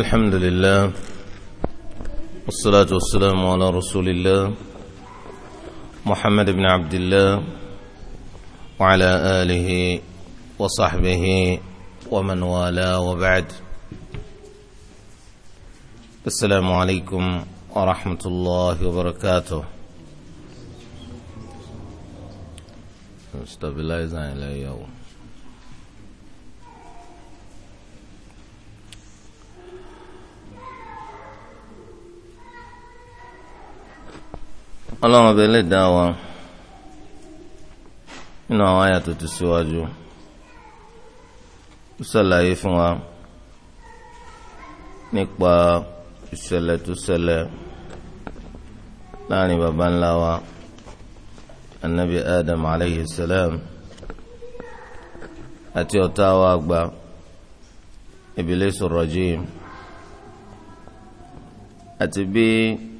الحمد لله والصلاة والسلام على رسول الله محمد بن عبد الله وعلى آله وصحبه ومن والاه وبعد السلام عليكم ورحمة الله وبركاته استabilize على يوم ọlọ́run ọbẹ̀ lè dá wa nínú àwọn àyà tó ti síwájú ó ṣàlàyé fún wa nípa ìṣẹ̀lẹ̀ tó ṣẹlẹ̀ láàrin baba ńlá wa anabi adam aleyhi salam àti ọ̀tá wa àgbà Ibilisu rajim àti bíi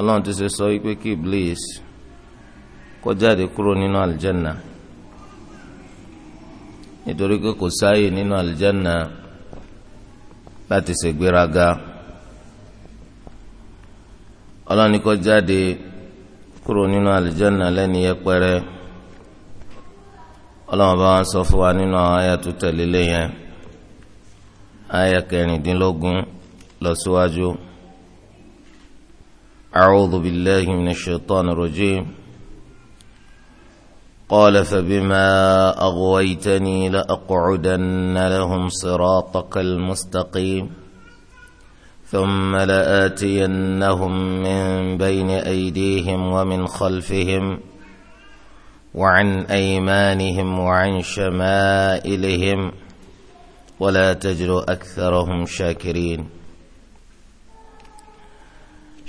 ọlọ́run ti ṣe sọ wípé kí iblis kó jáde kúrò nínú àlìjẹ́nà nítorí pé kò sáàyè nínú àlìjẹ́nà láti ṣègbéraga ọlọ́run ni kó jáde kúrò nínú àlìjẹ́nà lẹ́ni yẹpẹrẹ ọlọ́run bá wọn sọ fún wa nínú àwọn àyà tẹ̀lé lẹ́yìn àyà lọ síwájú. Si أعوذ بالله من الشيطان الرجيم قال فبما أغويتني لأقعدن لهم صراطك المستقيم ثم لآتينهم من بين أيديهم ومن خلفهم وعن أيمانهم وعن شمائلهم ولا تجر أكثرهم شاكرين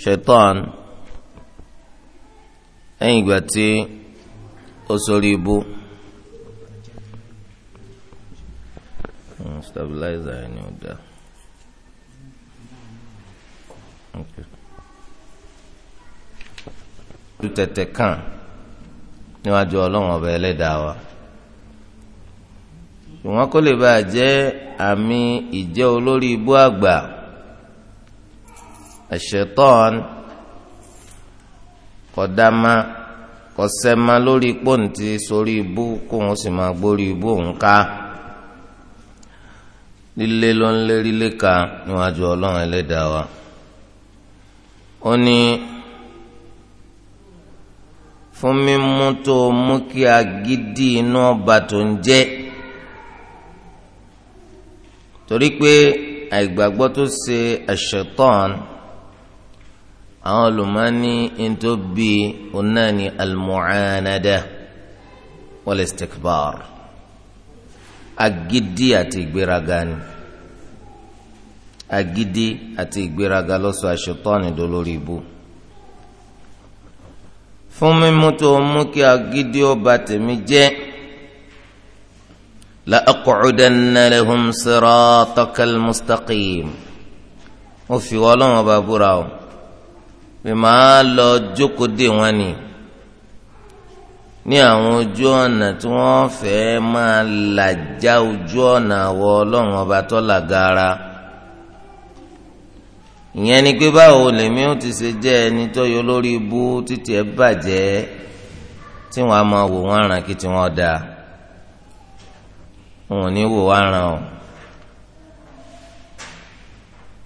ṣetán lẹ́yìn ìgbà tí ó sórí ibú hmm, stabilizer ni ó dá. tu tẹ̀tẹ̀ kàn níwájú ọlọ́run ọba ẹlẹ́dàá wa ṣùgbọ́n kó lè bàa jẹ́ àmì ìjẹ́ olórí ibú àgbà àṣetán kọdáma kọsẹ́ma lórí pọ́ǹtì sórí ibú kóun sì máa gbórí ibú òun ká lílé ló ń lérí léka níwájú ọlọ́run ẹlẹ́dàá wa ó ní fún mímú tó mú kí agídí inú ọba tó ń jẹ́ torí pé àìgbàgbọ́ tó ṣe àṣetán àwọn olùmọ́ni ntó bí onáni almu'anada wal-istikbar agídí àti ìgbéraga ni agídí àti ìgbéraga lọ́sọ àṣetọ́ni dolórí ibú fún mímú tó mú kí agídí ó bà tèmi jẹ́ la aq'udanna lahum siratakal mustaqim ó fi wọ́n lọ́wọ́ bá búra o pé màá lọ jókòó dè wọ́n ni ní àwọn ojú ọ̀nà tí wọ́n fẹ́ẹ́ máa làjá ojú ọ̀nà àwọ ọlọ́run ọba tó làgara ìyẹn ni pé báwo lèmi ó ti ṣe jẹ́ ẹni tó yọ lórí ibú títí ẹ bàjẹ́ tí wọ́n á máa wò wọ́n ràn kí tí wọ́n da wọn ò ní wò wọ́n ràn o.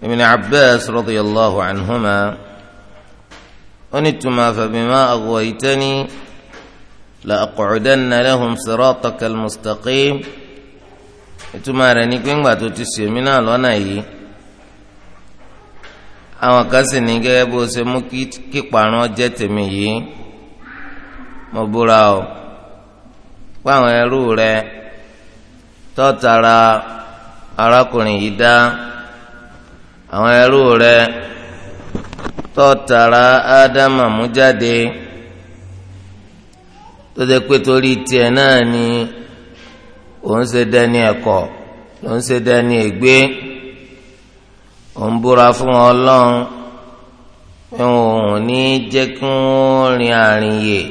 Ibn Abbas radiyallahu anhuma onítùmọ̀ àfàbímọ́ àgọ́ ìtẹ́ni la aq'udanna lahum siratakal mustaqim ìtumọ̀ rẹ̀ ní pé ńgbà tó ti sèmi náà lọ́nà yìí àwọn kan sì ní gẹ́gẹ́ bó ṣe mú kí parun jẹ́ tèmi yìí mo búra o pé àwọn ẹrú rẹ tọ́tara arákùnrin yìí dá àwọn ẹrú rẹ. tọtara tara ádámà mú jáde tó jẹ́ pé torí tiẹ̀ náà ni òun ṣe dání ẹ̀kọ́ lòun ṣe dání ègbé òun búra fún ọlọ́run òun ní jẹ́ kí wọ́n rin yè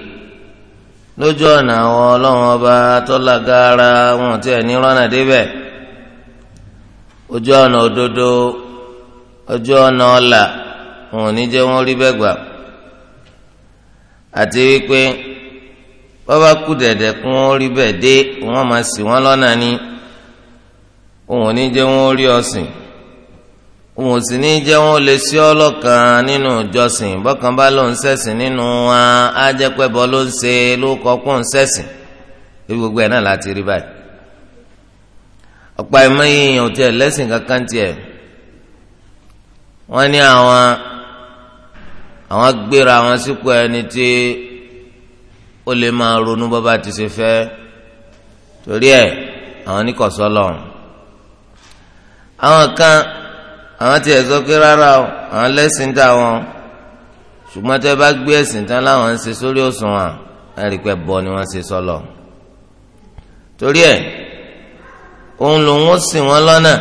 lójú ọ̀nà ọlọ́run ọba wọn tiẹ̀ ní òdodo ojú ọ̀nà wọn ò ní jẹ́ wọ́n rí bẹ́ẹ̀ gbà àti wípé bàbá kú dẹ̀dẹ̀ kún wọ́n rí bẹ́ẹ̀ dé wọ́n máa ṣì wọ́n lọ́nà ni wọn ò ní jẹ́ wọ́n rí ọ̀sìn wọn ò sì ní jẹ́ wọ́n lè sí ọlọ́kan nínú ìjọsìn bọ́kan bá ló ń ṣẹ̀sìn nínú wa á jẹ́ pé bọ́ ló ń ṣe ló kọ́ kó ń ṣẹ̀sìn ebi gbogbo ẹ̀ náà láti rí báyìí ọ̀pọ̀ ẹ̀mọ́ yìí yàn ò tiẹ̀ lẹ́sìn kankan tiẹ̀ wọ́n ní àwọn àwọn gbéra àwọn sípò ẹni tí ó lè máa ronú bọ́bá ti ṣe fẹ́ torí ẹ̀ àwọn ní kọ̀sọ́lọ̀ àwọn kan àwọn tí ẹ̀ sọ pé rárá o àwọn lẹ́sìn dá wọn ṣùgbọ́n tẹ́ bá gbé ẹ̀sìn tán láwọn ń ṣe sórí òṣùwọ̀n ẹ̀rí pé bọ́ ni wọ́n ṣe sọ́lọ̀ torí ẹ̀ òun lòun ó sìn wọ́n lọ́nà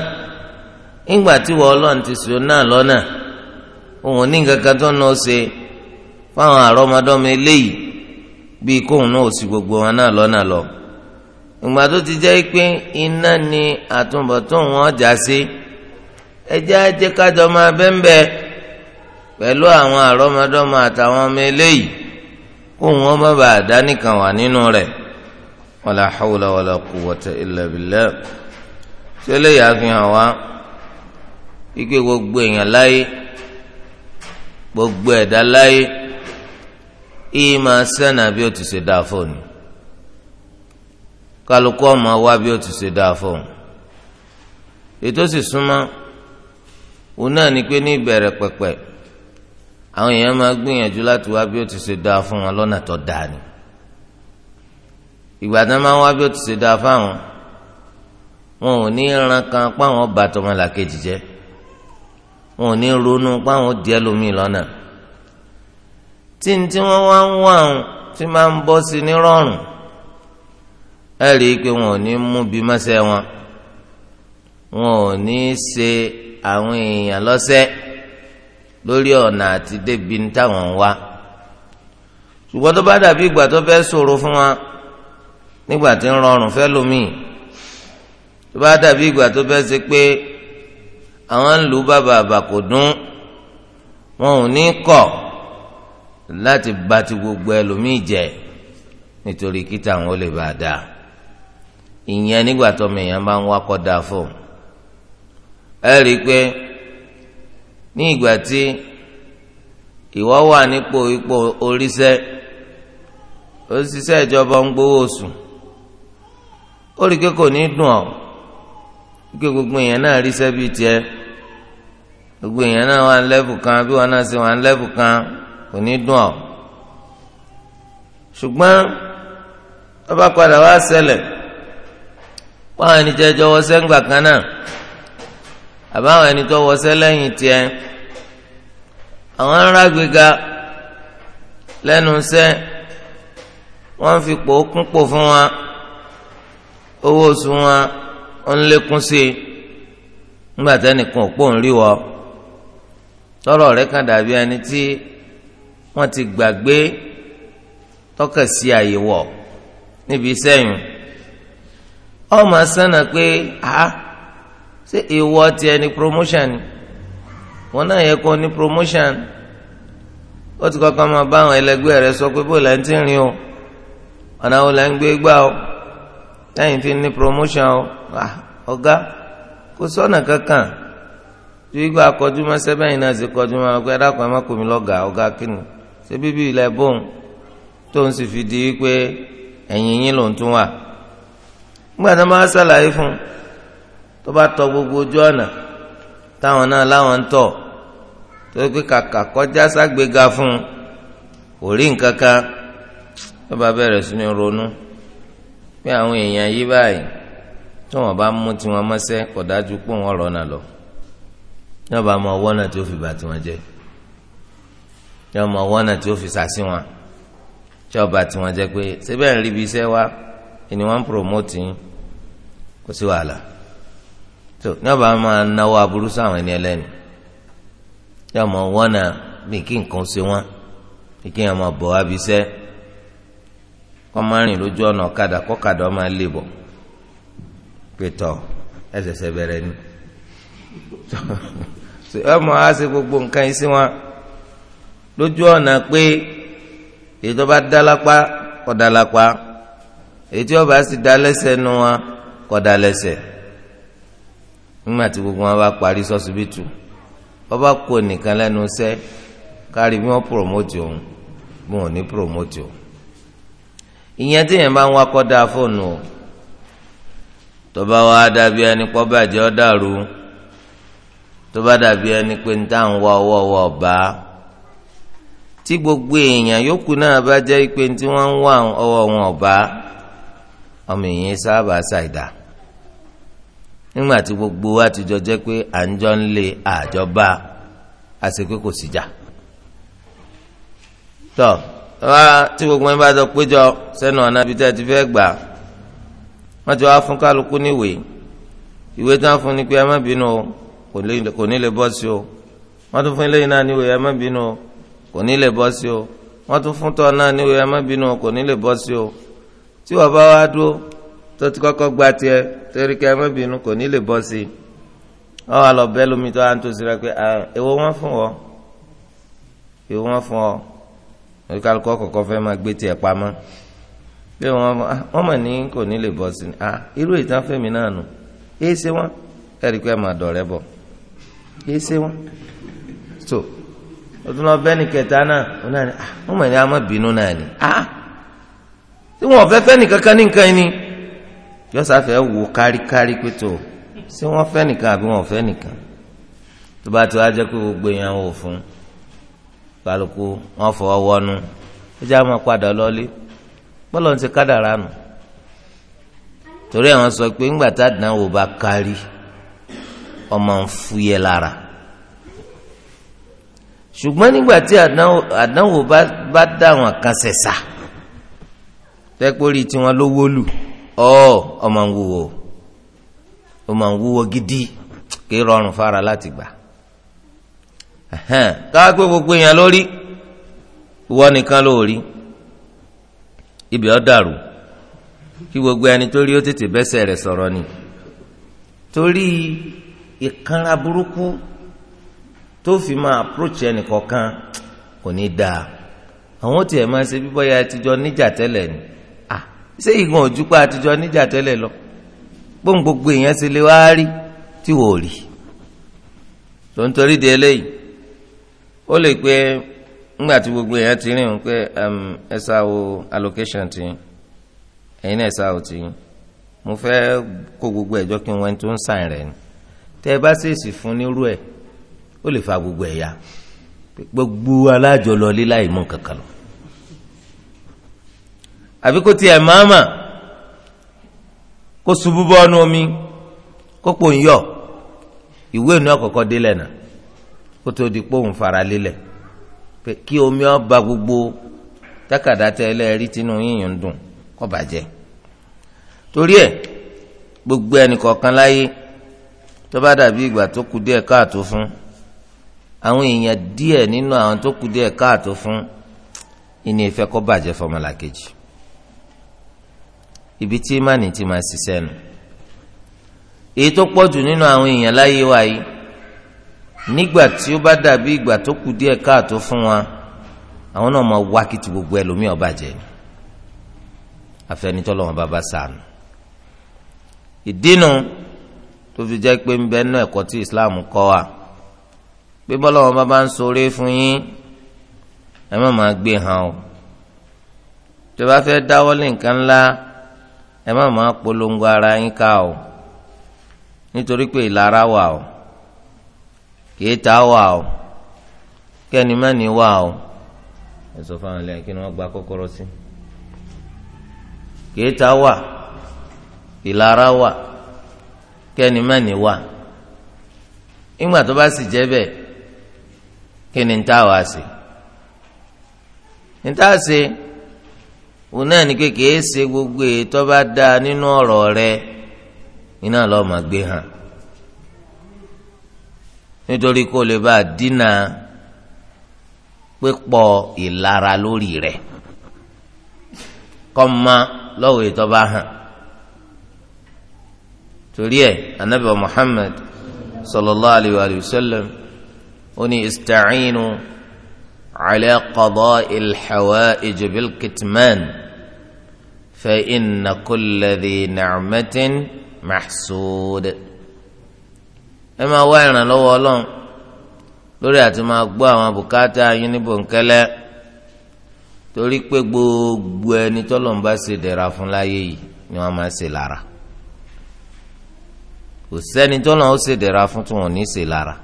ìgbà tí wọ́n ọlọ́run ti sùn náà lọ́nà. òun ní kankan tó ń lọ ṣe fáwọn àrọmọdọ́mọ eléyìí bíi kóun náà gbogbo wọn náà lọ́nà lọ. ìgbà tó ti jẹ́ pé iná ni àtúbọ̀tán wọn jà sí ẹjẹ́ ajé kájọ máa bẹ́ńbẹ́ pẹ̀lú àwọn àrọmọdọ́mọ àtàwọn ọmọ eléyìí kóun wọn bá nìkan wà nínú rẹ̀ gbogbo ẹ̀dá láyé ìyí máa sẹ́nà bí ó ti ṣe dáa fóònù kálukú ọmọ wá bí ó ti ṣe dáa fóònù ètò sì súnmọ́ òun náà ni pé ní ìbẹ̀rẹ̀ pẹ̀pẹ̀ àwọn èèyàn máa gbìyànjú láti wá bí ó ti ṣe dáa fún wọn lọ́nà tó dáa ni ìgbà tí wọn máa wá bí ó ti ṣe dáa fáwọn wọn ò ní ran kan páwọn bàtọ́ wọn làkejì jẹ́ wọn ò ní ronú páwọn díẹ̀ lómi lọ́nà tí ní tí wọ́n wá ń wá àwọn tí máa ń bọ́ sí ní rọrùn ẹ rí i pé wọn ò ní mú bí mọ́sẹ̀ wọn wọn ò ní ṣe àwọn èèyàn lọ́sẹ̀ lórí ọ̀nà àti débi táwọn ń wá ṣùgbọ́n tó bá dàbí ìgbà tó fẹ́ ṣòro fún wa nígbà tí ń rọrùn fẹ́ lómi tó bá dàbí ìgbà tó fẹ́ ṣe pé àwọn ń lu bàbà àbàkò dún wọn ò ní kọ̀ láti bà ti gbogbo ẹlòmíì jẹ́ nítorí kí táwọn ó lè bá a dáa ìyẹn nígbà tó mi yẹn máa ń wakọ̀ dáa fún un ẹ rí i pé ní ìgbà tí ìwọ wà nípò ipò oríṣẹ́ òṣìṣẹ́ ìjọba ń gbowó oṣù ó rí i pé kò ní dùn ọ́ pé gbogbo èèyàn náà ríṣẹ́ bíi tiẹ̀ gbogbo èèyàn náà wà lẹ́bù kan bí wọn náà ṣe wà lẹ́bù kan kò ní dùn ọ́ ṣùgbọ́n wọ́n padà wá ṣẹlẹ̀ wọ́n àwọn ẹni wọṣẹ́ ńgbà kan náà àbáwọn ẹni tó wọṣẹ́ lẹ́yìn tiẹ̀ àwọn ará lẹ́nu fi pò fún wọn, owó oṣù wọn ń lékún sí i ńgbà tẹ́nìkan òpó tọrọ rẹ kàn dàbí ẹni tí wọ́n ti gbàgbé tọkà sí àyè wọ níbi sẹ́yìn ọmọ sànà pé a ṣé ìwọ tiẹ̀ ní promotion wọ́n náà yẹ kó ní promotion ó ti kọ́kọ́ máa bá àwọn ẹlẹgbẹ́ rẹ sọ pé bó lẹ́ ti rìn o ọ̀nà wo lẹ́ ń gbé gbá o lẹ́yìn tí ní promotion o ọ̀gá kò sọ́nà kankan. tó igwe akọjú máa ṣẹ́ bẹ́yìn náà sì kọjú máa pé dákun ẹ má ọgá mí lọ́gà kínní ṣé bíbí ilẹ̀ bóun tó ń sì fi di wípé ẹ̀yìn yín lòún tún wà. nígbà tó máa ṣàlàyé fún tó bá tọ gbogbo ojú ọ̀nà táwọn náà láwọn ń tọ̀ tó pé kàkà kọjá ságbéga fún kò rí nǹkan kan tó yóò bá máa tí ó fi bàtí wọn jẹ́ yóò tí ó fi sàsí wọn tí ó bàtí wọn pé síbẹ̀ ń ríbi iṣẹ́ wa ni wọ́n ń promote yín kò sí wàhálà tó yóò bá máa náwó aburú sáwọn ẹni ẹlẹ́ni yóò máa wọ́nà bí kí nǹkan ṣe wọ́n bí ni. ọmọ á ṣe gbogbo nǹkan yìí sí wọn lójú ọ̀nà pé èyí tó bá dá lápá kò dá lápá èyí tí ó bá sì dá lẹ́sẹ̀ nu wọn kò dá lẹ́sẹ̀ nígbà tí gbogbo wọn bá parí sọ́sibítù ọba kó nìkan lẹ́nu sẹ́ kárí bí wọ́n promote òun bí wọ́n ní promote òun ìyẹn tí yẹn bá ń wá kọ́ da fóònù o tó bá dàbí ẹni kọ́ bàjẹ́ ọ́ dàrú tó bá dàbí ẹni pé ń dáhùn wá ọwọ́ ọwọ́ ọba tí gbogbo èèyàn yòókù náà bá jẹ́ pé tí wọ́n ń wá ọwọ́ wọn ọba ọmọ èèyàn sábà ṣàìdá nígbà tí gbogbo wa ti jọ jẹ́ pé à ń jọ ń lé àjọba àṣepé kò sí jà tọ́ tí gbogbo wọn bá jọ péjọ sẹ́nu ọ̀nà ibi tí a ti fẹ́ gbà wọ́n ti wá fún kálukú níwèé ìwé tí wọ́n fún ni pé ẹ má bínú o kò ní lè bọ́ sí o wọ́n tún fún eléyìí náà níwèé ẹ má bínú o kò ní lè bọ́ sí o wọ́n tún fún tọ́ náà níwèé ẹ má bínú o kò ní lè bọ́ sí o tí wọ́n bá wá dúró tó ti kọ́kọ́ gba tiẹ̀ torí kẹ́ ẹ má bínú kò ní lè bọ́ sí i wọ́n wá lọ bẹ́ẹ̀ lómi tó à ń tó sí pé èwo wọ́n fún ọ èwo wọ́n fún ọ oníkálukọ́ kọ̀ọ̀kan fẹ́ máa gbé tiẹ̀ pamọ́ bí wọ́n mọ̀ ní kò ní lè bọ́ sí i irú ìtàn fẹ́mi náà nù èé ṣe wọ́n ẹ̀rí pé ẹ máa dọ̀rẹ́ bọ̀ kì í wọn so o tún lọ bẹ́ẹ̀ ni kẹta náà o náà ni ah wọ́n mọ̀ ní amọ̀ bínú náà ni ah tí wọn fẹ́ fẹ́ nìkan kan ní nǹkan yìí ni yọ́sàfẹ́ wò káríkárí pé tó ṣé wọ́n fẹ́ nìkan àbí wọn ò fẹ́ nìkan tó bá ti wá jẹ́ pé gbogbo èèyàn wò fún kálukú wọn fọwọ́ wọnú ó jẹ́ àwọn padà lọ́lé bọ́lọ̀ ń ti kádàrá nù torí àwọn sọ pé ńgbà tá àdánwò bá kárí ọmọ ń fúyẹ́ lára ṣùgbọ́n nígbà tí àdánwò bá dá wọn kan ṣẹ̀ṣà tẹ́kórí tiwọn ló wólù ọ ọmọ ń wúwo ọmọ ń wúwo gidi kì í rọrùn fara láti gbà káwá pé gbogbo èèyàn lórí ìwọ nìkan ló rí ibi ọ dàrú kí gbogbo ẹni tó rí ó tètè bẹ́sẹ̀ rẹ̀ sọ̀rọ̀ ni torí ìkanra burúkú tó fi máa approach ẹnìkọ̀ọ̀kan kò ní dáa àwọn tiẹ̀ máa ṣe bíbọ́ ya àtijọ́ níjà tẹ́lẹ̀ ni ah ṣé ìgbọ̀n ojú pa àtijọ́ níjà tẹ́lẹ̀ lọ gbọ́n gbogbo èèyàn ṣe lè wá rí tí wò ó rí tó ń torí di eléyìí ó lè pé ńgbà tí gbogbo èèyàn ti rìn pé um, ẹ sá o allocation ti ẹ̀yin náà ẹ sá o ti mo fẹ́ kó gbogbo ẹ̀jọ́ kí n wẹ́n tó ń sàn rẹ̀ ni tẹ́ ẹ bá ṣèèsì fún nírú ẹ̀ ó lè fa gbogbo ẹ̀yà gbogbo alájọlọ lílá ìmọ̀ kankan lọ. àbí kó tiẹ̀ máàmà kó ṣubú bọ́ọ̀nù omi kó pò ń yọ ìwé ìnú ọ̀kọ̀ọ̀kọ̀ délẹ̀ náà kó tó di pòun fara lélẹ̀ pé kí omi ó ba gbogbo tákàdá tẹ ẹlẹ́rìí tínú yíyan dùn kó bàjẹ́ torí ẹ̀ gbogbo ẹnì kọ̀ọ̀kan láyé tó bá dàbí ìgbà tó kù díẹ̀ káàtó fún àwọn èèyàn díẹ̀ nínú àwọn tó kù díẹ̀ káàtó fún ìní ìfẹ́ kó bàjẹ́ fọmọlàkejì ibi tí ìmánì ti máa ṣiṣẹ́ nù èyí tó pọ̀jù nínú àwọn èèyàn láyé wa yìí nígbà tí ó bá dàbí ìgbà tó kù díẹ̀ káàtó fún wa àwọn náà máa wá kìtì gbogbo ẹlòmíì bàjẹ́ ni àfẹnitọ́lọ́wọ́n bá bá sànù ìdínú tó fi jẹ́ pé ń bẹ nínú ẹ̀kọ́ tí islam kọ́ wa pé bọ́lọ́wọ́n bá bá ń sọ̀rọ̀ fún yín ẹ má máa gbé hàn o tó bá fẹ́ dáwọ́lé nǹkan ńlá ẹ má máa polongo ara yín ká o nítorí pé ìlara wà o kìí ta wà o kẹ́ni má ní wà o ẹ fáwọn ilé kí ni wọ́n gba kọ́kọ́rọ́ sí kìí ta wà ìlara wà. kẹ́ni má ní wà ìgbà tó bá sì kí ni tá a wá sí ní tá a òun náà ni kékeré ṣe gbogbo ètò bá da nínú ọ̀rọ̀ rẹ iná lọ́ọ́ máa gbé hàn nítorí kó lè bá dínà pípọ̀ ìlara lórí rẹ̀ kọ́ ma lọ́wọ́ ètò bá hàn. torí ẹ anabi muhammad sallallahu alayhi wa sallam ó ní istaciinu ala qada'il hawa'ij bil kitman fa inna kulla dhi ni'matin mahsud ẹ máa wá ìrànlọ́wọ́ ọlọ́run lórí àti máa gbọ́ àwọn bùkátà yín bòńkẹ́lẹ́ torí pé gbogbo ẹni tọ́lọ́run ṣe dẹ̀ra fún láyé yìí ni wọ́n máa ṣe lára. kò sẹ́ni tó lọ́n ó ṣèdèrà fún tí wọ́n ní ṣe lára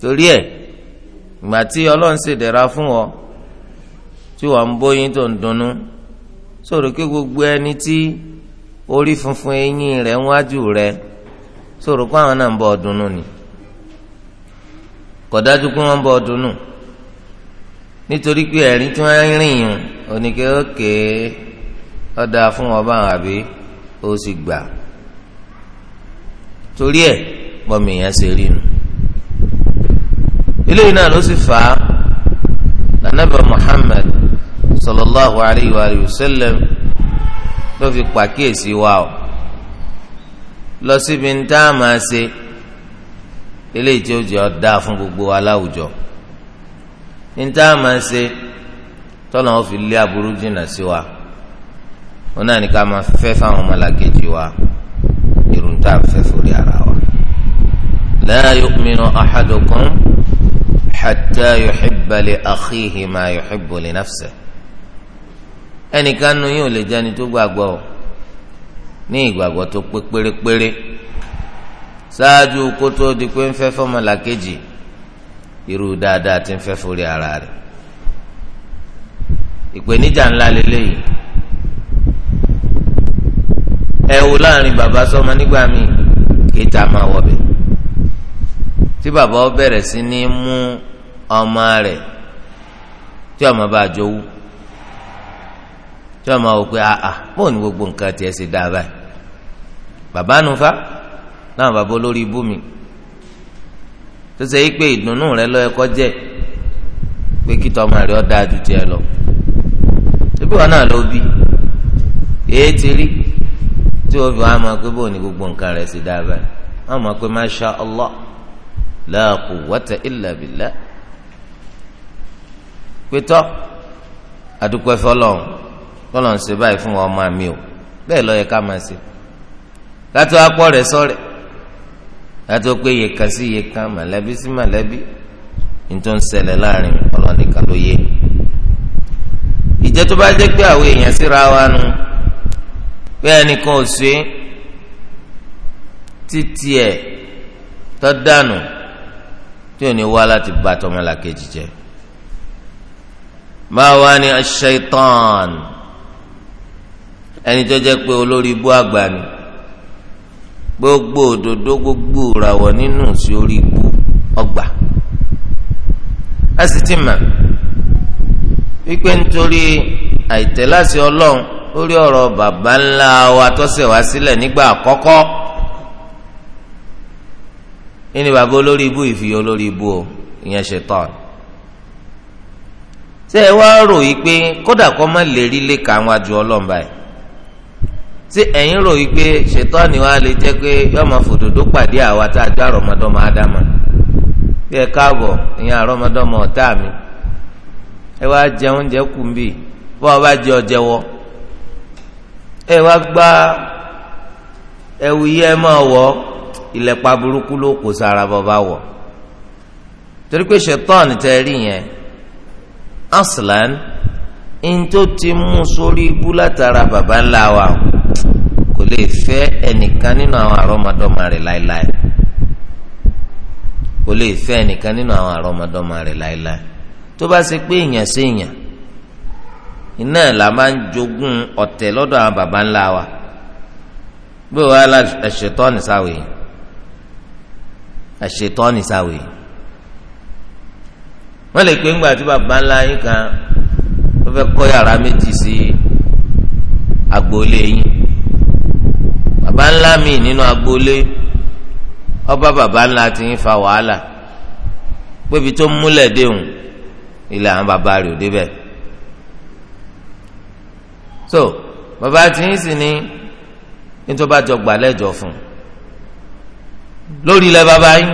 torí ẹ̀ ìgbà tí ọlọ́run ṣèdèrà fún ọ tí wọ́n ń bóyin tó ń dunnú sọ̀rọ̀ kí gbogbo ẹni tí orí funfun eyín rẹ̀ ń wájú rẹ̀ sọ̀rọ̀ kó àwọn náà ń bọ̀ ni kò dájú pé wọ́n ń bọ̀ ọdúnnú nítorí pé ẹ̀rí tí wọ́n rìn yìí oníkẹ́ òkè ọ̀dà fún àbí ó sì gbà. torí ẹ̀ bọ́mi èèyàn ṣe rí nu eléyìí náà ló sì fà á lànàbà Muhammad sallallahu alayhi wa sallam ló fi pàkíyèsí wa o lọ síbi ń tá a máa ṣe eléyìí tí ó jẹ́ ọ̀dá fún gbogbo wa tá a máa ṣe tọ́lọ́ wọn fi lé aburú jìnnà sí wa wọn náà ní ká máa fẹ́ fáwọn ọmọlàkejì wa tá à ń fẹ́ sórí ara wa. la yu'minu ahadukum hatta yuhibba li akhihi ma yuhibbu li nafsihi. ẹnìkan nu yóò lè jẹ́ni tó gbàgbọ́ ní ìgbàgbọ́ tó pé pérépéré ṣáájú kó tó di pé ń fẹ́ fọmọlàkejì irú dáadáa ti ń fẹ́ forí ara rẹ̀ ìpèníjà ńlá lélẹ́yìí ẹ láàrin bàbá sọmọ nígbà míì kéta máa wọbẹ tí bàbá bẹ̀rẹ̀ sí ní mú ọmọ rẹ̀ tí ọmọ bá jowú tí ọmọ wò pé àà bóun ni gbogbo nǹkan tiẹ̀ ṣe bàbá nufa láwọn bàbá olórí mi tó ṣe yí pé ìdùnnú pé kí tọmọ dáa ju tí o fi wá máa pé bóun ni gbogbo nǹkan rẹ̀ sì dáa báyìí wọ́n máa pé masha allah la quwwata illa billah pétọ́ fọlọ́n fọlọ́n ṣe báyìí fún ọmọ mi o bẹ́ẹ̀ lọ́ọ́ yẹ ká máa ṣe rẹ̀ sọ́rẹ̀ pé sí mọ̀lẹ́bí sí mọ̀lẹ́bí nítorí ń ṣẹlẹ̀ láàrin ló ìjẹ́ tó bá jẹ́ pé àwọn èèyàn síra wa bẹ́ẹ̀ nìkan ò ṣe títí ẹ̀ tọ́ dànù tí ò ní wá láti bá tọmọlàkejì jẹ máa wá ní aṣ-ṣaitan ẹni tó jẹ́ pé olórí ibú àgbà ni gbogbo òdòdó gbogbo ìràwọ̀ nínú sí orí ibú ọgbà a sì ti mà wípé nítorí àìtẹ́lásí ọlọ́run lórí ọ̀rọ̀ bàbá ńlá wa tọ́sẹ̀ wá sílẹ̀ nígbà àkọ́kọ́ ẹni bàbá olórí ibú ìfìyà olórí ibú o ìyẹn ṣetán ṣé ẹ wá rò yìí pé kódà kó má lè rí léka àwọn àjò ọlọ́run báyìí ṣé ẹ̀yin rò yìí pé ṣètọ́ni wa lè jẹ́ pé yọ máa fòdòdó pàdé àwa tá a jọ àrọ́mọdọ́mọ ádámà bí ẹ káàbọ̀ ìyẹn àrọ́mọdọ́mọ ọ̀tá mi ẹ wá jẹ oúnjẹ kù ń bọ́ọ̀ bá jẹ ọjẹ ẹ wá gba ẹ̀wù yìí ẹ máa wọ̀ ìlẹ̀pa burúkú ló kó sára bàbá wọ̀ torí pé ṣètọ́ọ̀nì tẹ rí yẹn aslan in tó ti mú sórí ibú látara bàbá ńlá wa kò lè fẹ́ ẹnìkan nínú àwọn àrọ́mọdọ́mọ rẹ̀ láéláé kò lè fẹ́ ẹnìkan nínú àwọn àrọ́mọdọ́mọ rẹ̀ láéláé tó bá ṣe pé èèyàn sí èèyàn iná là máa ń jogún ọ̀tẹ̀ lọ́dọ̀ àwọn baba ńlá wa bí wàá la ẹ̀ṣẹ̀tọ́ nìsáwèé ẹ̀ṣẹ̀tọ́ nìsáwèé wọ́n lè pé ńgbà tí baba ńlá yín kan wọ́n fẹ́ kọ́ yàrá méjì sí agboolé yín baba ńlá mi nínú agboolé ọba baba ńlá ti ń fa wàhálà pébi tó múlẹ̀ déhùn ilé àwọn baba rẹ̀ ò débẹ̀ so bàbá tìyín sì ní nítorí bá jọ gbà lẹ́jọ́ fún lórí ilẹ̀ bàbá yín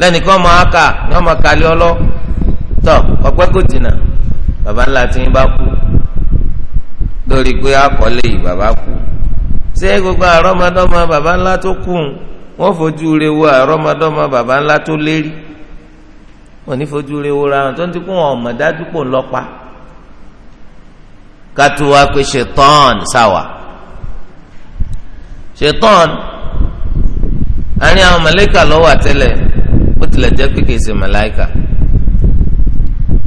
lẹ́nìkan ọmọ aka ní ọmọ kalẹ́ ọlọ́ tọ ọpẹ́ kò jìnnà bàbá ńlá tìyín bá kú lórí pé akọ́lé yìí bàbá kú ṣé gbogbo àrọ́mọdọ́mọ bàbá ńlá tó kù wọ́n fojú rewo àrọ́mọdọ́mọ bàbá ńlá tó lérí wọ́n ní fojú rewo ra wọn tó ń ti kú wọn ọ̀mọ̀dájú pò ń kátó wá pé ṣetán sáwà ṣetán àárín àwọn màláíkà ló wà tẹ́lẹ̀ bó tilẹ̀ jẹ́ pé kìí ṣe màláíkà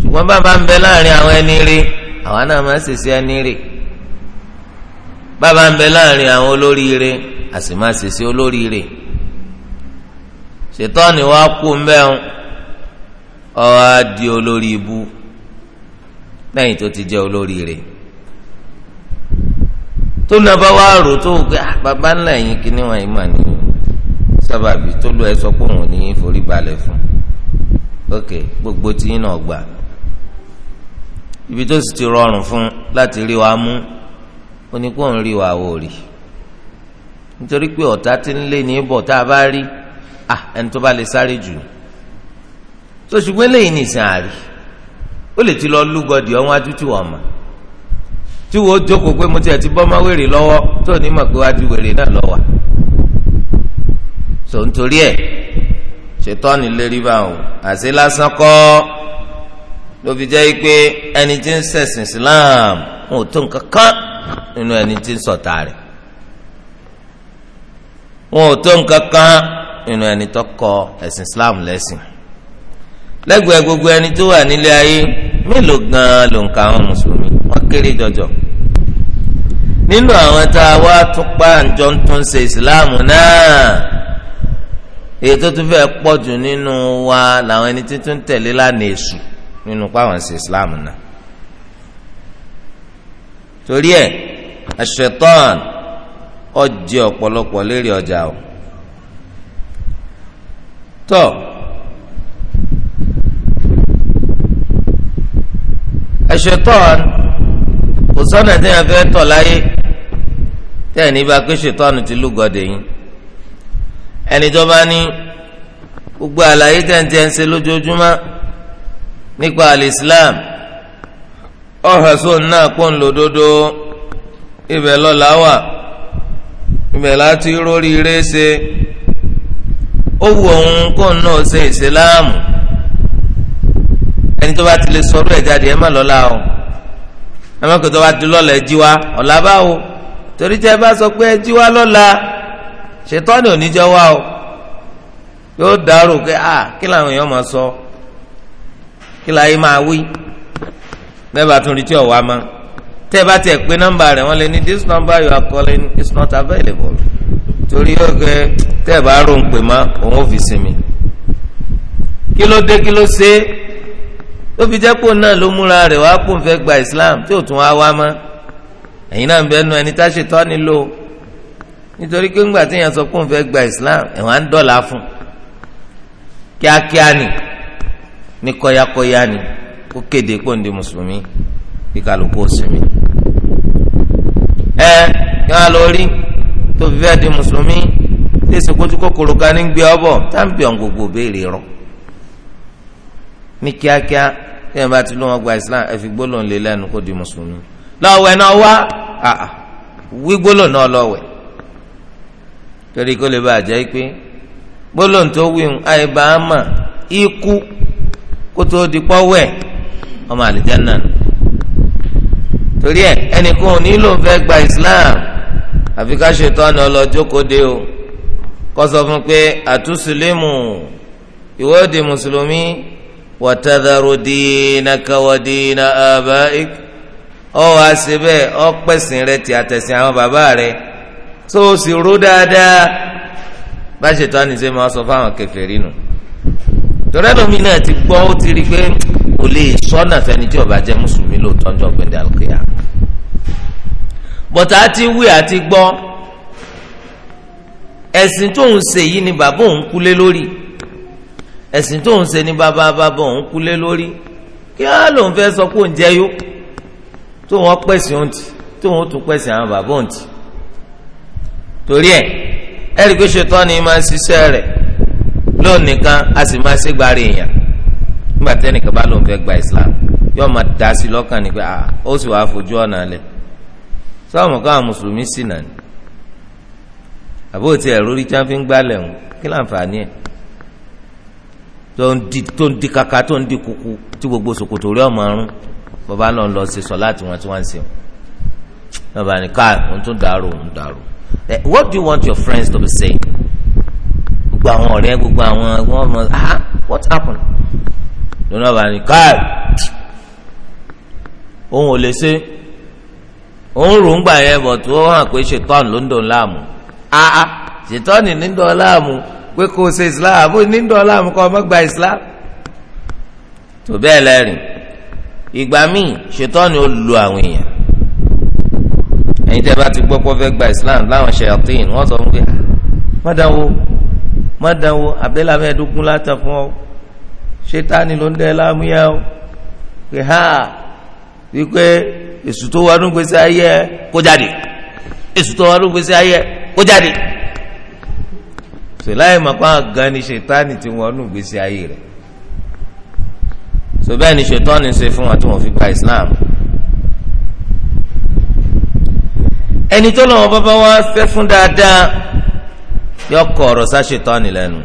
ṣùgbọ́n bàbá ń bẹ láàrin àwọn ẹni rí àwa náà máa ń ṣèṣe ẹni rí bàbá ń bẹ láàrin àwọn olóríire a sì máa ṣèṣe olóríire ṣetán wá kú ń bẹ́ á di olórí ibú lẹ́yìn tó ti jẹ́ olóríire tó náà bá wá rò tó gbé ah, bàbá ńlá yín kíní wọn yìí mà ní sábàbí tó lọ ẹ sọ pé òun ní forí balẹ̀ fún ok gbogbo tiyín náà gbà ibi tó sì ti rọrùn fún láti rí wa mú oníkóhùn rí wa wò rí nítorí pé ọ̀tá tí ń lé ní bọ̀ tá a bá rí à ẹni tó bá lè sáré jù tó ṣùgbọ́n lẹ́yìn nìsín àárí ó lè ti lọ lúgọ̀dì ọ̀hún adútù ọ̀mà tí wo jókòó pé mo tiẹ̀ ti bọ́ mọ́ wèrè lọ́wọ́ tó ní mọ̀ pé wá di wèrè náà lọ́wọ́ so nítorí ẹ̀ ṣètọ́ni lérí báwọn àṣẹ lásán kọ́ ló fi jẹ́ pé ẹni tí ń ṣẹ̀sìn Islam wọn ò tó nǹkan kan nínú ẹni tí ń sọ̀tà rẹ̀ wọn ò tó nǹkan kan nínú ẹni tó kọ ẹ̀sìn Islam lẹ́sìn lẹ́gbẹ̀ẹ́ gbogbo ẹni tó wà nílé ayé mélòó gan-an ló ń ka àwọn mùsùlùmí kéré jọjọ nínú àwọn tá a wá tún pa àjọ tó ń ṣe ìsìláàmù náà èyí tó tún fẹ́ẹ́ pọ̀ jù nínú wa làwọn ẹni tí tún tẹ̀lé lánàá èṣù nínú pàwọn ṣe ìsìláàmù náà torí ẹ̀ àṣetán ọjẹ ọ̀pọ̀lọpọ̀ lérí ọjà o tọ àṣetán. kò sọ́nà fẹ́ tọ̀ láyé tẹ́ ẹ̀ pé ṣètọ́nù ti lúgọ̀dẹ̀ yín ẹni ní gbogbo àlàyé tẹ̀ǹtẹ̀ ń ṣe lójoojúmọ́ nípa alìsílám náà pọ̀ ń lò dodo ibẹ̀ lọ́la wà ibẹ̀ láti rórí ire ṣe ó wù kó náà ṣe ẹni tó bá ti ẹ̀ma kò tó bá di lọ́la ẹ wa ọ̀la báwo torí tẹ́ ẹ bá sọ pé ẹ wa lọ́la ṣètọ́ni ò ní wa o yóò dárò pé a kí làwọn èèyàn máa sọ kí láyé máa wí bẹ́ẹ̀ tún rí tí ò wá tẹ́ ẹ bá tiẹ̀ pé nọ́mbà rẹ̀ wọ́n lé ní this number you are calling is not available torí yóò tẹ́ ẹ bá rò ń pè má òun ò fi sinmi kí ló dé kí ló ṣe é tó fi jẹ́ pò náà ló múra rẹ̀ wá pò ń fẹ́ gba islam tí ò tún wá wá mọ́ ẹ̀yin náà ń bẹ́ nu ẹni tá ṣe tọ́ ni lò nítorí pé ńgbà tí èèyàn sọ pò ń fẹ́ gba islam ẹ̀wọ̀n á ń dọ̀là fún kíákíá ni ní kọ́yákọ́yá ni kó kéde pò ń di mùsùlùmí kí kálukú ó sinmi. ẹ kí wọn lọ rí tó fi fẹ́ di mùsùlùmí tí èsì kótó kòkòrò kan ní gbé ọ bọ̀ tá à ń gbogbo béèrè rọ̀ ní kíákíá tí wọn bá ti ló wọn gba islam ẹ fi gbólóhùn lé lẹ́nu kó di mùsùlùmí lọ́wọ́ náà wá wí gbólóhùn náà lọ́wọ́ torí kó lè bá àjẹ́ pé gbólóhùn tó wíhun àìbá àmà ikú kó tó di pọ́wẹ́ ọmọ àlìjáná torí ẹ ẹnìkan ò nílò fẹ́ gba islam àfi ká ṣètọ́nù ọlọ́jókòó-dé o kọ́ sọ fún pé àtúnṣe lé mu ìwọ́de mùsùlùmí. وتذر دينك ودين آبائك ọ wá sí bẹ́ẹ̀ ọ pẹ̀sìn rẹ tí àtẹ̀sìn àwọn bàbá rẹ tó o sì rú dáadáa bá ṣètò àníṣe máa sọ fáwọn kèfèrí nù tọ́lá lómi náà ti gbọ́ ó ti rí i pé kò lè sọ́nà fẹ́ni tí ó bá jẹ́ mùsùlùmí lóòótọ́ ń jọ gbẹ̀dẹ̀ àlùkìyà bọ̀tà àti wí àti gbọ́ ẹ̀sìn tóun ṣe yìí ni bàbá òun kú lé lórí ẹ̀sìn tó ń ṣe ní bàbá bàbá òun kulé lórí kí á lòun fẹ́ sọ pé òun jẹ́ yó tó wọn pẹ̀sìn òun tì tó wọn tún pẹ̀sìn àwọn bàbá òun tì torí ẹ̀ ẹ̀rí pé ṣètọ́ ni máa ń ṣiṣẹ́ rẹ̀ lónìí kan a sì máa ṣe gbárí èèyàn nígbà tẹ́nìkan bá lòun fẹ́ gba Islam yóò máa dá sí lọ́kàn ni pé ó sì wàá fojú ọ̀nà lẹ̀ sọ́ọ̀mù káwọn mùsùlùmí sì nà ní àbóòtí ẹ̀rọ orí fi ń gbálẹ̀ ń kí láǹfààní ẹ̀ tó ń di kaka tó ń di kuku tí gbogbo sokoto rí ọmọ ọrùn bàbá náà lọ sí sọ láti wọn tí wọn ń sèwọn bàbá ni ká òun tún dàrú òun dàrú eh, what do you want your friends to be saying gbogbo àwọn ọ̀rẹ́ gbogbo àwọn wọn mọ ah what happened lónà bàbá ni ká òun ò lè ṣe òun rò ń gbà yẹn bọ̀ tó hàn pé ṣètọ́n ló ń dùn ah ṣètọ́n ní ń dùn pé kò ṣe islam àbò nídọ̀ọ́lá àmú kọ́ ọmọ gba islam tó bẹ́ẹ̀ lẹ́rìn ìgbà míì ṣètọ́ni ó lu àwọn èèyàn ẹ̀yin tẹ́ bá ti gbọ́ pé wọ́n fẹ́ gba islam láwọn ṣayatin wọ́n sọ fún ah, mọ́dánwó mọ́dánwó abdullah mẹ́ẹ̀ẹ́dógún látàn fún ọ ṣètánì ló ń dẹ́ lámúyá o pé ha wípé èsù tó wọnú gbèsè ayé kó jáde èsù tó wọnú gbèsè ayé kó jáde sọláyé mọ̀pá gan ni ṣètánì tí wọ́n nù gbèsè ayé rẹ̀ so bẹ́ẹ̀ ni ṣètánì ṣe fún wọn tí wọ́n fi gba Islam ẹni tó lọ́wọ́ bàbá wa fẹ́ fún dáadáa yọ kọ ọ̀rọ̀ sá ṣètánì lẹ́nu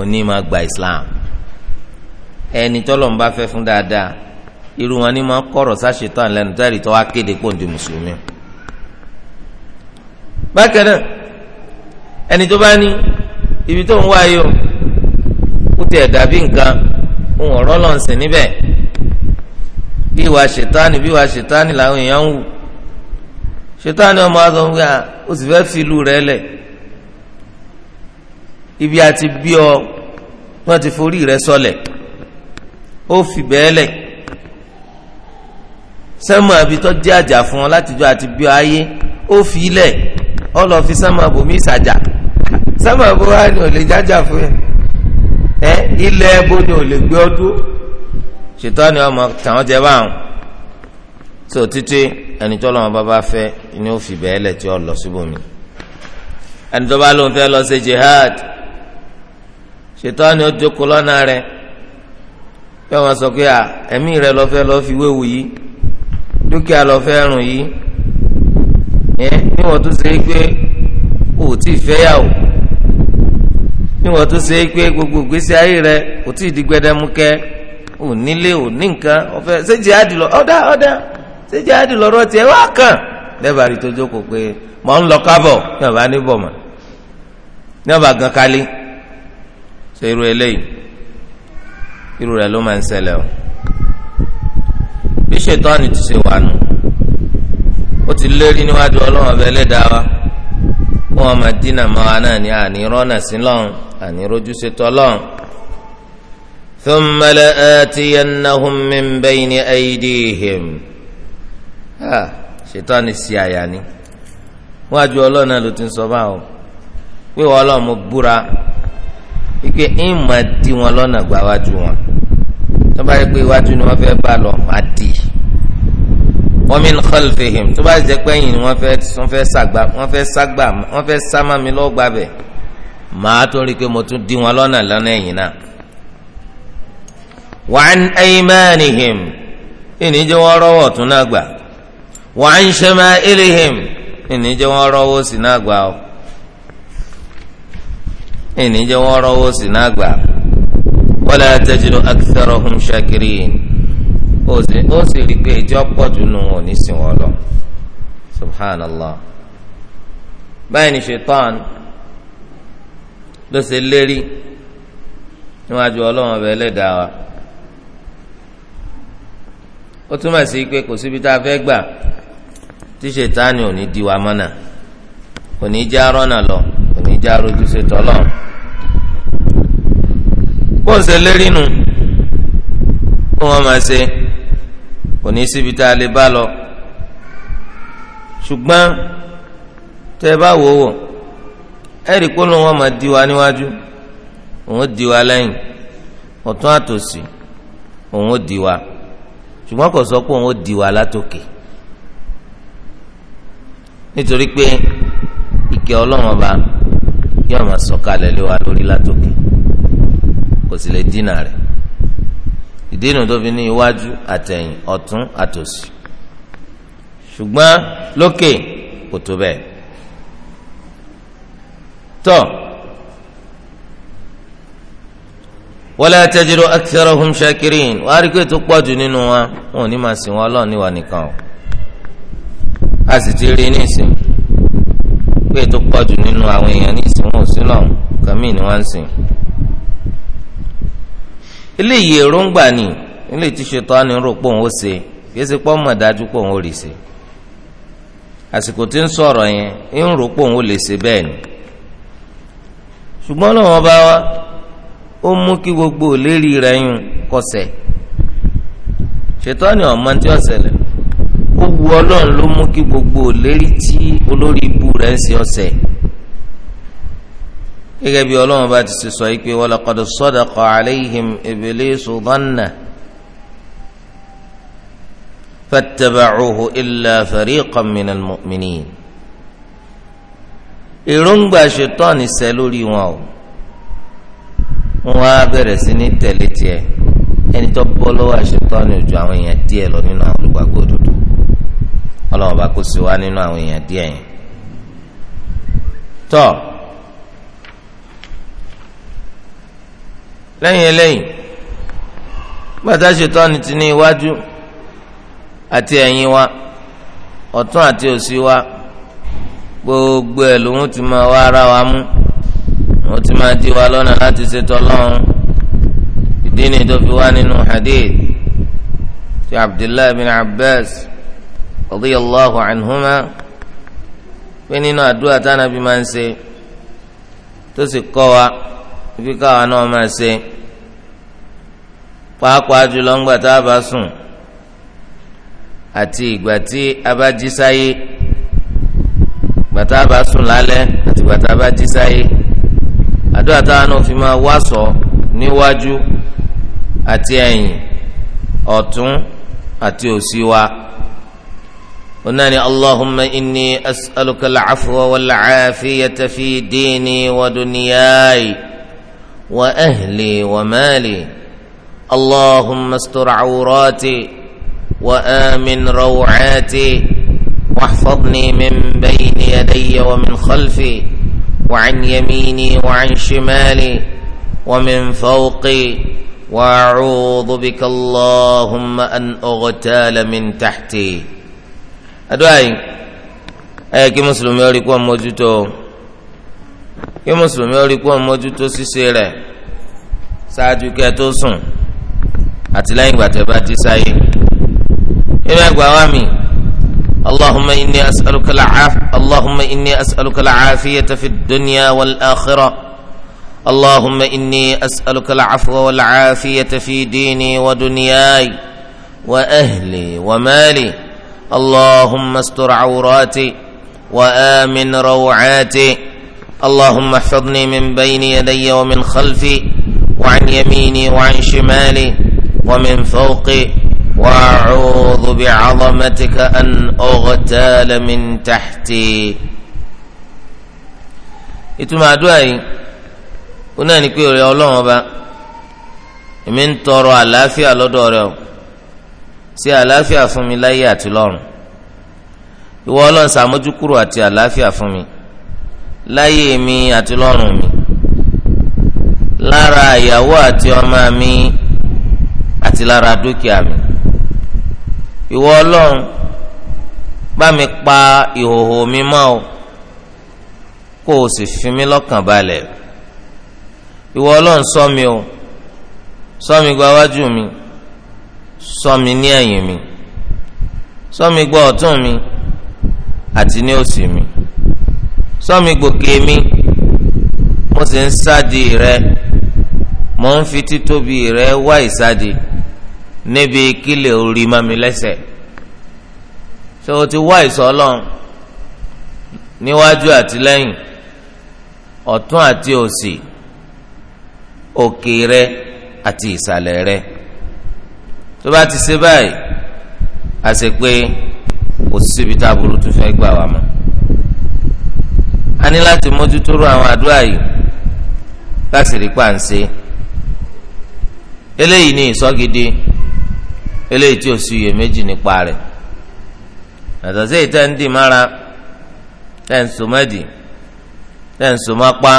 òní máa gba Islam ẹni tó lọ́wọ́ bá fẹ́ fún dáadáa irú wọn ni máa kọ ọ̀rọ̀ sá ṣètánì lẹ́nu tẹ́lẹ̀ tó wá kéde kó mùsùlùmí bákan ẹni tó bá ní ibi tó ń wáyé o ó ti ẹ̀dá bí nǹkan òun ọ̀rọ̀ lọ́n sìn níbẹ̀ bí ìwà ṣètánì bí ìwà ṣètánì làwọn èèyàn ń wù ṣètánì ọmọ wa sọ fún ó sì fẹ́ fi ìlú rẹ lẹ̀ ibi àti bí ọ wọ́n ti forí rẹ sọlẹ̀ ó fi bẹ́ẹ̀ lẹ̀ sẹ́mu àbítọ́ jẹ́ àjà fún ọ látijọ́ àti bí ọ ayé ó fi lẹ̀ ọ lọ fi sẹ́mu àbòmí ìsàjà sábà bó ni ní olè jájà fún yẹn ẹ ilẹ̀ ẹbọ ni olè gbé ọdún ṣètò ni ọmọ tàwọn jẹ báwọn tó títí ẹni tó lọ́wọ́ bàbá fẹ́ ni ó fi bẹ́ẹ̀ lẹ̀ tí ó lọ síbòmí ẹni tó bá lóun fẹ́ lọ ṣe jihad ṣètò ni ó jókòó lọ́nà rẹ̀ yọ wọn sọ pé à ẹ̀mí rẹ lọ fẹ́ lọ fi wéwu yìí dúkìá lọ fẹ́ rùn yìí ẹ níwọ̀n tó ṣe é pé o ò tí níwọ̀n tó ṣe é pé gbogbo ìgbésí ayé rẹ kò tí ì di gbẹdẹmukẹ ò nílé ò ní nǹkan ọ̀fẹ́ ṣé jihadi lọ ṣé jihadi wá kàn lẹ́bàá tó jókòó pé mọ̀ ń lọ kábọ̀ ní ọ̀bá níbọ̀ mọ̀ ní ọ̀bá gan kálí ṣe irú eléyìí irú ló máa ń o bí ṣètọ́ni ti ṣe wà nù ó ti lérí níwájú ọlọ́run ọbẹ̀ ẹlẹ́dàá wa kó wọn máa dínà mọ́ wa náà ní àní rọ́nà sí lọ́hùn àní rojú sí tọ́lọ́hùn. thumma la'atiyannahum min bayni aydihim. ṣètò ni sí àyà ni wọ́n á ọlọ́run náà ló ti ń sọ báwọn wíwọ́ ọlọ́run mo búra wípé ń máa di wọn lọ́nà gbáwájú wọn tó bá pé iwájú ni wọ́n fẹ́ bá lọ máa dì wa min khalfihim tó bá jẹ́ pé ẹ̀yìn ni wọ́n fẹ́ wọ́n fẹ́ sàgbà wọ́n fẹ́ sàgbà wọ́n fẹ́ sámá mi lọ́gbà bẹ̀ màá tó rí i pé mo tún di wọn lọ́nà lọ́nà ẹ̀yìn náà. wa an aymanihim ìní jẹ́ rọ́wọ́ tún náà gbà wa an shama'ilihim ìní jẹ́ wọ́n rọ́wọ́ sí náà gbà ó ìní jẹ́ rọ́wọ́ sí náà gbà wala tajidu aktharahum shakirin ó sì rí i pé ìjọ pọ̀jù nù wọn ní sìn wọn lọ subhanallah báyìí ni ṣetán ló ṣe lérí níwájú ọlọ́run ọbẹ̀ ẹlẹ́dàá wa ó túmọ̀ sí pé kò síbi tá a fẹ́ gbà tí ṣètánì ò ní di wa mọ́nà kò ní já rọ́nà lọ kò ní já bó ṣe nu kó wọ́n máa ṣe. kò ní síbi tá a lè bá lọ ṣùgbọ́n tẹ́ ẹ bá wò wò ẹ rí pé ló wọn máa di wa níwájú òun ó di wa lẹ́yìn ọ̀tún àtòsí òun ó di wa ṣùgbọ́n kò sọ pé òun ó di wa látòkè nítorí pé ìkẹ́ ọlọ́run ọba yóò máa sọ̀kalẹ̀ lé wa lórí látòkè kò sì lè dínà rẹ̀. ìdí inú tó fi ní iwájú àtẹ̀yìn ọ̀tún àtòsì ṣùgbọ́n lókè kò tó bẹ́ẹ̀ tọ́ wala tajidu aktharahum shakirin wàá rí pé tó pọ̀jù nínú wa wọn ò ní máa sìn wọn ọlọ́run níwà nìkan o a sì ti rí ní ìsìn pé tó pọ̀jù nínú àwọn èèyàn ní ìsìn wọn ò sí lọ́hùn kàmí ni wọ́n ń sìn. eléyìí èròǹgbà ni ilé tí ṣètánì rò pé òun ó ṣe kì í ṣe pé ọmọ dájú pé òun ó rí ṣe àsìkò tí ń sọ̀rọ̀ yẹn ń rò pé òun lè ṣe bẹ́ẹ̀ ni ṣùgbọ́n lọ́wọ́ bá wa ó mú kí gbogbo òlérí rẹ̀ yún kọsẹ̀ ṣètánì ọmọ tí ó ṣẹlẹ̀ ó wu ọlọ́run ló mú kí gbogbo òlérí tí olórí ibu rẹ̀ ń ṣe ọ̀sẹ̀ gẹ́gẹ́ bí ọlọ́run bá ti ṣe sọ yìí pé walaqad sadaqa alayhim iblisu dhanna fattaba'uhu illa fariqan minal mu'minin. èròǹgbà ṣetán ìṣẹ́ lórí wọn o wọn á bẹ̀rẹ̀ sí ní tẹ̀lé tiẹ̀ ẹni tó bọ́ lọ́wọ́ àṣetán ní ojú àwọn èèyàn díẹ̀ lọ nínú àwọn olùgbàgbọ́ òdodo ọlọ́run bá kó sí wa nínú àwọn èèyàn díẹ̀ yẹn. tọ́ọ̀ lẹ́yìn eléyìí gbàtà ṣètọ́ni ti ní iwájú àti ẹ̀yìn wa ọ̀tún àti òsì wa gbogbo ẹ̀ lòun ti máa wá ara wa mú òun ti máa di wa lọ́nà láti ṣètò ọlọ́run ìdí ni tó fi wá nínú hadith ti abdullahi bin abbas radiyallahu anhuma pé nínú àdúrà tánàbí máa ń ṣe tó sì kọ́ wa. ibi káwa náà máa ṣe pàápàá jùlọ ńgbà tá a bá sùn àti ìgbà tí a bá jí sáyé ìgbà tá a bá sùn lálẹ́ àti ìgbà tá a bá jí sáyé àdúrà táwọn náà fi máa wá níwájú àti ẹ̀yìn ọ̀tún àti òsì wa onani allahumma inni as'aluka al-afwa wal-afiyata fi wa dunyayi. واهلي ومالي اللهم استر عوراتي وامن روعاتي واحفظني من بين يدي ومن خلفي وعن يميني وعن شمالي ومن فوقي واعوذ بك اللهم ان اغتال من تحتي ادعي ايكي مسلم يوريكم موجودو kí mùsùlùmí ó rí kó ń mójútó ṣíṣe rẹ̀ ṣáájú kẹ́ tó sùn àti lẹ́yìn ìgbà tẹ́ bá ti sáyé nínú ẹgbàá wa mi allahumma inni as'aluka al'af allahumma inni as'aluka al'afiyata fi dunya wal akhirah allahumma inni as'aluka al'afwa wal 'afiyata fi dini wa dunyai wa ahli wa mali allahumma astur awrati wa amin rawati. اللهم احفظني من بين يدي ومن خلفي وعن يميني وعن شمالي ومن فوقي واعوذ بعظمتك ان اغتال من تحتي ìtumọ̀ àdúrà yìí ó náà ní pé ọ̀rẹ́ ọlọ́run ọba èmi ń tọrọ àlàáfíà lọ́dọ̀ rẹ o ṣe àlàáfíà fún mi láyé àti lọ́run ìwọ ọlọ́run ṣàmójúkúrò àti àlàáfíà fún mi láyé mi àti lọ́rùn mi lára ìyàwó àti ọmọ mi àti lára dúkìá mi ìwọ ọlọ́run bá mi pa ìhòhò mi mọ́ o kó o sì fi mí lọ́kàn balẹ̀ ìwọ ọlọ́run ṣọ́ mi o ṣọ́ mi gba wájú mi ṣọ́ mi ní ẹ̀yìn mi ṣọ́ mi gba ọ̀tún mi àti ní òsì mi sọmi gòkè mi mo sì ń sádi rẹ mo ń fi títóbi rẹ wá ìsádi níbi kílẹ̀ orí má mi lẹ́sẹ̀ ṣé o ti wá ìsọ Ọlọ́run níwájú àti lẹ́yìn ọ̀tún àti òsì òkè rẹ àti ìsàlẹ̀ rẹ tó bá ti ṣe báyìí àṣepé kò síbi tá a burú tó fẹ́ gbà wá mọ́ a ní láti mójútó ru àwọn àdúrà yìí láti rí pàǹsẹ eléyìí ní ìsọgidi eléyìí tí ò sí iyèméjì nípa rẹ̀ yàtọ̀ sí ìtẹ́ ń dì mára tẹ́ ń sọmọ́dì tẹ́ ń sọmọ́pá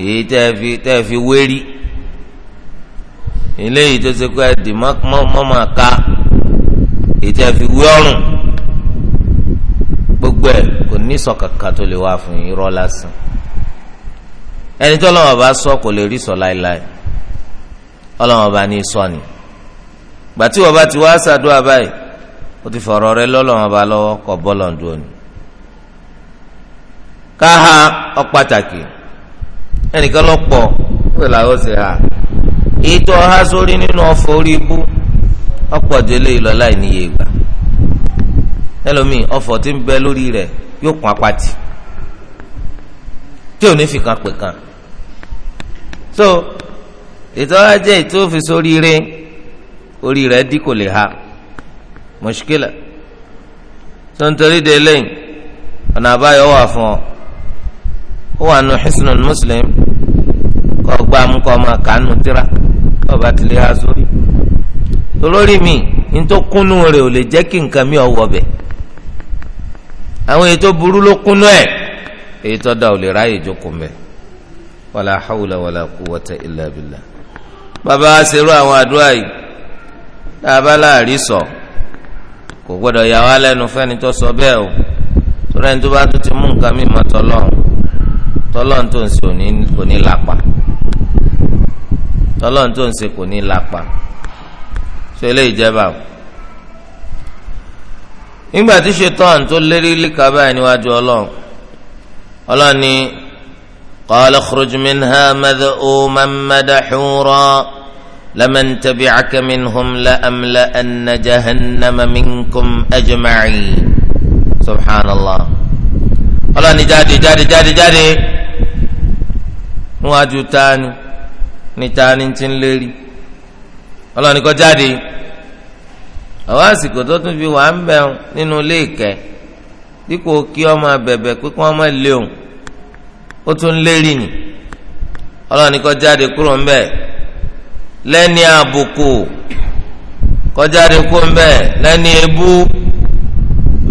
èyí tẹ́ fi tẹ́ fi wérí eléyìí tó ṣe pé ẹ dì mọ́mọ́ ká èyí tẹ́ fi wé ọrùn. ní sọ kankan tó lè wá fún irọ́ lásán ẹni tó lọ́wọ́ bá sọ kò lè rí sọ láéláé ọlọ́wọ́ bá ní sọ ni gbàtí wọ́n bá ti wá ṣàdúrà báyìí ó ti fọ̀rọ̀ rẹ lọ́lọ́wọ́ bá lọ́wọ́ kọ́ bọ́ọ̀lù ọ̀dùn òní. káha ọ pàtàkì ẹnìkan lọ pọ̀ pé làwọn ṣe hà ètò ọha sórí nínú ọ̀fọ̀ orí ibú ọ̀pọ̀ délé ìlọ́láì níye ìgbà ẹlòmíì ti ń bẹ lórí rẹ̀ yóò kún apá tí ò ní fi kan pè kan so ètò ètò òfin orí kò ha tó ń torí de ọ̀nà àbáyọ wà fún ọ ó wà nù Hisnul Muslim mú máa mi ní tó kúnnú ò lè jẹ́ kí nǹkan mi ọ̀ àwọn èyí tó burú ló kúnú ẹ èyí tó da ò lè ráyè jókòó mbẹ wàlá hawla wàlá quwwata illa billah bàbá wa ṣerú àwọn àdúrà yìí tá a bá láàrí sọ kò gbọdọ̀ yà wá lẹ́nu fẹ́ni tó sọ bẹ́ẹ̀ o tó rẹ́ni tó bá tó ti mú nǹkan mímọ́ tọ́lọ́run tọ́lọ́run tó ń ṣe kò ní lápá tọ́lọ́run tó ń ṣe kò ní lápá ṣe eléyìí jẹ́ báwo nígbà tí ṣetán tó lérí líka báyìí níwájú ọlọ́run ọlọ́run ni qala khruj minha madhuman madhura laman tabi'aka minhum la amla anna jahannama minkum ajma'in subhanallah ọlọ́run ni jáde jáde jáde jáde níwájú tani ni tani ti lérí ọlọ́run ni kó jáde. àwọn àsìkò tó tún fi wà ń bẹ̀ nínú ilé ìkẹ́ dípò kí ọmọ abẹ̀bẹ̀ pé kí wọ́n òun ó tún lérí ni ọlọ́run ní kó kúrò ń bẹ̀ lẹ́ni àbùkù kó kúrò ń bẹ̀ lẹ́ni ebú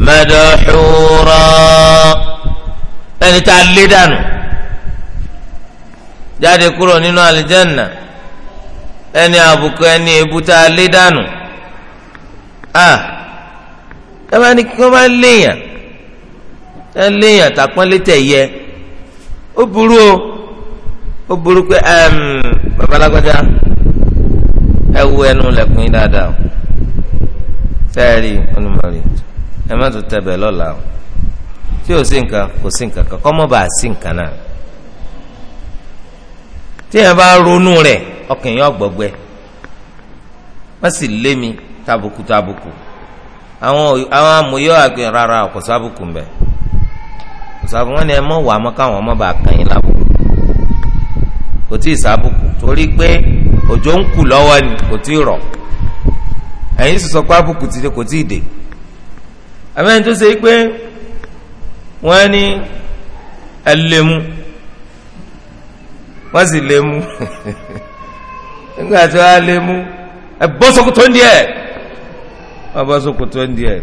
mẹ́dọ̀ọ́húrọ́ ẹni tá a lé dànù jáde kúrò nínú àlìjẹ́nà ẹni àbùkù ẹni ebú tá ah tábà ní kí wọ́n bá léèyàn ẹ léèyàn tàpọ́nlé tẹ̀ yẹ ó burú o ó burú pé ehm, babalágbádá ẹ wú ẹnu lẹ́kùn yín dáadáa sẹ́ẹ̀rì onímọ̀rì ẹ má tún tẹ̀ bẹ́ẹ̀ lọ́la o tí o sí nǹkan kò sí nǹkan kan kọ́mọ́ bá a sí nǹkan náà tí yẹn bá ronú rẹ̀ ọkàn yẹn ọgbọgbẹ wọ́n mi. tabuku tabuku, àwọn àwọn amòye àgbẹ̀ rárá kò sábùkù mbẹ kò sábùkù wọn ni ẹ mọ wà mọ káwọn ọmọ bá kàn yín lábùkù kò tí ì sábùkù torí pé òjò ń kù lọ́wọ́ ni kò tí ì rọ̀ ẹ̀yin sì sọ pé àbùkù ti dé kò tí ì dé àbẹ́yẹn tó ṣe pé wọ́n ní ẹ lè mú wọ́n sì lè mú nígbà tí wọ́n á lè mú ẹ bọ́ sọ́kùtò ń di ẹ̀ wọ́n bọ́ sókòtò ẹ̀ ń di ẹ̀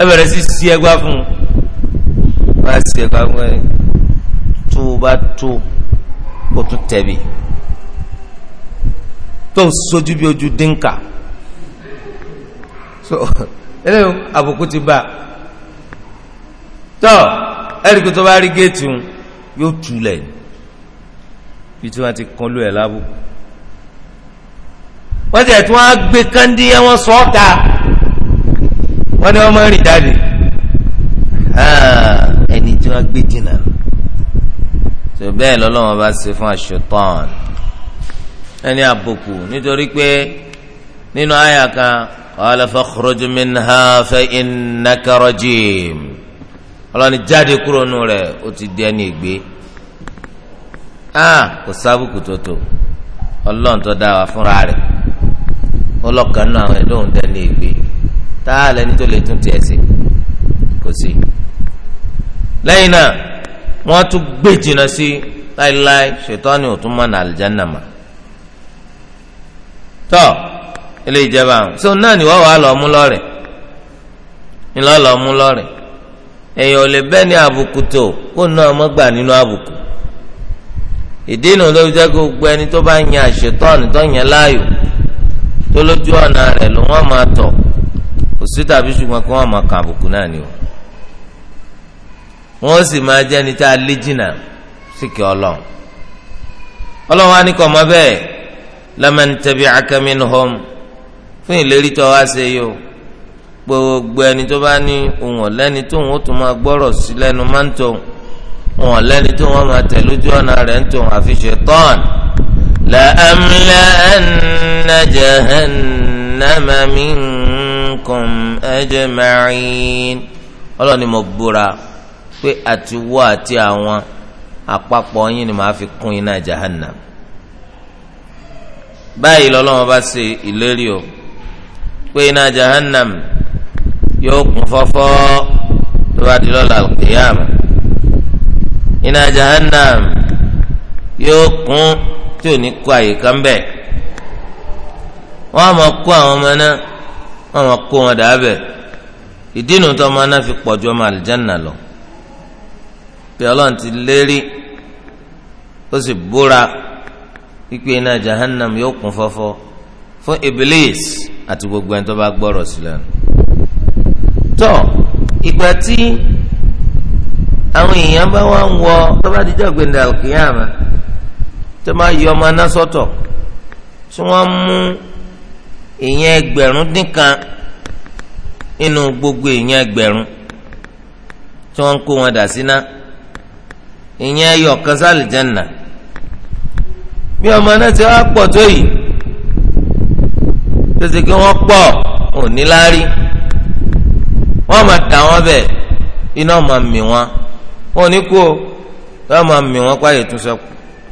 ẹ bẹ̀rẹ̀ sí sí ẹgbá fún un wọ́n sí ẹgbá fún ẹ tó bá tó o tún tẹ̀bi tó sojú bí ojú dínkà so eléyìí àbùkù ti bá tọ́ ẹ̀rí kó tó bá rí géètì un yóò tulẹ̀ bí tí wọ́n ti kán lóye lábùkù wọ́n ti ẹ̀tún wọn gbé kandi yẹn wọ́n sọ ọ́ta wọ́n ní wọ́n máa ń rìn jáde ah, ẹni tí wọ́n gbé jìnnà tó bẹ́ẹ̀ lọ́lọ́wọ́n bá ṣe fún aṣetán ẹni àbùkù nítorí pé nínú àyà kan qala fakhruj minha fa innaka rajim ọlọ́ni jáde kúrò nù rẹ̀ ó ti di ẹni ìgbé ah, kò sábùkù tó tó ọlọ́run dá wa fúnra rẹ̀ ọlọ́kan náà àwọn ẹlòmíín dẹ́ni ìgbé tá a lẹni tó lè tún tiẹ̀ sí kò sí. lẹ́yìn náà wọ́n tún gbé jìnnà sí láéláé ṣètọ́ni òtún mọ́nà àlìjáná mà tọ́ ilé ìjẹba so náà ni wọ́n wàá lọ́ọ́ mú lọ́rẹ̀ ńlọ́ lọ́ọ́ mú lọ́rẹ̀ èèyàn ò lè bẹ́ẹ̀ ní àbùkù tó kó ná ọmọ gbà nínú àbùkù ìdí ìnù ló jẹ́ gbogbo ẹni tó bá yan àṣetọ́ni tó yan láàyò tó lójú ọ̀nà rẹ̀ ló wọ́n máa tọ̀ kò tàbí ṣùgbọ́n kí wọ́n máa kàn náà ni o wọ́n sì máa jẹ́ni tá a lé jìnnà síkè ọlọ́run ọlọ́run á ní kọ́ ọmọ bẹ́ẹ̀ wá o gbogbo ẹni tó bá ní òun ọ̀lẹ́ni tó òun ó tún máa gbọ́rọ̀ máa ń òun ọ̀lẹ́ni tó wọ́n máa tẹ̀ lójú لأملأن جهنم منكم أجمعين ọlọ́ni mo búra pé àtiwọ́ àti àwọn àpapọ̀ yín ni màá fi kún iná jahannam báyìí lọ́lọ́wọ́n bá ṣe ìlérí o pé iná jahannam yóò kún fọ́fọ́ tó bá di lọ́la al-qiyama iná jahannam yóò kún tí ò ní kó àyè kan bẹ̀ wọ́n á máa kó àwọn ọmọ náà wọ́n á máa kó wọn dàbẹ̀ ìdí nu tó ọmọ náà fi pọ̀ ju ọmọ àlìjáná lọ pé ọlọ́run ti lérí ó sì búra pípé iná jahannam yóò kún fọ́fọ́ fún iblis àti gbogbo ẹni tó bá gbọ́rọ̀ sí lẹ́nu. tó ìgbà tí àwọn èèyàn bá wá ń wọ tó bá dijọ́ gbẹ̀ndà al-qiyamah tó máa yọ ọmọ náà sọ́tọ̀ tí wọ́n mú ìyẹn ẹgbẹ̀rún dín kan nínú gbogbo ìyẹn ẹgbẹ̀rún tí wọ́n ń kó wọn dà síná ìyẹn ẹyọ kan sálì jẹ́nà bí ọmọ náà ti wá pọ̀ tó yìí tó ti kí wọ́n pọ̀ òní láárí wọ́n máa dà wọ́n bẹ̀ iná máa mì wọ́n òní kú ó wọ́n máa mì wọ́n páyé tún sẹ́kù.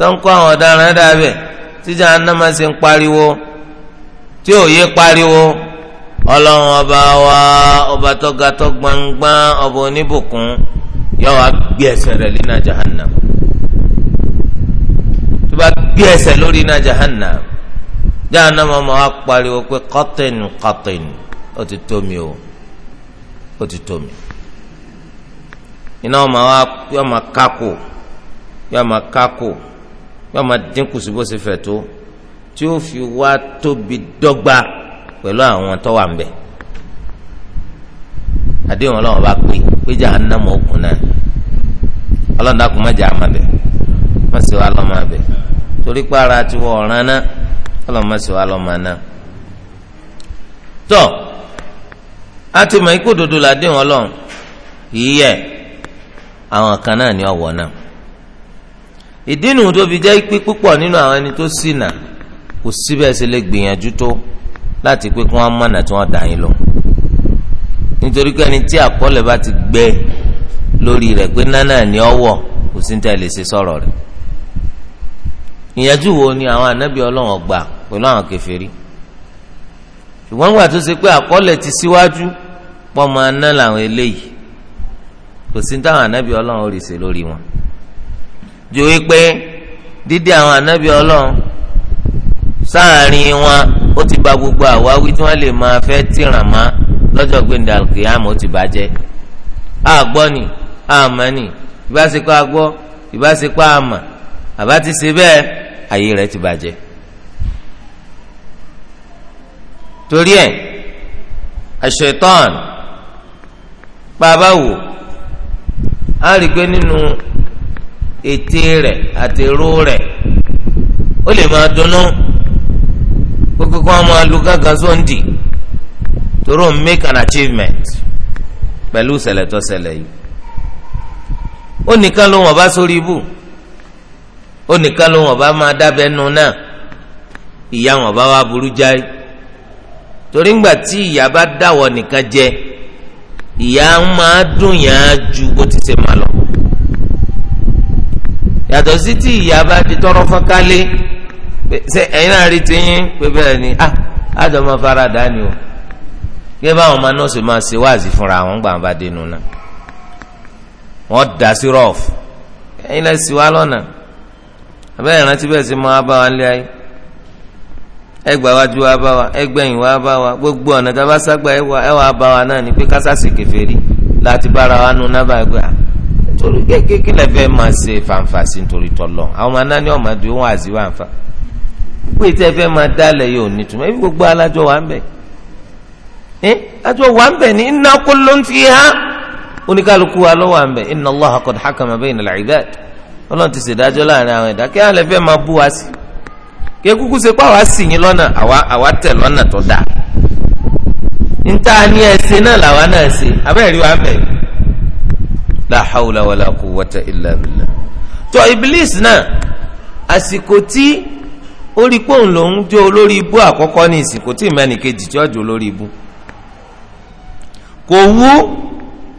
tó ń kó àwọn ọ̀daràn dàbẹ̀ tíjà anamọ sí ń pariwo tí òye pariwo ọlọ́run ọba wa ọba tọ́gatọ́ gbangban ọba oníbùkún yọ wá gbé ẹsẹ̀ rẹ̀ lé náà jahannam tó bá gbé ẹsẹ̀ lórí náà jahannam jahannam ọmọ wa pariwo pé kọ́tìn kọ́tìn ó ti tó mi o ó ti tó mi iná ọmọ wa yọ ọmọ kákò yọ ọmọ kákò yóò máa dínkù sí bó ṣe fẹ̀ tó tí ó fi wá tóbi dọ́gba pẹ̀lú àwọn tó wà ń bẹ̀ àdéhùn ọlọ́run bá pè pé jahannam òkun náà ọlọ́run dákun má jẹ́ àmàbẹ̀ má sì wá lọ́mọ abẹ̀ torí pé ara ti wọ ọ̀ràn náà ọlọ́run má sì wá lọ́mọ náà tọ́ a ti mọ̀ ikú dodo làdéhùn ọlọ́run yíyẹ àwọn kan náà ní ọ̀wọ́ náà ìdí nu tó fi jẹ́ pé púpọ̀ nínú àwọn ẹni tó ṣìnà kò síbẹ̀ ṣe lè gbìyànjú tó láti pé kí wọ́n mọ̀nà tí wọ́n dà yín lọ nítorí pé ẹni tí àkọọ́lẹ̀ bá ti gbẹ lórí rẹ̀ pé nánà ní ọwọ́ kò sí ní tẹ̀lé ṣe sọ̀rọ̀ rẹ̀ ìyànjú wo ni àwọn ànábì Ọlọ́run gbà pẹ̀lú àwọn kèfèrí ṣùgbọ́n gbà tó ṣe pé àkọọ́lẹ̀ ti síwájú pọ́ máa ná làwọn eléyìí kò sí ní táwọn ju wípé dídí àwọn ànábì ọlọ́run sáàrin wọn ó ti ba gbogbo àwáwí tí wọ́n lè máa fẹ́ tìràn má lọ́jọ́ gbẹ̀ndà kìámù ó ti bàjẹ́ àgbọ́ ni àmọ́ ni ìbáṣepọ̀ àgbọ́ ìbáṣepọ̀ àmọ́ àbá ti ṣe bẹ́ẹ̀ ayé rẹ̀ ti bàjẹ́ torí ẹ̀ àṣetán bàbá wò á rí i pé nínú ètè rẹ̀ àti irú rẹ̀ ó lè máa dunnú kókó kó wọn máa lu make an achievement pẹ̀lú ìṣẹ̀lẹ̀ tó ṣẹlẹ̀ yìí ó nìkan ló wọn bá sórí ibù ó nìkan ló wọn bá máa dábẹ́ nu náà ìyá wọn bá wá burú jáì torí ńgbà tí ìyá bá dáwọ́ nìkan jẹ ìyá máa dùn yàn án ju bó ti ṣe máa lọ. yàtọ̀ sí tí ìyá bá tọrọ ṣe ẹ̀yin náà rí tiyín pé bẹ́ẹ̀ ni ah àjọ máa fara ní o gẹ́gẹ́ báwọn ọmọ nọ́ọ̀sì máa ṣe wáàzì fúnra wọn gbà bá náà wọn dà sí rọ́ọ̀f ẹ̀yin náà sì wá lọ́nà abẹ́rẹ́ bẹ́ẹ̀ wa bá wa wa bá gbogbo ọ̀nà tá a bá ságbà ẹwà bá wa náà ni pé kásásì kẹfẹ́ rí láti bára wa nu náà torí kéèké kí máa ṣe fanfa sí nítorí tọ́lọ̀ àwọn anáni ọ̀màdé wọn àti wàǹfà máa ebi gbogbo alájọ wà ń bẹ̀ ẹ́ wà ń bẹ̀ ní inna kullun wa ló wà inna Allaha qad hakama bayna ti láàrin àwọn kí máa bú wa sí kí ṣe pé àwa sì yín lọ́nà àwa tẹ̀ lọ́nà tó dáa níta ni ẹ̀ ṣe náà làwa náà la hawla wala quwwata illa billah tó iblis náà àsìkò tí ó rí pé òun lòún jó olórí ibú àkọ́kọ́ ní ìsìnkú tí ìmẹ́nìkejì tí ó jó olórí ibú kò wú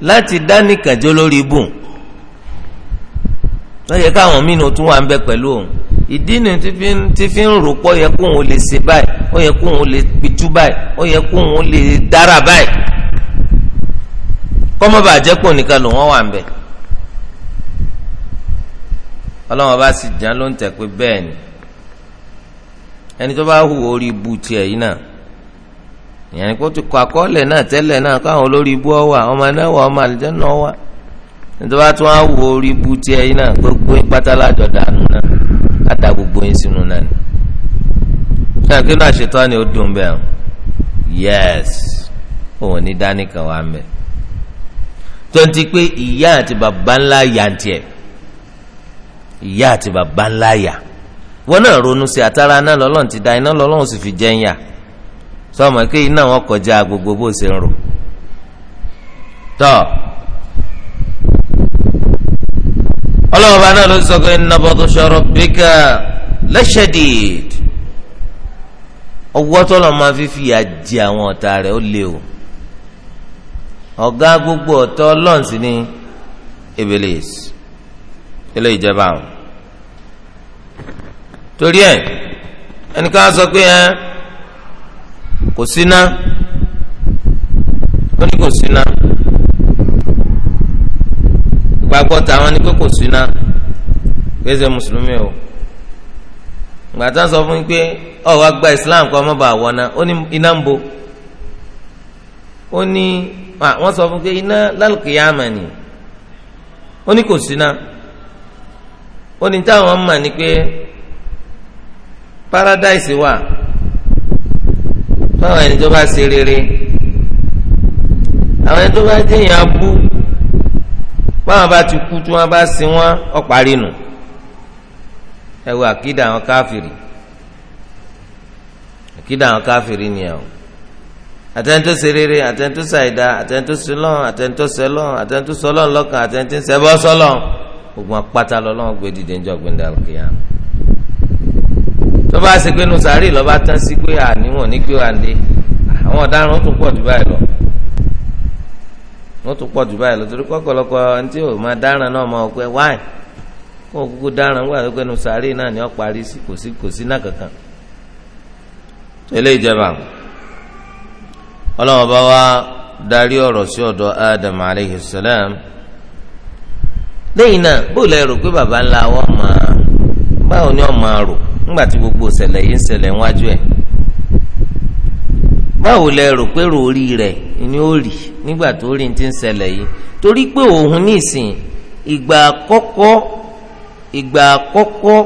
láti dánìkànjẹ́ olórí ibú tó yẹ káwọn mínú tún wà ń bẹ pẹ̀lú òun ìdí ni tí fi ń rò pé ó yẹ kóun lè ṣe báyìí ó yẹ kóun lè pitú báyìí ó yẹ kóun lè dára báyìí kọ́mọ́ bàjẹ́ pò nìkan ló wọ́n wà ń bẹ̀. ọlọ́wọ́n bá sì jẹ́ ló ń tẹ̀ pé bẹ́ẹ̀ ni ẹni tó bá hù orí ibu tiẹ̀ yìí náà ìyẹn ni kó ti kọ àkọọ́lẹ̀ náà tẹ́lẹ̀ náà káwọn olórí ibu ọ̀wà ọmọ náà wà ọmọ àlùjẹ́ náà wà ẹni tó bá tún á hù orí ibu tiẹ̀ yìí náà gbogbo pátá lájọ dànù náà á da gbogbo yín sínú náà ni. sọ́yìn kí náà ṣetán ni ó dùn bẹ́ẹ̀ yẹ́s òun ní dání kan wà mẹ́ẹ̀ tonti pé ìyá àti bàbá ńlá yà ń tiẹ̀ ìyá àti bàbá ńlá yà wọn náà ronú sí àtàrà náà lọ́lọ́run ti da iná lọ́lọ́run sì fi jẹ́ ń yà sọmọ kí iná wọn kọjá gbogbo bó ṣe ń rò tọ́ ọlọ́wọ́ bá náà ló sọ pé inna batsha rabbika lashadid ọwọ́ tọ́lọ́ máa fi fìyà jẹ àwọn ọ̀tá rẹ̀ ó lé o. Ọgá gbogbo ọtọ ọlọ́run sì ni Iblis ilé ìjọba àwọn. torí ẹ ẹnìkan sọ pé ẹ kò síná ó ní kò síná gbàgbọ́ tàwọn ni pé kò síná kí mùsùlùmí o gbàtà sọ fún mi pé ọ̀ wá gba Islam kọ́ ọ má bàa wọ̀ náà ó ní iná ń bo. ó ní wọ́n sọ fún pé iná lálùkìyàmà ni ó ní kò síná ó ní táwọn mọ̀ ni pé paradise wà ẹni tó bá ṣe rere àwọn ẹni tó bá jẹyìn abú báwọn bá ti kú tí wọ́n bá sin wọn ọparí nù ẹ wo àkídà o. àtẹnudó serere, rere àtẹnudó ṣàìdá àtẹnudó sọlọ́n àtẹnudó sọlọ́n àtẹnudó sọlọ́n lọ́kàn àtẹnudó sẹ́bọ́ sọlọ́n ogun apáta lọ́lọ́n gbé dìde ńjọ gbẹ̀ndà kìíyà. tó bá ṣe pé nùsàárì lọ́ba tán sí pé àníwọ̀n ní gbé wàndé àwọn ọ̀daràn ó tún pọ̀ jù báyìí lọ wọ́n tún pọ̀ jù báyìí lọ torí kọ́kọ́lọ́kọ́ ẹni tí ò máa dáràn náà máa pẹ́ wáì kó o kúkú dáràn wà lóko ẹnu sàárè náà ni ó parí sí kò sí kò sí náà kankan tó ọlọ́wọ́n bá wá darí ọ̀rọ̀ sí ọ̀dọ̀ Adam aleyhi salam lẹ́yìn náà bó lẹ rò pé baba ńlá wa máa báwo ni ọ máa rò nígbà tí gbogbo ṣẹlẹ̀ yìí ń ṣẹlẹ̀ níwájú ẹ̀ báwo lẹ rò pé ròrí rẹ̀ ni ó rì nígbà tó rí ti ń ṣẹlẹ̀ yìí torí pé òun nísìn ìgbà kọ́kọ́ ìgbà àkọ́kọ́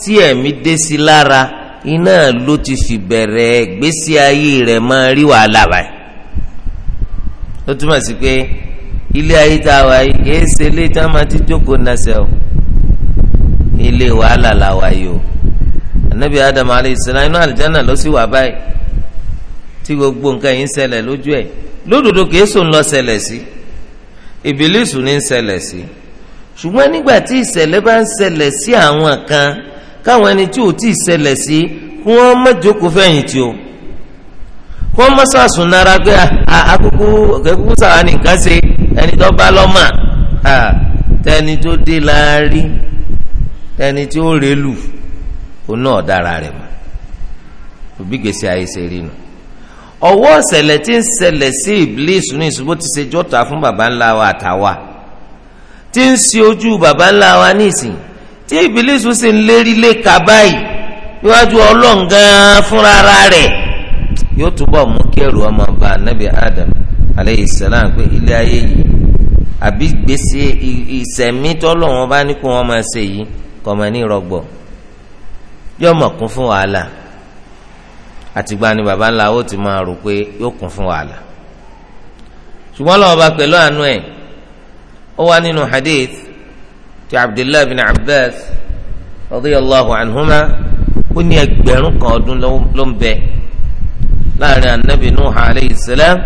tí ẹ̀mí dé sí lára iná ló ti fi bẹ̀rẹ̀ gbésí ayé rẹ̀ máa rí wàhálà báyìí ó túmọ̀ sí pé ilé ayé tá a wà yìí kìí ṣe ilé tí wọ́n máa ti jókòó nasẹ̀ o ilé wàhálà la wà yìí o anabi adam aleyhisselam inú àlìjáná ló sì wà báyìí tí gbogbo nǹkan yìí ń ṣẹlẹ̀ lójú ẹ̀ lódodo kìí sùn lọ ṣẹlẹ̀ sí ìbílísù ní ń ṣẹlẹ̀ sí ṣùgbọ́n nígbà tí ìṣẹ̀lẹ̀ bá ń ṣẹlẹ̀ sí àwọn kan káwọn ẹni tí ò tí ì ṣẹlẹ̀ sí kí wọ́n má jókòó fẹ̀yìntì o kí wọ́n má sàṣùn nara pé akókó ah, ah, ah, kẹkókó sàrà nìkan ṣe ẹni tó bá lọ́mà tẹni tó dé láàrin tẹni tí ó rèlù òun náà dára rẹ̀ mọ́ òbí gbèsè ayé ṣe rí nu ọwọ́ ọ̀sẹ̀lẹ̀ tí ń ṣẹlẹ̀ sí iblis ní ìṣubú ti ṣe jọ́ta fún baba ńlá wa àtàwa tí ń ṣe ojú baba ńlá wa ní ìsìn tí ìbílísù sì ń lérí léka báyìí níwájú ọlọ́run gan-an fúnra ara rẹ̀ yóò túbọ̀ mú kí ẹ̀rù ọmọ bá anabi adam aleyhi salam pé ilé ayé yìí àbí gbèsè ìsẹ̀mí tọ́lọ́run bá ní kó wọ́n máa ṣe yìí kọ̀mọ̀ ní ìrọ̀gbọ̀ yóò mọ̀ kún fún wàhálà àtìgbà ni baba ńlá ó ti máa rò pé yóò kún fún wàhálà ṣùgbọ́n lọ́wọ́ bá pẹ̀lú àánú ẹ̀ ó wá nínú hadith ti abdullahi bin abbas radiyallahu anhuma ó ní ẹgbẹ̀rún kan ọdún ló ń bẹ láàrin anabi nuha aleyhi salam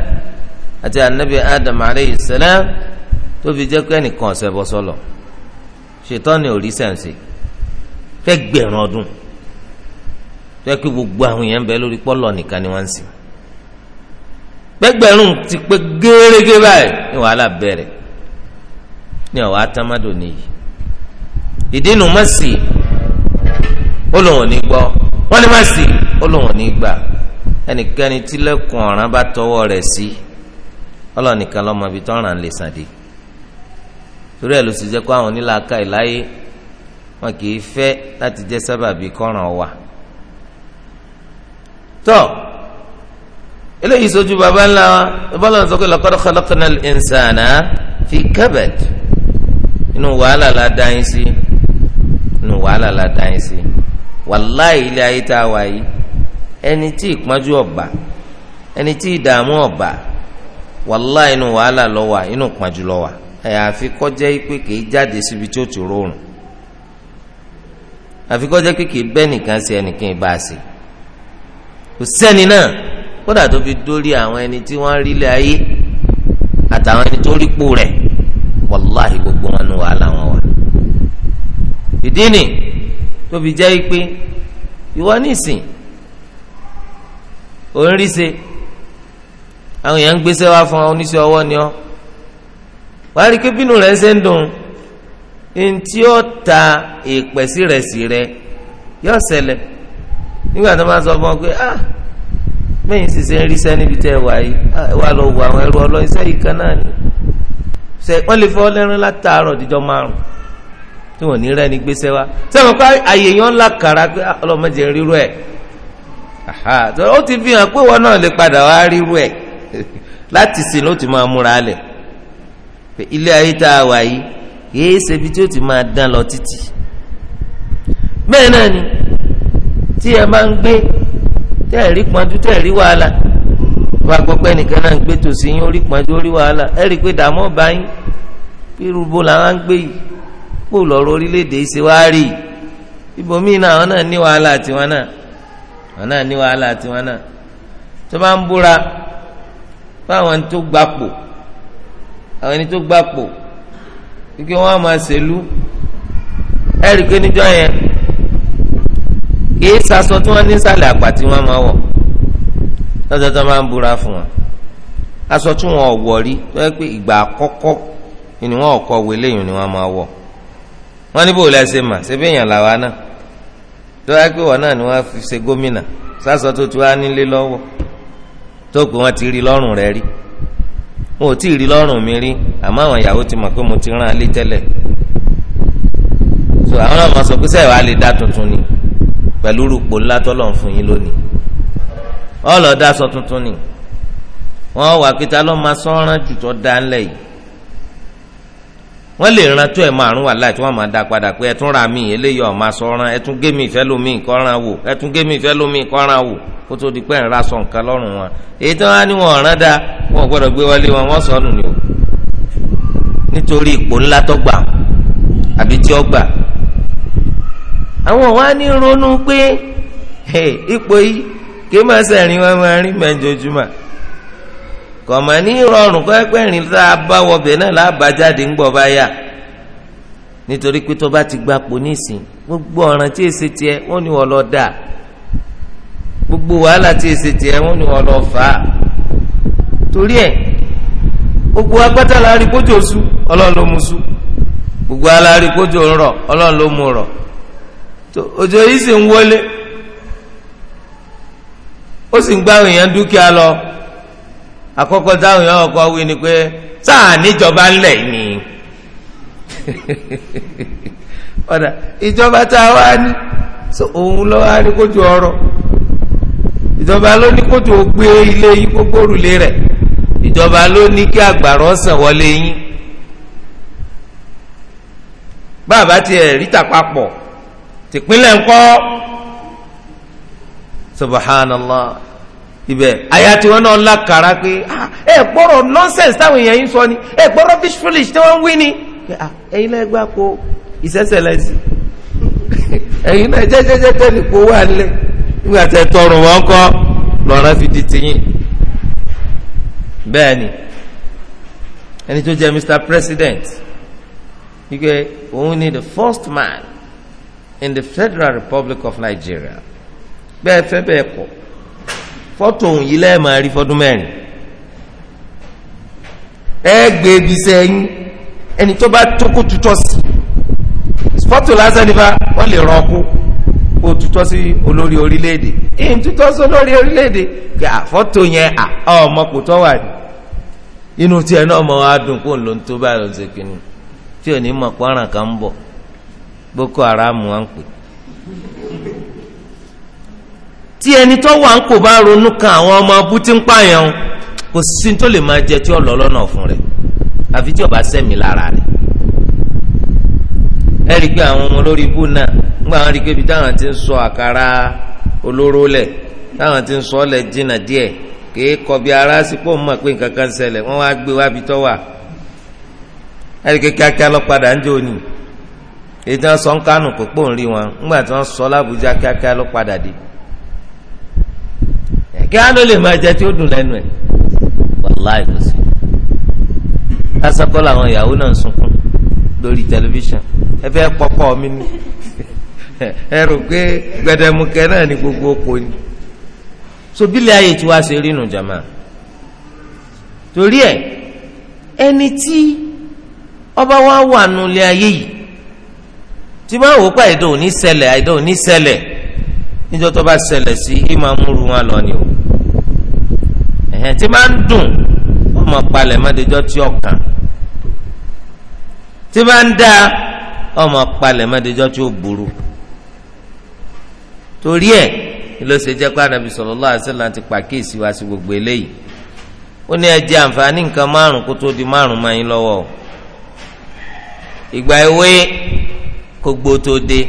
àti anabi adam aleyhi salam tó fi jẹ́ pé ẹnìkan ọ̀sẹ̀ bọ́ sọ́lọ̀ ṣètọ́ ni òrí sẹ́ǹsì fẹ́gbẹ̀rún ọdún fẹ́ kí gbogbo àwọn èèyàn bẹ lórí pọ́lọ̀ nìkan ni wọ́n ń sìn gbẹgbẹ̀rún ti pé gẹ́rẹ́gẹ́ báyìí ni wàhálà bẹ̀rẹ̀ ni ọ̀wá tamádò nìyí ìdínú má sí ó lòun ò ní gbọ́ wọ́n ní má sí ó lòun ò ní gbà ẹnikẹ́ni tílẹ̀kùn ọ̀ràn bá tọwọ́ rẹ̀ sí ọlọ́nìkan lọ́mọ ibi tọ́ràn lè sàdé torí ẹ̀ ló sì jẹ́ kó àwọn onílàáka ìláyé wọn kì í fẹ́ láti jẹ́ sábàbí kọ́ràn wà tọ́ eléyìí sojú baba ńlá ìbálò sọ pé laqad khalaqnal insana fi kabad inú wàhálà la dá yín sí nù wàhálà la dá yín sí wàláì ilé ayé tá a wà yìí ẹni tí ìpọ́njú ọ̀bà ẹni tí ìdààmú ọ̀bà wàláì inú wàhálà ló wà inú ìpọ́njú ló wà àyàfi kó jẹ́ pé kìí jáde síbi tí ó ti rọrùn àfi kó jẹ́ pé kìí bẹ́ nìkan sí ẹnìkan ìbá sí kò sẹ́ni náà kódà tó fi dórí àwọn ẹni tí wọ́n rí lé ayé àtàwọn ẹni tó rí pò rẹ̀ wàláì gbogbo wọn nu wàhálà wọn wà ìdí ni tó fi jẹ́ pé ìwọ nísìn ò ń rí ṣe àwọn èèyàn ń gbéṣẹ́ wá fún oníṣẹ́ ọwọ́ ni ọ́ wàá rí kí bínú rẹ̀ ṣe ń dùn ntí ó ta ìpèsè rẹ̀ sí rẹ̀ yóò ṣẹlẹ̀ nígbà tó máa sọ fún ọ pé ah mẹ́yìn sì ṣe ń rí sẹ́ níbi tẹ́ wà yìí ah, wà lọ wọ àwọn ẹrù ọlọ́yin sẹ́yìn kan náà ni wọ́n lè fọ́ lẹ́rìn látàárọ̀ díjọ́ márùn-ún tí wọn ò ní rẹ́ni gbéṣẹ́ wá sẹ́wọ̀n pé àyè yẹn ńlá kàrà pé ah, ọlọ́mọdé ríru ẹ̀ ó ti fi hàn pé wọn náà lè padà wá ríru ẹ̀ láti sìn ló ti máa múra lẹ̀ ilé ayé tá a wà yìí yéé ṣebi tí ó ti máa dán lọ títì bẹ́ẹ̀ náà ni tí ẹ máa ń gbé tẹ́ ẹ̀ rí pọ́njú tẹ́ ẹ̀ rí wàhálà wọ́n á gbọ́ pé ẹnìkan náà ń gbé tòsí yín ó rí pọ́njú ó rí wàhálà ẹ̀ rí i pé dààmú ọba yín irú bo làwọn á ń gbé yìí bó lọrọ orílẹ̀-èdè yìí ṣe wáá rí ibòmíì náà àwọn náà ní wàhálà tiwọn náà àwọn náà ní wàhálà tiwọn náà tó bá ń búra fáwọn ẹni tó gbapò àwọn ẹni tó gbapò wípé wọn á máa ṣèlú ẹ̀rí pé níjọ́ yẹn kìí sasọ tí wọ́n ní sàlẹ̀ àgbà tí wọ́n máa wọ̀ lọ́jọ́ tó máa ń búra fún wọn aṣọ tí wọn ò wọ̀ rí àkọ́kọ́ ni wọn ò kọ wẹlẹ́yìn ni máa wọ̀ wọ́n ní bòlá ṣe mà ṣe bẹ́ẹ̀ yàn làwa náà tó wáá pé wọn náà ni wọ́n fi ṣe gómìnà sásọ tó tu wá nílé lọ́wọ́ tó pé wọ́n ti rí lọ́rùn rẹ̀ rí wọn ò tí ì rí lọ́rùn mi rí àmọ́ àwọn ìyàwó ti mọ̀ pé mo ti rán alé tẹ́lẹ̀ so àwọn náà máa sọ pé sẹ́yìn wàá lè dá tuntun ni pẹ̀lú rúpò ńlá tọ́lọ̀ ń fún yín lónìí ọlọ́dà sọ tuntun ni wọ́n wà pété alọ́ máa sọ́ọ́rán jù tó dá ńlẹ̀ yìí wọ́n lè ran tó ẹ̀ márùn wà láì tí wọ́n máa da padà pé ẹ̀tún ra mi eléyìí ọ̀ máa sọ̀ràn ẹ̀tún gé mi ìfẹ́ lómi ìkọ́ran wò ẹ̀tún gé mi ìfẹ́ lómi ìkọ́ran wò kó tó di pé ẹ̀ ń ra sọ nǹkan wọn èyí tí wọ́n á ní wọn wọn gbọ́dọ̀ gbé wọlé wọn wọ́n sọnù ni o nítorí ipò ńlá wa ní ronú pé ipò yìí kí kọ̀mọ̀ ní rọrùn kọ́ ẹgbẹ́ rìn tá a bá wọbẹ̀ náà lábàjáde ń gbọ́ bá yà nítorí pé ti gba pò nísìn gbogbo ọ̀ràn tí èsì tiẹ̀ wọ́n ní gbogbo wàhálà tí èsì tiẹ̀ wọ́n ní wọ́n lọ fà á torí ẹ̀ gbogbo agbátá la rí su ọlọ́run ló mu gbogbo alárí kójó ń ọlọ́run ló mu òjò yìí sì ń wọlé ó sì lọ. àkọ́kọ́ táwọn ọkọ wí ni pé sáà níjọba ńlẹ̀ ni ọ̀dà ìjọba tá a wá ní òun lọ́wọ́ àríkójú ọrọ ìjọba ló ní kótó gbé ilé yín gbogbo òrùlé rẹ̀ ìjọba ló ní kí àgbàrá ọ̀sán wọlé yín bàbá tiẹ̀ ríta papọ̀ tìpínlẹ̀ ńkọ́ ibẹ̀ àyà tiwọn náà lákàrà pé ah, ẹ gbọ́rọ̀ nonsense táwọn èèyàn yìí sọ ni ẹ gbọ́rọ̀ fish foolish tí wọ́n ń wí ni ah, ẹ̀yin náà gbà kó ìṣẹ́sẹ̀ lẹ́sìn ẹ̀yin náà jẹ́jẹ́jẹ́jẹ́ ni kò wà lẹ́ nígbà tẹ tọrùn wọn kọ́ lọ́ra fi di tiyín bẹ́ẹ̀ ni ẹni tó jẹ́ Mr. President wípé òun ni the first man in the Federal Republic of Nigeria bẹ́ẹ̀ fẹ́ bẹ́ẹ̀ kọ́ fọ́tò òun yìí lẹ́ẹ̀ máa rí fọ́dún mẹ́rin ẹ gbé ibi sẹ́yìn ẹni tó bá tókù tutọ́ sí fọ́tò lásán nípa wọ́n lè rán ọkú kó tutọ́ sí olórí orílẹ̀-èdè tutọ́ sí olórí orílẹ̀-èdè fọ́tò yẹn ọmọ kò tọ́ wà ní inú tiẹ̀ Boko Haram tí ẹni tó wà ń kò bá ronú kan àwọn ọmọ abú tí ń pààyàn kò sí tó lè máa jẹ tí ó lọ lọ́nà rẹ àfi tí ó bá lára rẹ̀ ẹ i pé àwọn ọmọ olórí ibú náà ńgbà wọn rí i pé ti ń sọ àkàrà olóró lẹ̀ táwọn ti ń sọ ọ́lẹ̀ jìnnà díẹ̀ kéé kọbi ara sí pé nǹkan kan gbé wábi tó wà ẹ rí i pé kíákíá lọ padà ń kí á ló lè máa jẹ tí ó dùn lẹ́nu ẹ̀ wàláì kò sí. lásàkọ́ làwọn ìyàwó náà ń sunkún lórí tẹlifíṣàn ẹ fẹ́ pọ́pọ́ mi ni ẹ rò pé gbẹdẹmukẹ náà ni gbogbo oko ni so bílẹ̀ ayé tí wàá ṣe rí nù jàmá torí ẹ ẹni tí ọba wa wà nulẹ̀ ayé yìí tí bá wò ó pa àìdá òní ṣẹlẹ̀ àìdá òní ṣẹlẹ̀ níjọ́ tó bá ṣẹlẹ̀ sí ìmọ̀ amúru wọn lọ ni o ẹ̀hẹ́n tí máa ń dùn wọ́n mọ̀ palẹ̀ mọ́déjọ́ tí ọkàn tí máa ń dá ọmọ tí ó burú torí ẹ ló ṣe jẹ́ pé anabi ti pàkíyèsí wa sí gbogbo eléyìí ó ní ẹ àǹfààní nǹkan márùn kó tó di márùn máa yín ìgbà kó gbó tó dé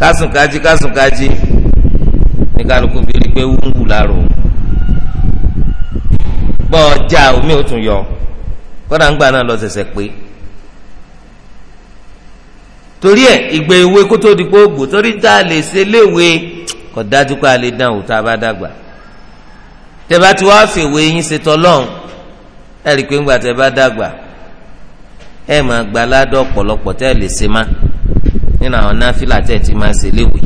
kásùnkájí kásùnkájí ní kálukú fi bọ́ ọjà omi ò tún yọ kọ́dà ń gbà náà lọ sẹ̀sẹ̀ pé torí ẹ ìgbẹ́ ewé kó tó di pé ó gbò torí tá a lè ṣe léwe kò dájú pé a lè dán bá tẹ́bá tí wàá fèwé yín ṣe tọ́lọ́hún ẹ rí i pé tẹ́ bá dàgbà ẹ máa gba aládọ́ ọ̀pọ̀lọpọ̀ tẹ́ lè ṣe má nínú àwọn náfìlà tẹ́ ti máa ṣe léwe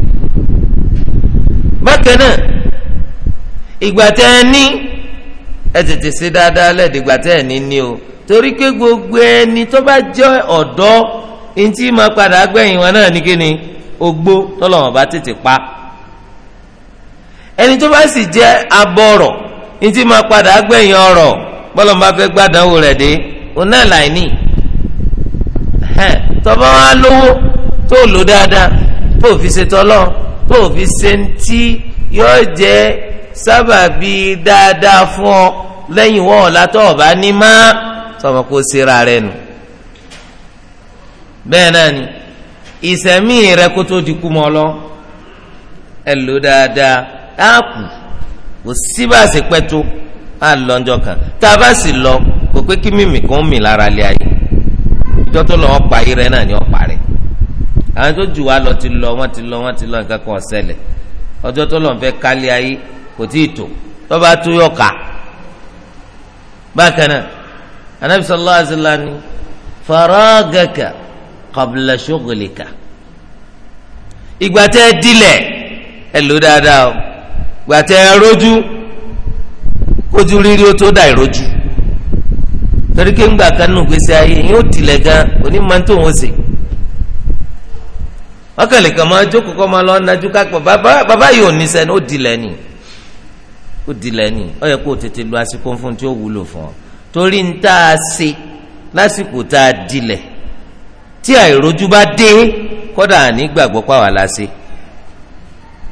bákan náà ìgbà tẹ́ ẹ ní ẹ tètè ṣe dáadáa lẹ́ẹ̀dìgbà tẹ́ ẹ̀ ní ní o torí pé gbogbo ẹni tó bá jẹ́ ọ̀dọ́ ntí máa padà gbẹ̀yìn wọn náà ní kíni ogbó tọ́lọ́wọ́n bá tètè pa ẹni tó bá sì jẹ́ abọ́rọ̀ ntí máa padà gbẹ̀yìn ọ̀rọ̀ bọ́lọ̀ fẹ́ gbàdánwò rẹ̀ dé òun náà tọ́ba wa lówó tó lò dáadáa tó fi ṣe tọ́lọ́ tó fi ṣe ntí yóò jẹ́ sábàbí dáadáa fún ọ lẹ́yìn wọn ọ̀la tó ọ̀bá ní má sọmọ kó sera rẹ nù. bẹ́ẹ̀ náà ni ìsẹ̀mí rẹ kó tó di kú mọ́ lọ ẹ lò dáadáa á kù kò sí bá a ṣe pẹ́ tó á lọ ọjọ́ kan tá a bá sì lọ kò pé kí mímì kan mì lára lé ayé ìjọ tó lọ wọn pa ayé rẹ náà ni wọn pa àwọn tó jù wá lọ ti lọ wọn ti lọ wọn ti lọ nǹkan kan ọ̀sẹ̀lẹ̀ ọjọ́ tó lọ fẹ́ kálí ayé kò tí ì tó tọ́ba tó yọ ká bákan náà anabi sallallahu alayhi wa sallam ni faragaka qabla shughlika ìgbà tẹ́ ẹ dilẹ̀ ẹ lò dáadáa o ìgbà tẹ́ ẹ rojú kójú rírí o tó dà ìrojú torí ké ńgbà kan nù gbèsè ayé yín ó dilẹ̀ gan onímọ̀ tó ń sè wákàlẹ̀ kan máa jókòó kọ́ máa lọ́ọ́ nájú ká bàbá yìí ò ní sẹ́ni ó dilẹ̀ nìyí ó dilẹ̀ ni ó yẹ kó o tètè lu àsìkò fún tí ó wúlò fún ọ torí ń tá a ṣe lásìkò tá a dilẹ̀ tí àìrójú bá dé kódà nígbàgbọ́ pàwọ́ la ṣe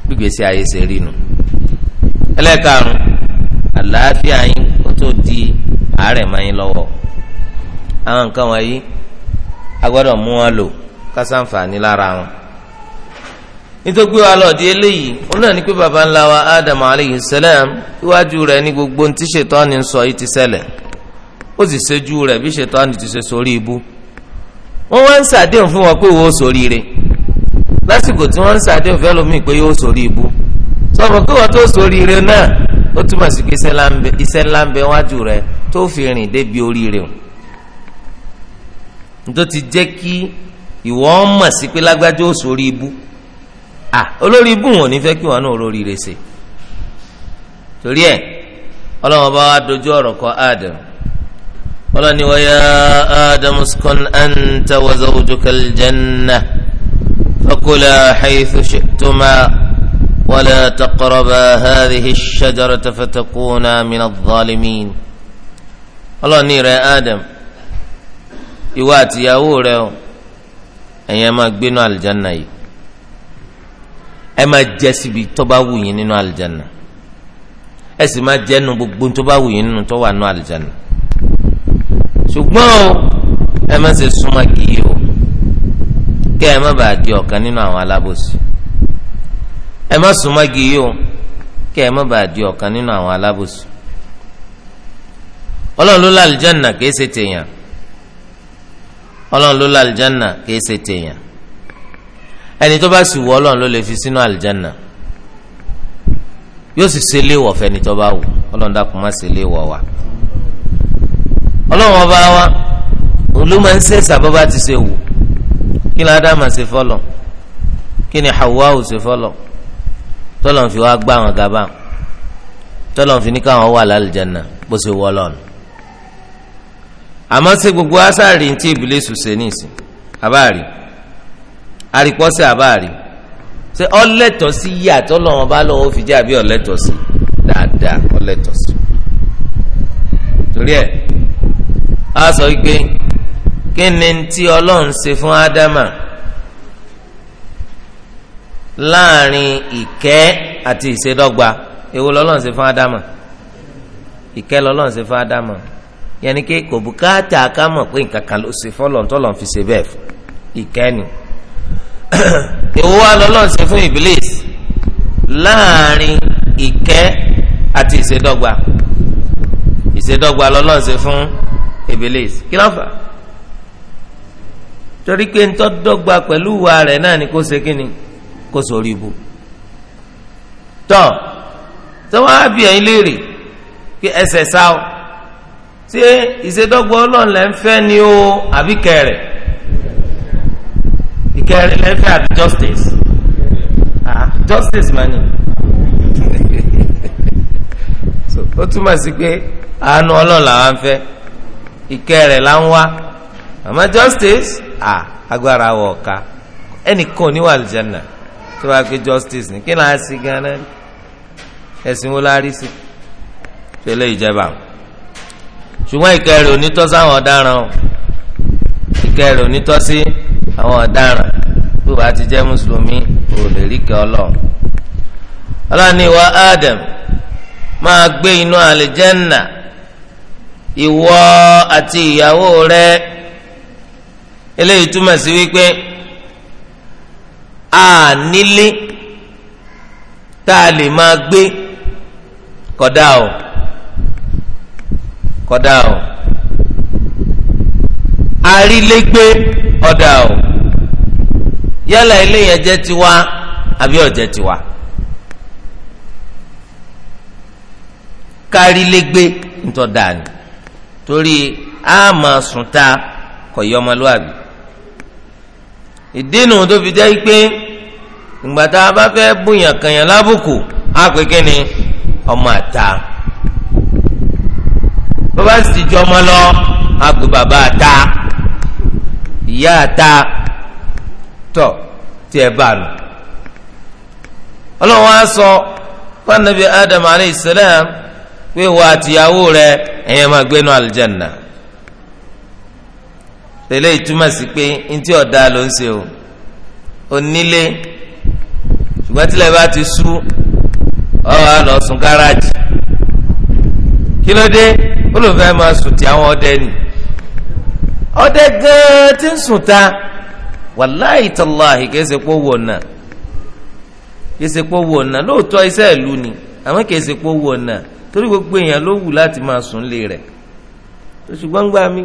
gbígbèsè ayé ṣe rí nu ẹlẹ́karùn àlàáfíà yín ó tó di àárẹ̀ mọ́ yín lọ́wọ́ àwọn nǹkan wọ̀nyí a gbọ́dọ̀ mú wọn lò ká ṣàǹfààní lára wọn. nítorí wa lọ di eléyìí òun náà ní pé baba ńlá wa Ádámù aleyhi sẹlẹm iwájú ní gbogbo ní ti ṣètọ́ni ń sọ yìí ti ṣẹlẹ̀ ó sì ṣẹ́jú rẹ̀ bí ti ṣe sórí ibú wọn wá ń ṣàdéhùn fún wọn pé wọ́n sórí lásìkò tí wọ́n ń ṣàdéhùn fẹ́ lómi pé yóò sórí ibú sọ̀rọ̀ pé wọ́n tó sórí náà ó túmọ̀ sí pé iṣẹ́ ńlá ń bẹ wájú tó fi rìn débi à olórí ibùn ò ní fẹ́ kí wọn náà olórí rẹ̀ ṣe torí ẹ̀ ọlọ́wọ́n bá wa dojú ọ̀rọ̀ kọ Adam ọlọ́ni wa ya Adam uskun anta wa zawjuka aljanna fakula haythu shi'tuma ولا تقربا هذه الشجرة فتكونا من الظالمين Allah ní rẹ Adam ìwọ àtìyàwó rẹ o máa gbénu àlìjáná yìí ẹ máa jẹ síbi tó bá wù yín nínú àlìjáná ẹ sì máa jẹ nu gbogbo tó bá wù yín nínú tó wà nínú àlìjáná ṣùgbọ́n o ẹ má ṣe súnmọ́ kìí o kí ẹ má bàa di ọ̀kan nínú àwọn alábòsí ẹ má súnmọ́ kìí o kí ẹ má bàa di ọ̀kan nínú àwọn alábòsí ọlọ́run ló lálìjáná kìí ṣe tèèyàn ọlọ́run ló lálìjáná kìí ṣe tèèyàn ẹni tó bá sì wù Ọlọ́run ló lè fi sínú àlìjáná yóò sì ṣe léèwọ̀ fẹ́ni tó bá wù Ọlọ́run dákun má ṣe léèwọ̀ wa Ọlọ́run ọba wa olúmọ̀ ń ṣe sàbọ́bá ti ṣe wù kí ni Ádámà ṣe fọlọ kí ni Hawa ò ṣe fọlọ tọ́lọ̀ ń fi wá gbá àwọn gaba tọ́lọ̀ ń fi ní káwọn wà lálìjáná bó ṣe wù Ọlọ́run àmọ́ ṣe gbogbo asáàrí ní tí Ìbílísì ṣe níìsín abáàrí àríkọ́sẹ̀ àbáàrí ṣe ọlẹ́tọ̀ sí yí àtọ́lọ́wọ́n bá lọ́wọ́ fi jẹ́ àbí ọlẹ́tọ̀ sí dáadáa ọlẹ́tọ̀ sí. torí ẹ̀ a sọ pé kí ni tí ọlọ́run ṣe fún ádámà láàrin ìkẹ́ àti ìṣedọ́gba èwo lọ́lọ́run ṣe fún ádámà ìkẹ́ lọ́lọ́run ṣe fún ádámà yẹnni pé kò bùkátà ká pé nǹkan kan ló ṣe fọ́lọ́run tọ́lọ́run fi ṣe bẹ́ẹ̀ fún ni èwo wa lọ́lọ́ ṣe fún iblis láàrin ìkẹ́ àti ìṣèdọ́gba ìṣèdọ́gba lọ́lọ́ ṣe fún iblis kí ló fà torí pé ń tọ́ dọ́gba pẹ̀lú ìwà rẹ̀ náà ni kò ṣe kí ni kò sórí ibu tọ́ tọ́wọ́n á bí ẹ̀yin léèrè pé ẹsẹ̀ sá o ṣé ìṣèdọ́gba ọlọ́ọ̀lẹ́ ń fẹ́ ni o àbí kẹrẹ̀ care. Let me àbí justice ah justice mani so ó túmọ̀ sí pé àánú ọlọ́run làwọn fẹ́ ìkẹrẹ̀ là ń wá àmọ́ justice ah agbára wọ̀ ọ̀ka ẹnìkan ò ní wà lùjẹ́nà tó bá pé justice ní kí náà sí ganan ẹ̀sìn wo la rí sí tẹ́lẹ̀ ìjẹba ṣùgbọ́n ìkẹrẹ̀ onítọ́ sáwọn ọ̀daràn o ìkẹrẹ̀ onítọ́ sí àwọn ọ̀daràn tó bá ti jẹ́ mùsùlùmí ò lè rí kẹ́ ọlọ́run ọlọ́run ní ìwọ Adam máa gbé inú àlìjẹ́nà ìwọ àti ìyàwó rẹ eléyìí túmọ̀ sí wípé a nílé tá a lè máa gbé kódà o kódà o arílégbé ọ̀dà o yálà eléyìí jẹ́ tiwa àbí ó jẹ́ tiwa. kárílégbé ńtọ́ dàní torí a máa sùn ta kọ̀ yọ ọmọlúwàbí. ìdínú tó fi jẹ́ pé ìgbà tá a bá fẹ́ bùyàn kànyàn lábùkù á pè kí ni ọmọ àta bàbá sì jọ ọmọ lọ á pè bàbá àta ìyá àta. tọ tiẹ̀ bá lọ. ọlọ́run á sọ fanabi adam aleyhi salam pé wà á tìyàwó rẹ ẹ̀yẹ́ máa gbé nu aljanna. tẹ̀lé ìtumọ̀ sí pé ntí ọ̀dà ló ń ṣe o onílé ṣùgbọ́n bá ti sú ọ á lọ sùn gáràjì kí ló dé olùfẹ́ máa sùn tí àwọn ọdẹ nì ọdẹ gan-an ti ń sùn ta. wàláhì tàláhì kèsè pọ̀ wò nà kèsè pọ̀ wò nà lóòótọ́ iṣẹ́ ìlú ni àwọn kèsè pọ̀ nà torí gbogbo èèyàn ló wù láti máa sùn lé rẹ̀ ṣùgbọ́n gbà mí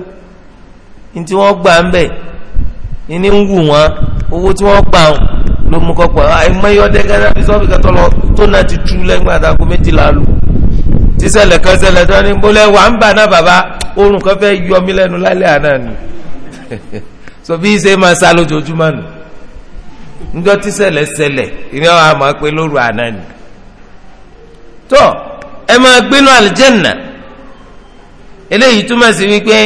ní tí wọ́n gbà ń bẹ̀ ní ń wù owó tí wọ́n gbà ló mú kọ́pọ̀ àìmọ́yọ́dẹ́ gánà wà ń bà náà bàbá oorun yọ mí lẹ́nu lálẹ́ so bí ṣe máa sá lójoojúmọ́ nù níjọ́ tí ṣẹlẹ̀ ṣẹlẹ̀ ìní àwọn àmọ́ pé lóru àná ni tó ẹ máa gbénu àlìjẹ́nà eléyìí túmọ̀ sí wípé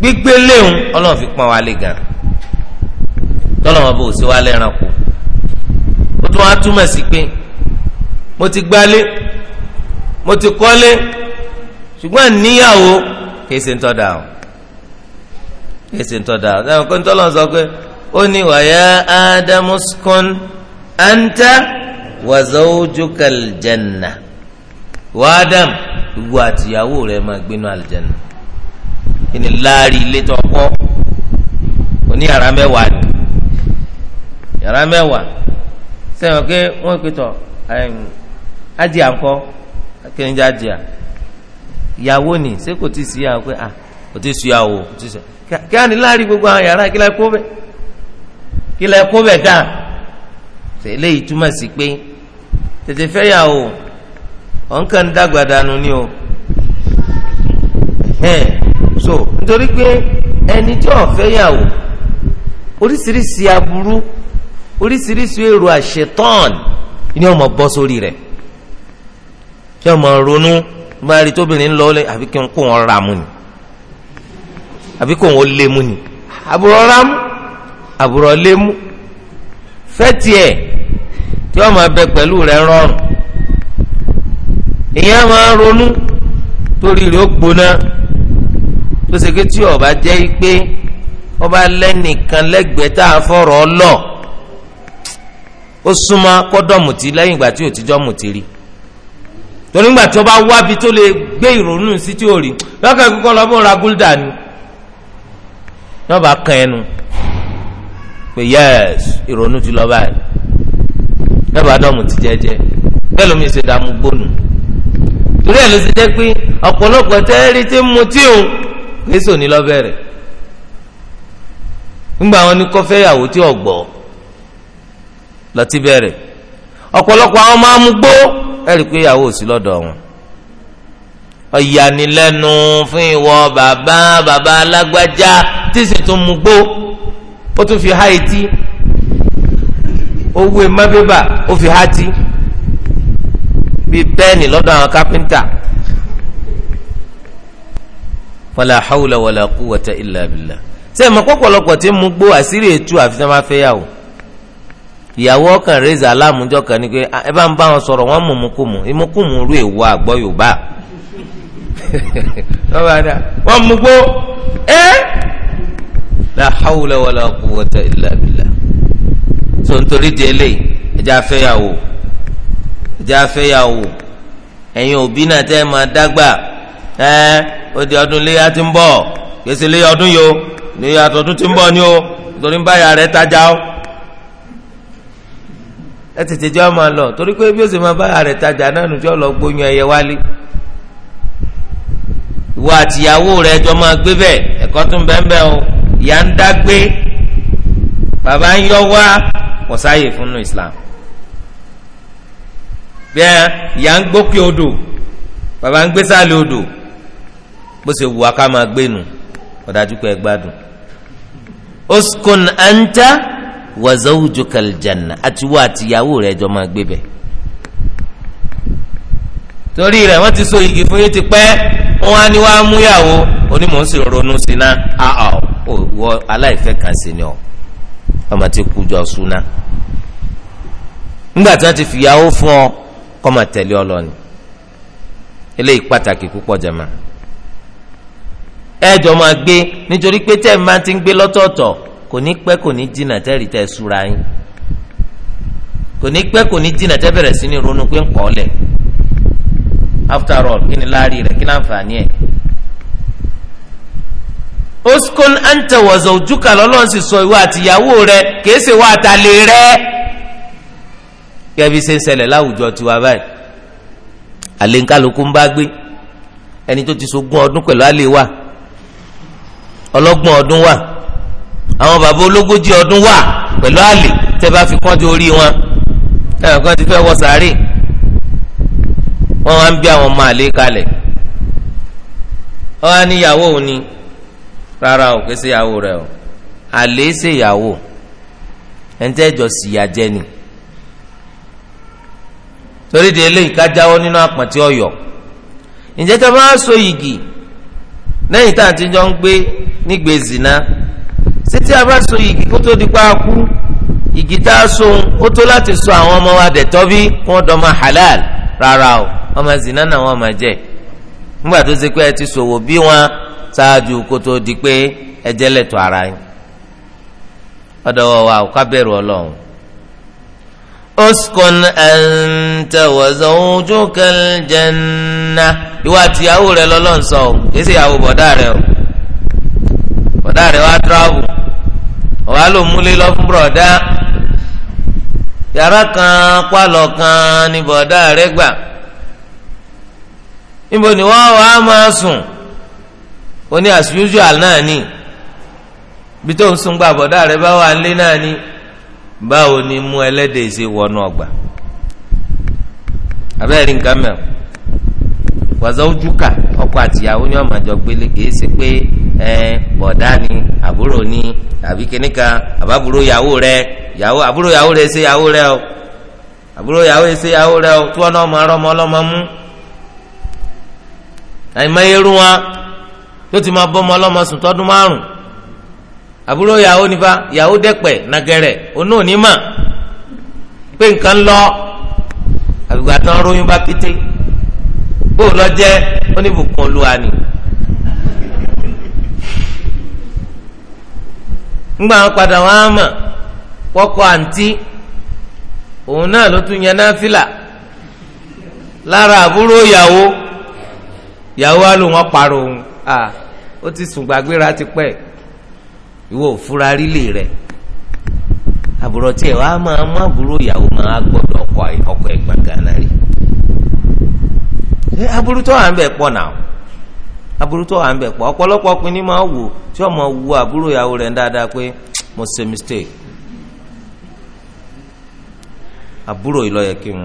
gbígbé léhùn ọlọ́run fi pọ́n wa lé gan tọ́lọ́mọ bò sí wa lẹ́ranko ó tún wá túmọ̀ sí pé mo ti gbálé mo ti kọ́lé ṣùgbọ́n níyàwó kì ṣe ń tọ́ da o èsì ntọ́da ẹ̀wọ̀n kó ntọ́lọ́ sọ pé ó ní wàyà ádámù skun anta wa zawjuka aljanna wà ádám ìwọ àtìyàwó rẹ̀ máa gbénu aljanna kí ni láàrin ilé tó kọ́ oní yàrá mẹ́wàá ni yàrá mẹ́wàá sẹ́wọ̀n pé wọ́n pè tọ̀ adìyà ńkọ́ kí ni jẹ́ adìyà ìyàwó ni ṣé kò tí ì síyàwó pé ah kò tí ì síyàwó kò tí ì kí á ní láàrin gbogbo àwọn yàrá kí lẹ́kọ́ bẹ̀ kí lẹ́kọ́ bẹ̀ dáa tẹ̀lé yìí túmọ̀ sí pé tètè fẹ́ yà o ọ̀nkàn dàgbà dànù ni o ẹ̀ẹ́n so nítorí pé ẹni tí ó fẹ́ yà o oríṣiríṣi aburú oríṣiríṣi èrò àṣetán ni ọmọ bọ́ sórí rẹ̀ tí ọmọ ronú bá rí tóbìnrin lọ́ọ́lẹ̀ àfi kí n kó wọn ra mu ni àbí kò wọ́n lé mu ni àbúrò rámú àbúrò lé mu fẹ́tì ẹ̀ tí wọ́n máa bẹ pẹ̀lú rẹ̀ rọrùn ìyẹn máa ronú torí rẹ̀ ó gbóná tó ṣe pé tí ọba jẹ́ pé ọba lẹ́nìkan lẹ́gbẹ̀ẹ́ tá a fọ̀rọ̀ lọ ó súnmọ́ kọ́dọ̀mùtì lẹ́yìn ìgbà tí ò ti jọ́ mùtì rí torí ìgbà tí ọba wábi tó lè gbé ìrònú sí tí ò rí lọ́kàn kíkọ́ lọ́bùn ra gúldà ni. náà bá ẹnu pé yẹs ìrònú ti lọ báyìí náà bá dọ̀mù ti bẹ́ẹ̀ ṣe dààmú gbónú torí ẹ̀ ló ti jẹ́ pé ọ̀pọ̀lọpọ̀ tẹ́rí wọn ni tí ọgbọ lọtí àwọn ọ̀yanilẹ́nu fún ìwọ bàbá bàbá alágbájá tí sì tún mú gbó ó tún fi há etí owó emabébà ó fi há tí bíi pẹ́ẹ́nì lọ́dọ̀ àwọn kápẹ́ńtà wala hawla wala quwwata illa billah ṣé mo kọ́kọ́lọ́kọ́ tí mo gbọ́ àṣírí ètú àfi tí wọ́n máa fẹ́ yà wò ìyàwó ọkàn reza aláàmújọ kan ni pé ah, ẹ bá ń bá wọn sọ̀rọ̀ wọ́n mú mu kú ìmú kú rú èwo àgbọ̀ yorùbá wọ́n mú gbó ẹ́ la hawla wala quwwata illa billah tó torí di eléyìí ẹja afẹ́yàwó ẹja afẹ́yàwó ẹ̀yin òbí náà ẹ máa dágbà ó eh? di ọdún léyà tí ń bọ̀ gbèsè léyà ọdún yìí o léyà ọdún tí ń bọ̀ ni o torí ń o ẹ tètè lọ torí pé bí ó sì máa tajà náà lọ gbóyún ẹyẹ wálé. ìwọ àtìyàwó rẹ jọ máa gbé bẹ́ẹ̀ ẹ̀kọ́ tún bẹ́ẹ̀ o ìyá ń dá gbé bàbá ń yọ wá kò sáàyè fúnnu Islam bẹ́ẹ̀ ìyá ń gbókè odò bàbá ń gbé sálẹ̀ odò bó ṣe wù wá ká máa gbé nu ọ̀dájú pé ẹ gbádùn. uskun anta wa janna àtiwọ́ àtìyàwó rẹ jọ máa gbé bẹ́ẹ̀ torí rẹ̀ ti so igi fún ti pẹ wọ́n á ní wàá múyàwó onímọ̀ọ́sì ronú sí ná àà wọ aláìfẹ́ ọ ọmọ ti kú jọ súná ti fìyàwó fún ọ kọ́ máa tẹ̀lé ọ lọ ni eléyìí pàtàkì púpọ̀ jẹ̀mọ́ ẹ jọ máa gbé nítorí pé tẹ́ ẹ máa ti ń gbé lọ́tọ̀ọ̀tọ̀ kò ní pẹ́ kò after all kí ni láàrin rẹ̀ kí ni àǹfààní ẹ̀. oskun anta wa zawjuka lọ́lọ́run sì sọ ìwọ àtìyàwó rẹ̀ kìí ṣe wà àtàlẹ́ rẹ̀. kẹ́bí ṣe ń ṣẹlẹ̀ láwùjọ tiwa báyìí àlè ń kálukú ń bá gbé ẹni tó ti sogún ọdún pẹ̀lú àlè wa ọlọ́gbọ̀n ọdún wa àwọn bàbá ológójì ọdún wa pẹ̀lú àlè tẹ́ bá fi kọ́jú orí wọn ẹ̀ẹ́dẹ́gbọ́n ti fẹ́ wọ sàárè wọ́n wá ń bí àwọn ọmọ àlè kalẹ̀ wọ́n á ní ìyàwó òun ni rárá o kìí ṣe ìyàwó rẹ o àlè ṣe ìyàwó ẹ̀ńtẹ́jọ sì yà jẹ́ ni torí de eléyìí ká jáwọ́ nínú àpàtì ọ̀yọ́ ǹjẹ́ tá a máa so yìgì lẹ́yìn tá à ń ti ń gbé nígbè zina títí a bá so yìgì kó tó di pa kú yìgì tá a so ó tó láti so àwọn ọmọ wa dẹ̀tọ́ bí wọ́n dọ́ ma halal rárá o. ọmọ zina náà wọ́n máa jẹ nígbà tó ṣe pé ẹ ti ṣòwò bí wọn ṣáájú kó tó di pé ẹ ara yín ọ̀dọ̀ wa ò ká bẹ̀rù ọlọ́run. uskun anta wa zawjukal janna ìwà tìyàwó rẹ rẹ o lọ níbo ni wọn wà á máa sùn ó ní as usual náà ni bí tó ń sun gbàbọ̀dá rẹ bá wà nílé náà ni ni mú ẹlẹ́dẹ̀ ṣe wọnú ọgbà abẹ́rẹ́ nǹkan mẹ́rin wàzọ́ ojúkà ọkọ àtìyàwó ni wọ́n máa jọ gbélé kìí ṣe pé ni àbúrò ni àbí kíníkan àbábúrò yàwó rẹ yàwó àìmọye irú wọn yóò ti máa bọ́mọ ọlọ́mọ sùn tọ́dún márùn àbúrò yàwó nípa yàwó dẹ́pẹ̀ nàgẹ̀rẹ̀ onú òní pé nǹkan lọ àbígbà tán róyún bá pété bó lọ jẹ́ oníbùkún olúwa ni. ńgbà padà wọn á mọ̀ kọkọ àǹtí òun náà ló tún yẹn náà fìlà lára àbúrò yàwó. ìyàwó wa ló wọn parọ́ òun à ó ti sùn gbàgbéra ti pẹ́ ìwọ ò fura líle rẹ̀ àbúrò tiẹ̀ wàá máa mú àbúrò máa ọkọ ẹ̀gbọ́n gánà rí aburú tó wà ń bẹ̀ pọ̀ náà aburú tó wà ń bẹ̀ pọ̀ ọ̀pọ̀lọpọ̀ ọkùnrin máa wò tí ọmọ wu àbúrò ìyàwó rẹ̀ dáadáa pé mo ṣe mistake àbúrò kí n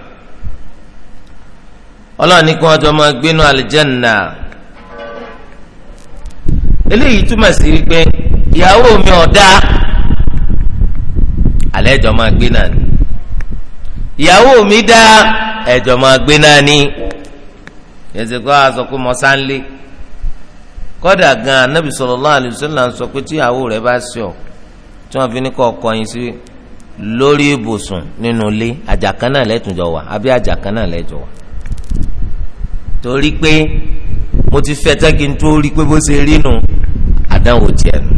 ọlọ́run ní kí wọ́n jọ máa gbénu àlìjẹ́nà eléyìí túmọ̀ sí wípé ìyàwó mi ọ̀dá alẹ́ jọ máa gbé náà ni ìyàwó mi dá ẹ̀jọ̀ máa gbé náà ni yẹsẹ̀ kọ́ àṣọ pé mo sáńlé kọ́dà gan anábì sallallahu alaihi wasallam sọ pé tíyàwó rẹ̀ bá sọ tí wọ́n fi ní kọ́ ọkọyìn sí lórí ibùsùn nínú ilé àjàkánná lẹ́tùjọ wà àbí àjàkánná lẹ́tùjọ wà torí pé mo ti fẹ́ tán kí n tó rí pé bó ṣe rí nu àdánwò tiẹ̀ nù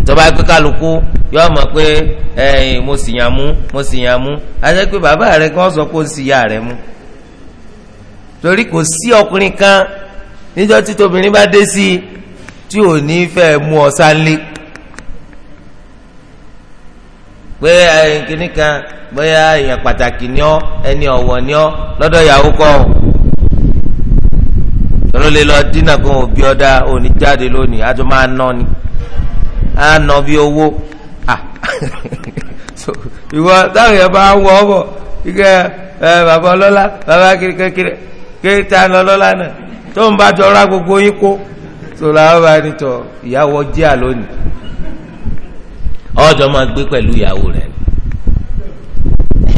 ìjọba pé kálukú yóò mọ̀ pé mo sì yàn mú mo sì yàn mú àti pé bàbá rẹ kàn sọ pé ó sì yà rẹ mú torí kò sí ọkùnrin kan níjọ́ tí tóbìnrin bá dé sí i tí ò ní fẹ́ mú ọ sálé pé ẹyìn kìíní kan bóyá èèyàn pàtàkì ni ọ ẹni ọwọ ni ọ lọ́dọ̀ ìyàwó ọ. lè lọ dínà kó o bí jáde lónìí àti máa ná ni á bí owó ah. ìwọ táwọn yẹn bá ike ẹ bàbá bàbá kékeré kéta náà tó ń gbogbo yín kó tó làwọn bá ní tọ ìyàwó díà lónìí. ọjọ́ máa gbé pẹ̀lú ìyàwó rẹ̀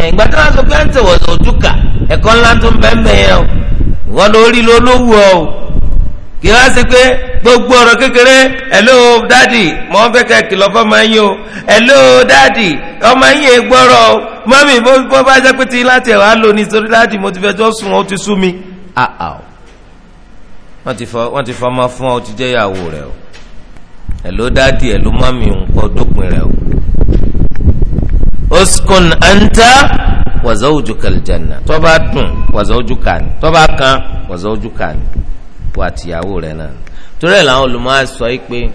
ìgbà tí wọ́n sọ pé ń tẹ̀wọ̀ sọ̀dúkà ẹ̀kọ́ ńlá tó ń bẹ́ẹ̀ mẹ́yẹ o wọ́n lọ rí lọ o kì í wá sí pé gbogbo ọ̀rọ̀ kékeré hello dadi mo ń fẹ́ ká kìlọ̀ fọ́mọ yín o hello dadi ọmọ yín è gbọ́rọ̀ o mọ́mí bó bá jẹ́ pé ti láti ẹ̀wà lò ní sórí dadi mo ti fẹ́ jọ́ sùn ó ti sú mi. wọ́n ti fọmọ fún ọ ti jẹ́ ìyàwó rẹ̀ o hello dadi hello mọ́mí nǹkan dópin rẹ̀ o uskun anta wa zawjuka aljanna tó bá dùn wa zawjuka ni tó bá kan wa zawjuka ni wà tìyàwó rẹ̀ náà torí ẹ̀ làwọn olùmọ̀ sọ yìí pé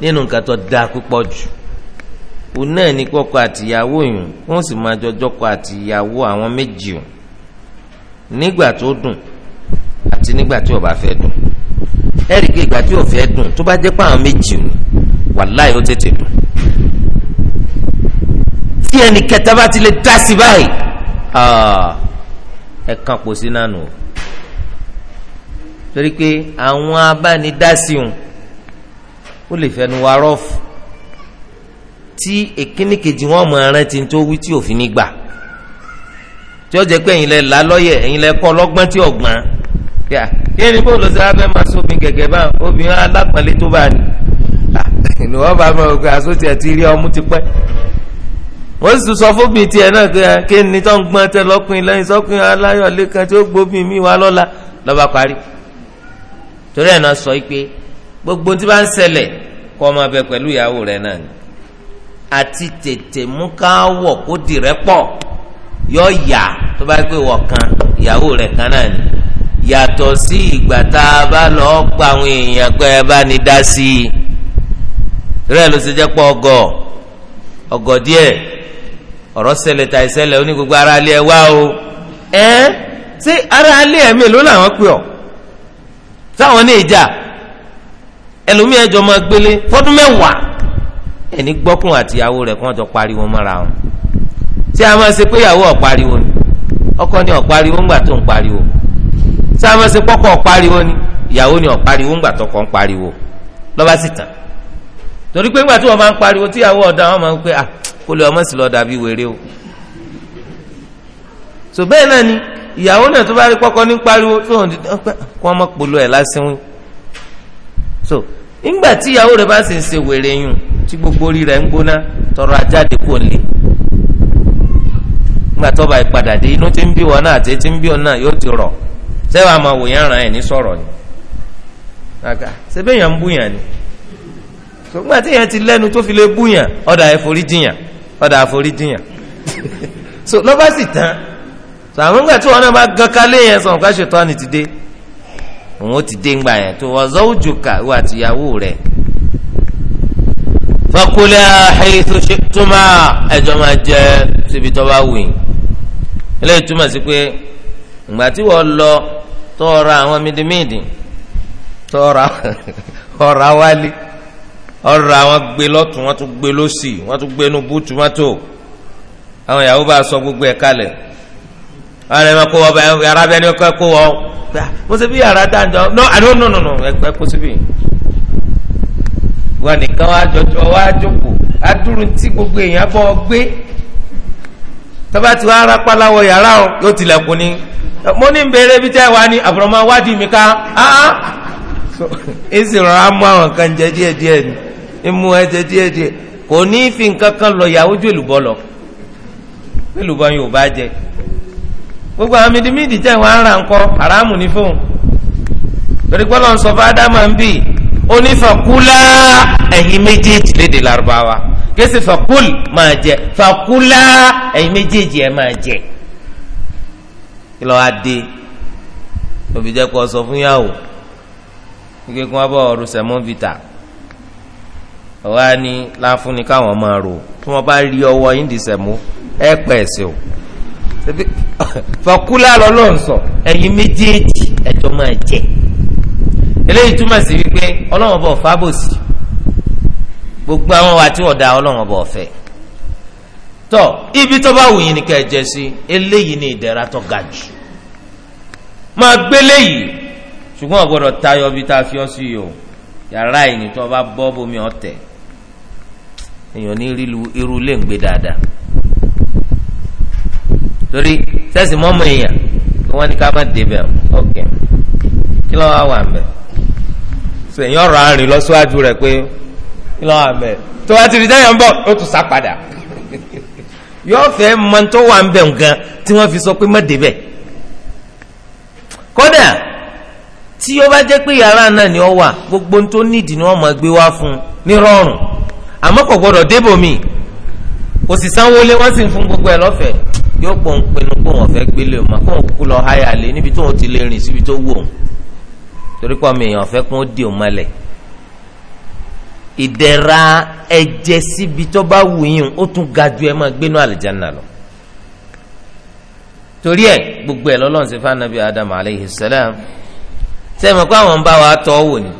nínú nǹkan tó dáa púpọ̀ jù òun náà ní kọ́kọ́ àtìyàwó yìí wọ́n sì máa jọjọ́ kọ́ àwọn méjì o nígbà tó dùn àti nígbà tí ó bá fẹ́ dùn ẹ̀rí ìgbà tí ó fẹ́ dùn tó bá jẹ́ pé àwọn méjì o wàláhì ó tètè dùn ẹnì kẹta bá ti lè dá sí báyìí ah, ẹ kàn pò sí nánu o torí pé àwọn abánidásí òun ó lè fẹnu wa rọ́ọ̀fù tí èkíní kejì wọn mọ ẹran tí n tó wí tí òfin ní gbà tí ó jẹ pé ẹ̀yin lẹ là lọ́yẹ̀ ẹ̀yin lẹ kọ́ lọ́gbọ́n tí ọ̀gbọ́n yà kí ni bó ló ṣe abẹ́ máa sóbin gẹ́gẹ́ bá obìnrin alápọ̀nlé tó bá ní ni wọ́n bá mọ̀ ọ́ pé ti rí ọmú ti pẹ́ wọ́n sì sọ fún bíi tiẹ̀ náà ah, kí ni tó ń gbọ́n tẹ lọ́kùnrin lẹ́yìn sọ́kùnrin aláyọ̀ lẹ́kan tí ó gbóbi mi wá lọ́la lọ́ba parí torí ẹ̀ náà sọ pé gbogbo tí bá ń ṣẹlẹ̀ kọ́ ọmọ abẹ pẹ̀lú ìyàwó rẹ̀ náà ni àti tètè mú káwọ̀ kó dìrẹ́ pọ̀ yọ yà tó bá pé wọ̀ kan ìyàwó rẹ̀ kan náà ni yàtọ̀ sí ìgbà tá a bá lọ́ọ́ gba àwọn èèyàn pé ẹ bá ní dá sí i rẹ̀ ló ọ̀rọ̀ ṣẹlẹ̀ tà ìṣẹlẹ̀ oní gbogbo ara alẹ́ ẹ wá o ẹ ṣé ara alẹ́ ẹ mélòó làwọn pè ọ́ táwọn ní ìjà ẹlòmíì ẹjọ máa gbélé fọdún mẹ́wàá ẹni gbọ́kùn àtìyàwó rẹ̀ kí wọ́n jọ pariwo mọ́ra wọn ṣé a máa ṣe pé ìyàwó ọ̀pariwo ni ọkọ ni ọ̀pariwo ńgbà tó ń pariwo ṣé a máa ṣe pọ́kọ ọ̀pariwo ni ìyàwó ni ọ̀pariwo ńgbà tó kọ́ ń pariwo lọ́ba sì tàn torí pé ńgbà tí wọ́n máa ń pariwo tíyàwó ọ̀dà wọn máa ń pé à ah, kó lè ọmọ sì lọ dàbí wèrè o so bẹ́ẹ̀ náà ni ìyàwó náà tó bá rí kọ́kọ́ ní pariwo tó hàn dídán pé kó ọmọ polo ẹ̀ lásìwín so ńgbà tí ìyàwó rẹ̀ bá sì ń ṣe wèrè yùn tí gbogbo orí rẹ̀ ń gbóná tọrọ ajáde kò lè ńgbà tó bá ìpadà dé inú tí ń bí wọn náà àti tí ń bí wọn náà yóò ti rọ̀ sẹ́wàá máa wòyàn ràn ẹ̀ ní sọ̀rọ̀ ni àgà ṣe bẹ́ẹ̀ yàn ń bú ni. sọgbà tí yẹn ti lẹnu tó fi lè búyàn ọ̀dà àforíjìyàn ọ̀dà àforíjìyàn so lọ́ba sì tán so àwọn ìgbà tí wọn náà bá gan kalẹ̀ yẹn sọ̀rọ̀ ká ṣètò àná ti dé òun ó ti dé ńgbà yẹn tó wọ́n zọ́ọ́ jòkà wọ́n àtìyàwó rẹ̀ fakula haythu shi'tuma ẹjọ́ máa jẹ síbi tó bá wù yín eléyìí túmọ̀ sí pé ìgbà tí wọ́n lọ tọ́ àwọn mídìmídì wálé. ọ̀rọ̀ àwọn gbé lọ́tún wọ́n tún gbé lọ́sì wọ́n tún gbé nu bútu àwọn sọ gbogbo ẹ̀ kalẹ̀ àwọn ẹ̀ma kó wọ́n bá yàrá bẹ́ẹ̀ ni ó kọ́ wọ́n mo ṣe bí yàrá no no no kó wọn nìkan wá jọjọ wá adúrú gbogbo èèyàn bọ́ gbé tọ́ba tí wọ́n yàrá o yóò ni mo ní bèrè bí tẹ́ wá ní àbùrọ̀mọ́ wádìí mi ká ah, ah. ẹ̀ sì rọra mú àwọn kan jẹ ni. emu ẹ̀jẹ̀ díẹ̀ díẹ̀ kò ní í fi nǹkan kan lọ yàwó ju èlùbọ́ lọ èlùbọ́ yóò bá jẹ gbogbo àwọn mídìmídì tẹ̀ wọ́n ara ńkọ́ haramu ní fóun torí pé lọ́n sọ fún ádámà ń bì onífàkúlá ẹ̀yin méjèèjì léde lárúbáwá kése fàkúl máa jẹ fàkúlá ẹ̀yin méjèèjì ẹ̀ máa jẹ kí lọ́ọ́ adé òbí jẹ́ kó sọ fún yàwó kíkẹ́ kó wọ́n bọ̀ ọ̀rùn sẹ̀mọ́n vita wá ní láfún ni káwọn máa rò tí wọn bá rí ọwọ́ yín di sẹmú ẹ pẹ ẹsẹ o fọkúlà lọlọrun sọ ẹ̀yin méjèèjì ẹjọ máa jẹ eléyìí túmọ̀ sí wípé ọlọ́wọ́n bọ̀ fábòsì gbogbo àwọn wa tí wọ́n da ọlọ́wọ́n bọ̀ fẹ́ tọ́ ibi tó bá wù yín ni ká sí eléyìí ni ìdẹ̀ra tó ga jù máa gbélé yìí ṣùgbọ́n ọ̀gbọ́dọ̀ tayọ bí tá fi ọ́ sí yìí o yàrá ìní tó bá bọ́ bomi ọ̀tẹ̀ èèyàn ní rílu irú lè ń gbé dáadáa torí sẹ́sì mọ́mọ́ èèyàn kí wọ́n ní ká má débẹ̀ ok kí ló wá wà mẹ́ so èèyàn rọ àárín lọ síwájú rẹ̀ pé kí ló wà mẹ́ tó wá ti rí dáyà ń bọ̀ ó tún sá padà yóò fẹ́ mọ tó wà ń bẹ̀ nǹkan tí wọ́n fi sọ pé má débẹ̀ kódà tí ó bá jẹ́ pé yàrá náà ni ó wà gbogbo tó nídìí ni wọ́n máa gbé wá fún un ní rọrùn àmọ́ kò gbọ́dọ̀ débò mi kò sì sanwó lé wọ́n sì ń fún gbogbo ẹ̀ lọ́fẹ̀ẹ́ yóò pọ̀ ń pinnu pé wọ́n fẹ́ gbélé o mà kó wọn kúkú lọ háyà lé níbi tó wọn ti lè rìn síbi tó wù ọ́n torí pé ọmọ èèyàn fẹ́ kún ó di òun mọ́lẹ̀ ìdẹ̀ra ẹ̀jẹ̀ síbi tó bá wù yín ó tún ga ju ẹ máa gbénú àlìjáná lọ torí ẹ gbogbo ẹ lọ́lọ́run ṣe fún anabi adam aleyhi salam sẹ́mi kó àwọn ń bá wa tọ́ wò ni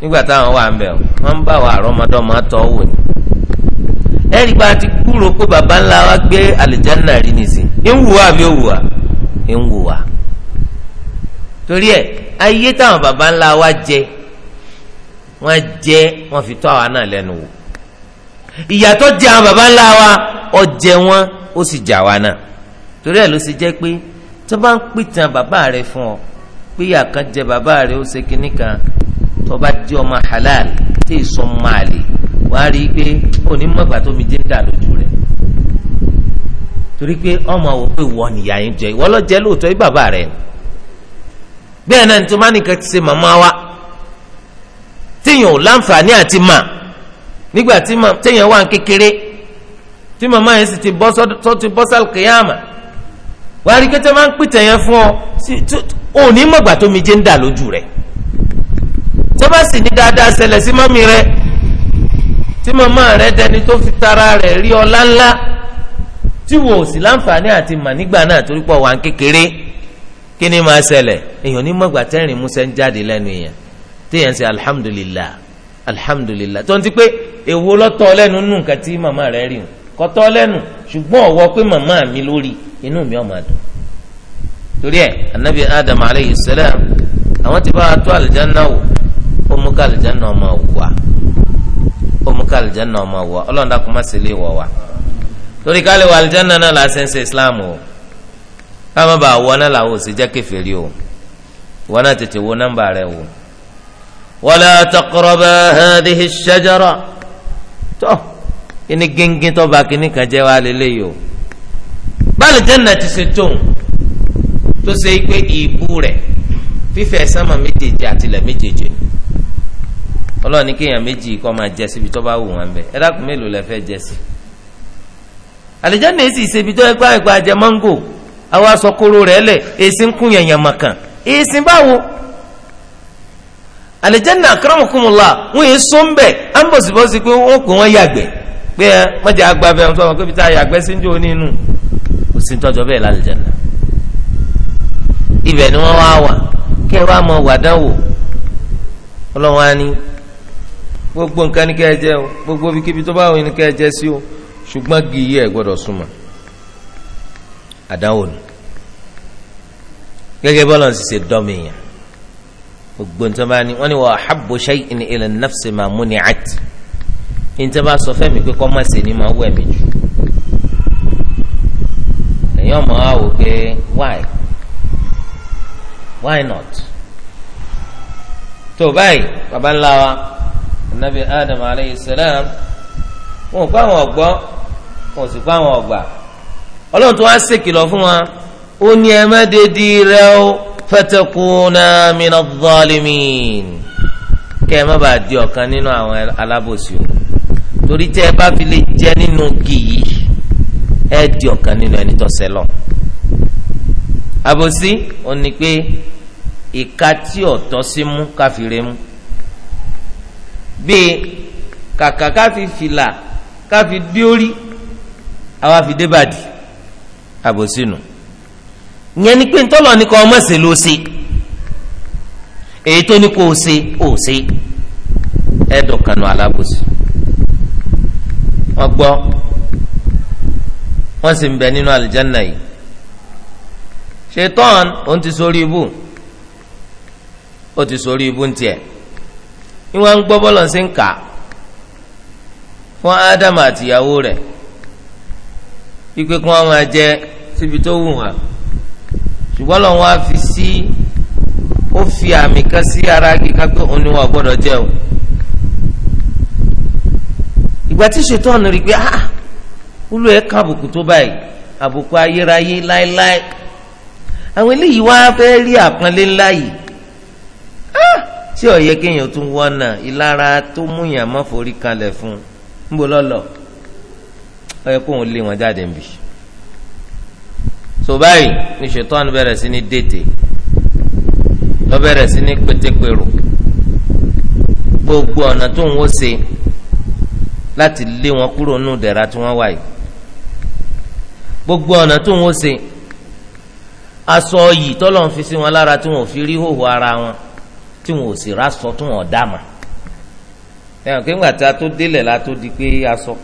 nígbà táwọn wà ń bẹ̀ wọ́n ń bá wa àrọ́mọdọ́mọ tọ́ wò ẹ̀rí pa ti gbúrò pé baba ńlá wa gbé àlìjáná rí nìsín ń wù wá àbí ó wù wá ń wù wá torí ẹ ayé táwọn baba ńlá wa jẹ wọn jẹ wọn fi tọ́ àwa náà lẹ́nu wò ìyàtọ̀ jẹ àwọn baba ńlá wa ó jẹ wọn ó sì jà wá náà torí ẹ ló ṣe jẹ́ pé tó bá ń pìtàn bàbá rẹ fún ọ pé kan jẹ bàbá rẹ ó ṣe kinní kan tó bá jẹ ọmọ halal tí ì sọ máa lè wàá rí i pé onímọ̀gbà tó mi dé ń dà lójú rẹ̀ torí pé ọmọ wò pé wọ́n nìyá yín jẹ ìwọ lọ lóòótọ́ yìí bàbá rẹ̀ bẹ́ẹ̀ náà nítorí má nìkan ti ṣe màmá wa téèyàn ò láǹfààní àti mà nígbà tí téèyàn wà ń tí màmá yẹn sì ti bọ́ sọ́ ti bọ́ sálùkìyàmà wà á rí kẹ́tẹ́ máa ń pìtẹ̀ yẹn fún ọ mọ̀gbà mi ń dà lójú rẹ̀ bá sì ní dáadáa ṣẹlẹ̀ sí mọ́mí rẹ̀ tí mama rẹ dẹni tó fi tara rẹ̀ rí ọlá ńlá tí wò ó sì láǹfààní àti mà nígbà náà torí pọ̀ wà kékeré kí ni máa ṣẹlẹ̀ èèyàn ní mọ̀gbà tẹ́rìn músẹ́ ń jáde lẹ́nu èèyàn téèyàn ṣe alihamudulilayi alihamudulilayi tó ń ti pé èwo lọ́tọ́ lẹ́nu nù nǹkan tí màmá rẹ rí kọ́tọ́ lẹ́nu ṣùgbọ́n ọ̀wọ́ pé màmá mi lórí inú mi ò máa torí ẹ anabi adam aleyhi salam àwọn ti bá a tó alìjáná wò ó mú ká alìjáná ọmọ wò ká àlìjáná ọmọ wọ ọlọ́run dákun má sì lè wọ̀ wá torí ká lè wọ àlìjáná náà là á ṣe ń ṣe islam o káwọn bá wọ náà làwọn ò sì jẹ́ kèfèrí o wọn náà tètè wo nọ́mbà rẹ wò wala taqraba hadhihi ash tó kíní gíngín tó bá kíní kan jẹ́ wá lélẹ́yìí o báàlì jẹ́nà ti ṣe tóun tó ṣe é pé ìbú rẹ̀ fífẹ̀ sánmà méjèèjì àtilẹ̀ méjèèjì ọlọ́run ní kéèyàn méjì kọ́ máa jẹ síbi tó bá wù wọ́n bẹ̀ ẹ dákun mélòó lẹ fẹ́ jẹ sí. àlìjáde èsì ìsebi tó ẹgbẹ́ àìkú ajẹ mángò àwa sọ kóró rẹ̀ lẹ̀ èsì ń kún yẹ̀yàn mọ̀kàn èsì báwo. àlìjáde akramakumullah wọn yìí sọ ń bẹ̀ à ń bọ̀ sí pé wọ́n pè wọ́n yàgbẹ́ pé ẹ mọ̀jẹ̀ agbábẹ́ yàgbẹ́ sí njó gbogbo nǹkan ní kẹ́ ẹ jẹ o gbogbo ibikíbi tó bá wù ní kẹ́ ẹ jẹ sí o ṣùgbọ́n gìyí ẹ̀ gbọ́dọ̀ súnmọ́ àdáwò ni gẹ́gẹ́ bọ́lá ti ṣe dọ́mi yẹn gbogbo nǹkan bá ní wọ́n ní wa ahabbu shay'in ila nafsi ma muni'at nǹkan bá sọ fẹ́mi pé kọ́ má ṣe ni máa wẹ̀ mí jù èèyàn mọ̀ á wò pé why why not tó báyìí baba ńlá wa anabi adam alayhi salam wọn kó àwọn ọgbọ wọn sì kó àwọn ọgbà ọlọ́run tó wá ṣèkìlọ̀ fún wa ó ní ẹ má dédí rẹ ó fatakuna mina zalimin kẹ́ ẹ má bàa di ọ̀kan nínú àwọn alábòsí o torí tẹ́ ẹ bá fi lè jẹ nínú gìyì ẹ di ọ̀kan nínú ẹni tó ṣẹlọ àbòsí ó ní pé ìka tí ọ̀tọ́ sí mú káfíńrẹ́ bíi kàkà káfi fìlà káfi diórí àwa fi débàdì àbòsínú ìyẹn ni pé ntọ́lọ̀ ni kò ọmọ ṣe ló ṣe èyí tó ní kò ṣe ò ṣe ẹ̀dọ̀ kanu alábòsí wọ́n gbọ́ wọ́n sì ń bẹ nínú àlìjáná yìí ṣetán òun ti sórí ibú ó ti sórí ibú ń ni wọ́n ń gbọ́ bọ́lọ̀ ṣe ń kà fún ádámù àtìyàwó rẹ̀ ikú kí wọ́n máa jẹ síbi tó wù wọ́n ṣùgbọ́n lọ́wọ́ á fi sí ó fi àmì kan sí ara kíkà pé òun ni wọ́n gbọ́dọ̀ jẹ o ìgbà tí ṣètọ́nù rí pé ah olú ẹ̀ ká àbùkù tó báyìí àbùkù ayérayé láéláé àwọn eléyìí wá fẹ́ rí àpọ́nlé ńlá yìí ah tí ó yẹ kéèyàn tún wọnà ìlara tó múyàn má forí kalẹ̀ fún un ńbọ lọ́lọ́ ó yẹ kó òun lé wọn jáde nbì. tó báyìí ní ṣètọ́nù bẹ̀rẹ̀ sí ní dètè lọ bẹ̀rẹ̀ sí ní pétépèrò gbogbo ọ̀nà tó ń wó ṣe láti lé wọn kúrò nù dẹ̀ra tí wọ́n wà yìí gbogbo ọ̀nà tó ń wó ṣe aṣọ yìí tọ́lọ́ ń fi sí wọn lára tí wọn ò fi rí hòhò ara wọn tí wọn ò sì rà sọ tí wọn ò dá mà ẹnì pé ńgbà tí a tó délẹ̀ la tó di pé aṣọ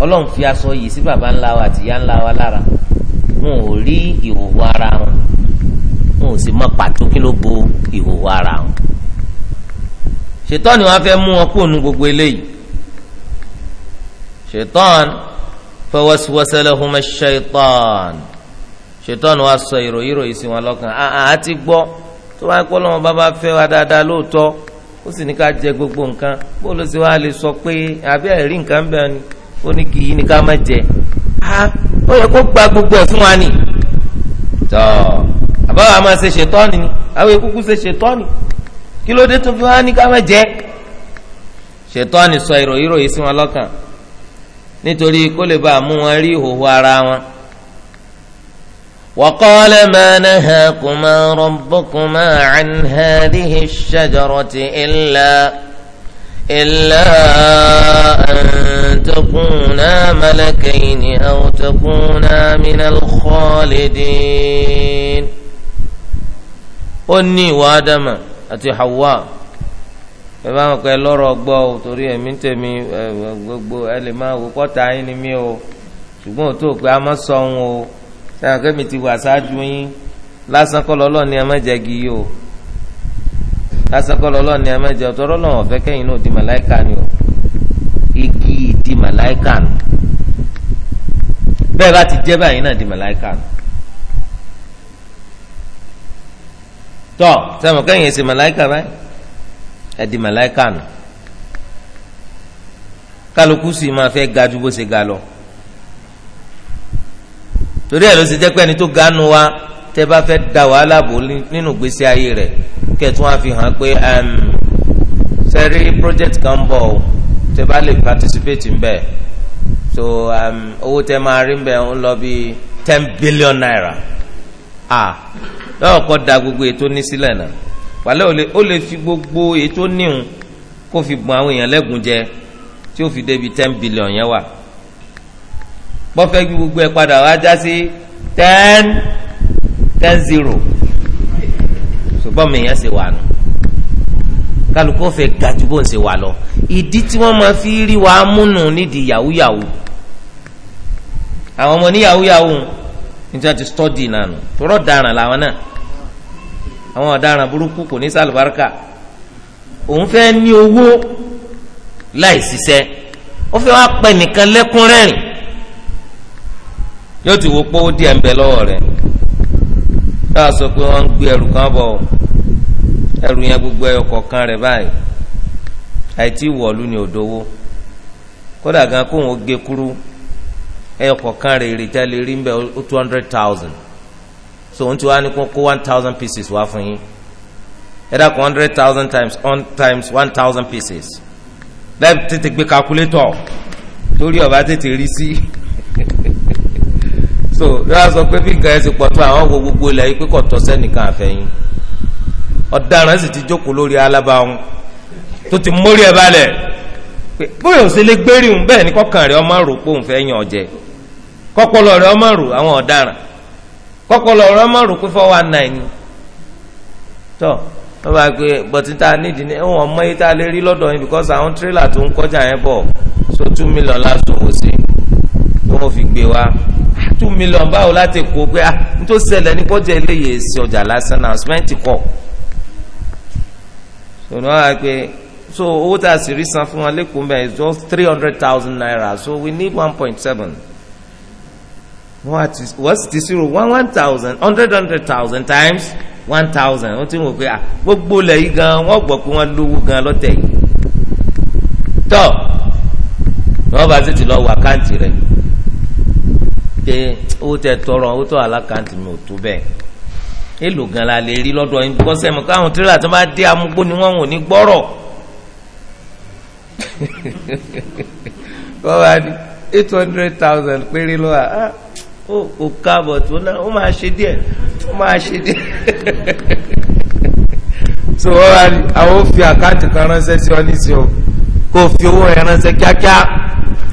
ọlọ́run fi aṣọ yìí sí baba ńlá wa àti ìyá ńlá wa lára wọn ò rí ìhòòhò ara wọn wọn ò sì mọ pàtó kí ló bo ìhòòhò ara wọn ṣètọ́ ni wọ́n fẹ́ mú wọn kúrò ní gbogbo eléyìí ṣètọ́n fawaswasa lahum ash-shaytan ṣètọ́n wa sọ ìròyìn ìròyìn sí wọn lọ́kàn àti gbọ́ tó bá ń pọ́ lọ́wọ́ bá bá fẹ́ wa dáadáa lóòótọ́ ó sì ní ká jẹ gbogbo nǹkan bó ló sì wá lè sọ pé àbí ẹ̀rí nǹkan bẹ́ẹ̀ ni ó ní kì í ní ká má jẹ á ó yẹ kó gba gbogbo ẹ̀ fún wa nì tọ́ àbáwá máa ṣe ṣètọ́ni ni àwọn ikúkú ṣe ṣètọ́ni kí ló dé tó fi wá ní ká má jẹ ṣètọ́ni sọ ìròyìn ròyìn sí wọn lọ́kàn nítorí kó lè bá a mú wọn rí ìhòòhò ara wọn وقال ما نهاكما ربكما عن هذه الشجرة إلا إلا أن تكونا ملكين أو تكونا من الخالدين أني وآدم أتي حواء ìbá wọn pẹ lọ́rọ̀ gbọ́ ọ torí ẹ̀mí tèmi gbogbo ẹ lè yín ni mí o ṣùgbọ́n òtún òpè amọsọ ń o táwọn akẹ́mi ti wà sáájú yín lásán kọ́ lọ́lọ́ ni ẹ má jẹ́ gi yìí o lásán kọ́ lọ́lọ́ ni ẹ má jẹ́ ọ̀tọ́rọ́ náà ọ̀fẹ́ kẹ́yìn náà di màláìka ni o igi di màláìka nù bẹ́ẹ̀ bá ti jẹ́ báyìí náà di màláìka nù tọ́ sẹ́mu kẹ́yìn ẹ̀sìn màláìka báyìí ẹ̀ di màláìka nù kálukú sì máa fẹ́ ga ju bó ṣe ga lọ torí ẹ̀ ló ṣe jẹ́ pé ẹni tó ganu wa tẹ́ bá fẹ́ da wàhálà bò nínú gbèsè ayé rẹ̀ kẹtùn á fi hàn pé sẹ́rí project kan bọ̀ o tẹ́ bá lè participate ń bẹ̀ so owó tẹ́ máa rí ń bẹ̀ ń lọ bí ten billion naira ah lọ́wọ́ kọ́ da gbogbo ètò ní sílẹ̀ náà pàlẹ́ ò lè ó lè fi gbogbo ètò níhun kó fi bùn àwọn èèyàn lẹ́gùn jẹ tí ó fi débi ten billion yẹn wà bọ́fẹ́ gbé gbogbo ẹ̀ padà wá já sí ten ten zero ṣùgbọ́n mi yẹn ṣe wà nù kálukú fẹ́ ga ju bó ń ṣe wà lọ ìdí tí wọ́n máa fi rí wa múnú nídìí yàwúyàwú àwọn ọmọ ní yàwúyàwú níta ti stọ́dì nànú tọrọ daràn làwọn náà àwọn ọ̀daràn burúkú kò ní sàlùbáríkà òun fẹ́ ní owó láì ṣiṣẹ́ ó fẹ́ wá pẹ́ nìkan lẹ́kúnrẹ́rìn yóò ti wo pé ó di ẹ̀ńbẹ̀ lọ́wọ́ rẹ̀ yóò sọ pé wọ́n ń gbé ẹrù kan bọ̀ ẹrù yẹn gbogbo ẹyọ kọ̀ọ̀kan rẹ̀ báyìí àìtí wọ̀ọ́lù ni òdòwó kódà gan kóun ó gé kúrú ẹyọ kọ̀ọ̀kan rẹ̀ ìrètá lè rí mbẹ́ ó two hundred thousand so ohun tí wàá ní kó one thousand pieces wá fún yín ẹ dákun hundred thousand times one times one thousand pieces lẹ́ẹ̀ tètè gbé calculator torí ọba tètè rí sí. Si so yóò sọ pé bí nǹkan ẹ ti pọ̀ tó àwọn wo gbogbo ilẹ̀ yìí pé tọ́ sẹ́nìkan àfẹ́yìn ọ̀daràn sì ti jókòó lórí alábàáhùn tó ti mórí ẹ balẹ̀ pé bóyá òsèlè gbérí òun bẹ́ẹ̀ ni kọ́kàn rẹ̀ ọmọ rò pé òun fẹ́ yàn ọ̀jẹ̀ kọ́kọ́lọ́ rẹ̀ ọmọ rò àwọn ọ̀daràn kọ́kọ́lọ́ rẹ̀ ọmọ rò pé fọwọ́ àná ẹni tọ́ wọ́n bá gbé bọ̀tí tá a nídìí ní ẹ̀wọ̀n ọmọ yìí tá a lè rí lọ́dọ̀ yín because àwọn tírélà tó ń kọjá yẹn bọ̀ so two million lásòwò sí i wọ́n fi gbé wa two million báwo láti kó pé ah n tó ṣẹlẹ̀ ní kọjá eléyìí èsì ọjà lásán náà sìmẹ́ǹtì sọ̀rọ̀ wá pé so owó tá a sì rí san fún wa lẹ́kọ̀ọ́ mẹ́rin just three hundred thousand naira so we need one point seven wọ́n àti wọ́n sì ti ṣírò one one thousand hundred hundred thousand times one thousand wọ́n ti wò pé ah gbogbo ilẹ̀ yìí gan wọ́n gbọ́ pé wọ́n lówó gan lọ́tẹ̀ yìí tọ́ wọ́n bá tètè lọ wọ àkáǹtì rẹ̀ yìí pé owó tẹ tọrọ owó tó alákàntì mi ò tó bẹ́ẹ̀ èlò gan la lè rí lọ́dọ̀ yín bíkọ́ sẹ́mu káwọn tírélà tó bá dé amúgbó ni wọ́n wò ní gbọ́rọ̀ wọ́n bá ní eight hundred thousand péré lọ́wọ́ ah ó kò káàbọ̀ tó náà ó máa ṣe díẹ̀ ó máa ṣe díẹ̀ so wọ́n bá ní àwọn fi àkáǹtì kan ránṣẹ́ sí ọ ní sí o kó o fi owó rẹ̀ ránṣẹ́ kíákíá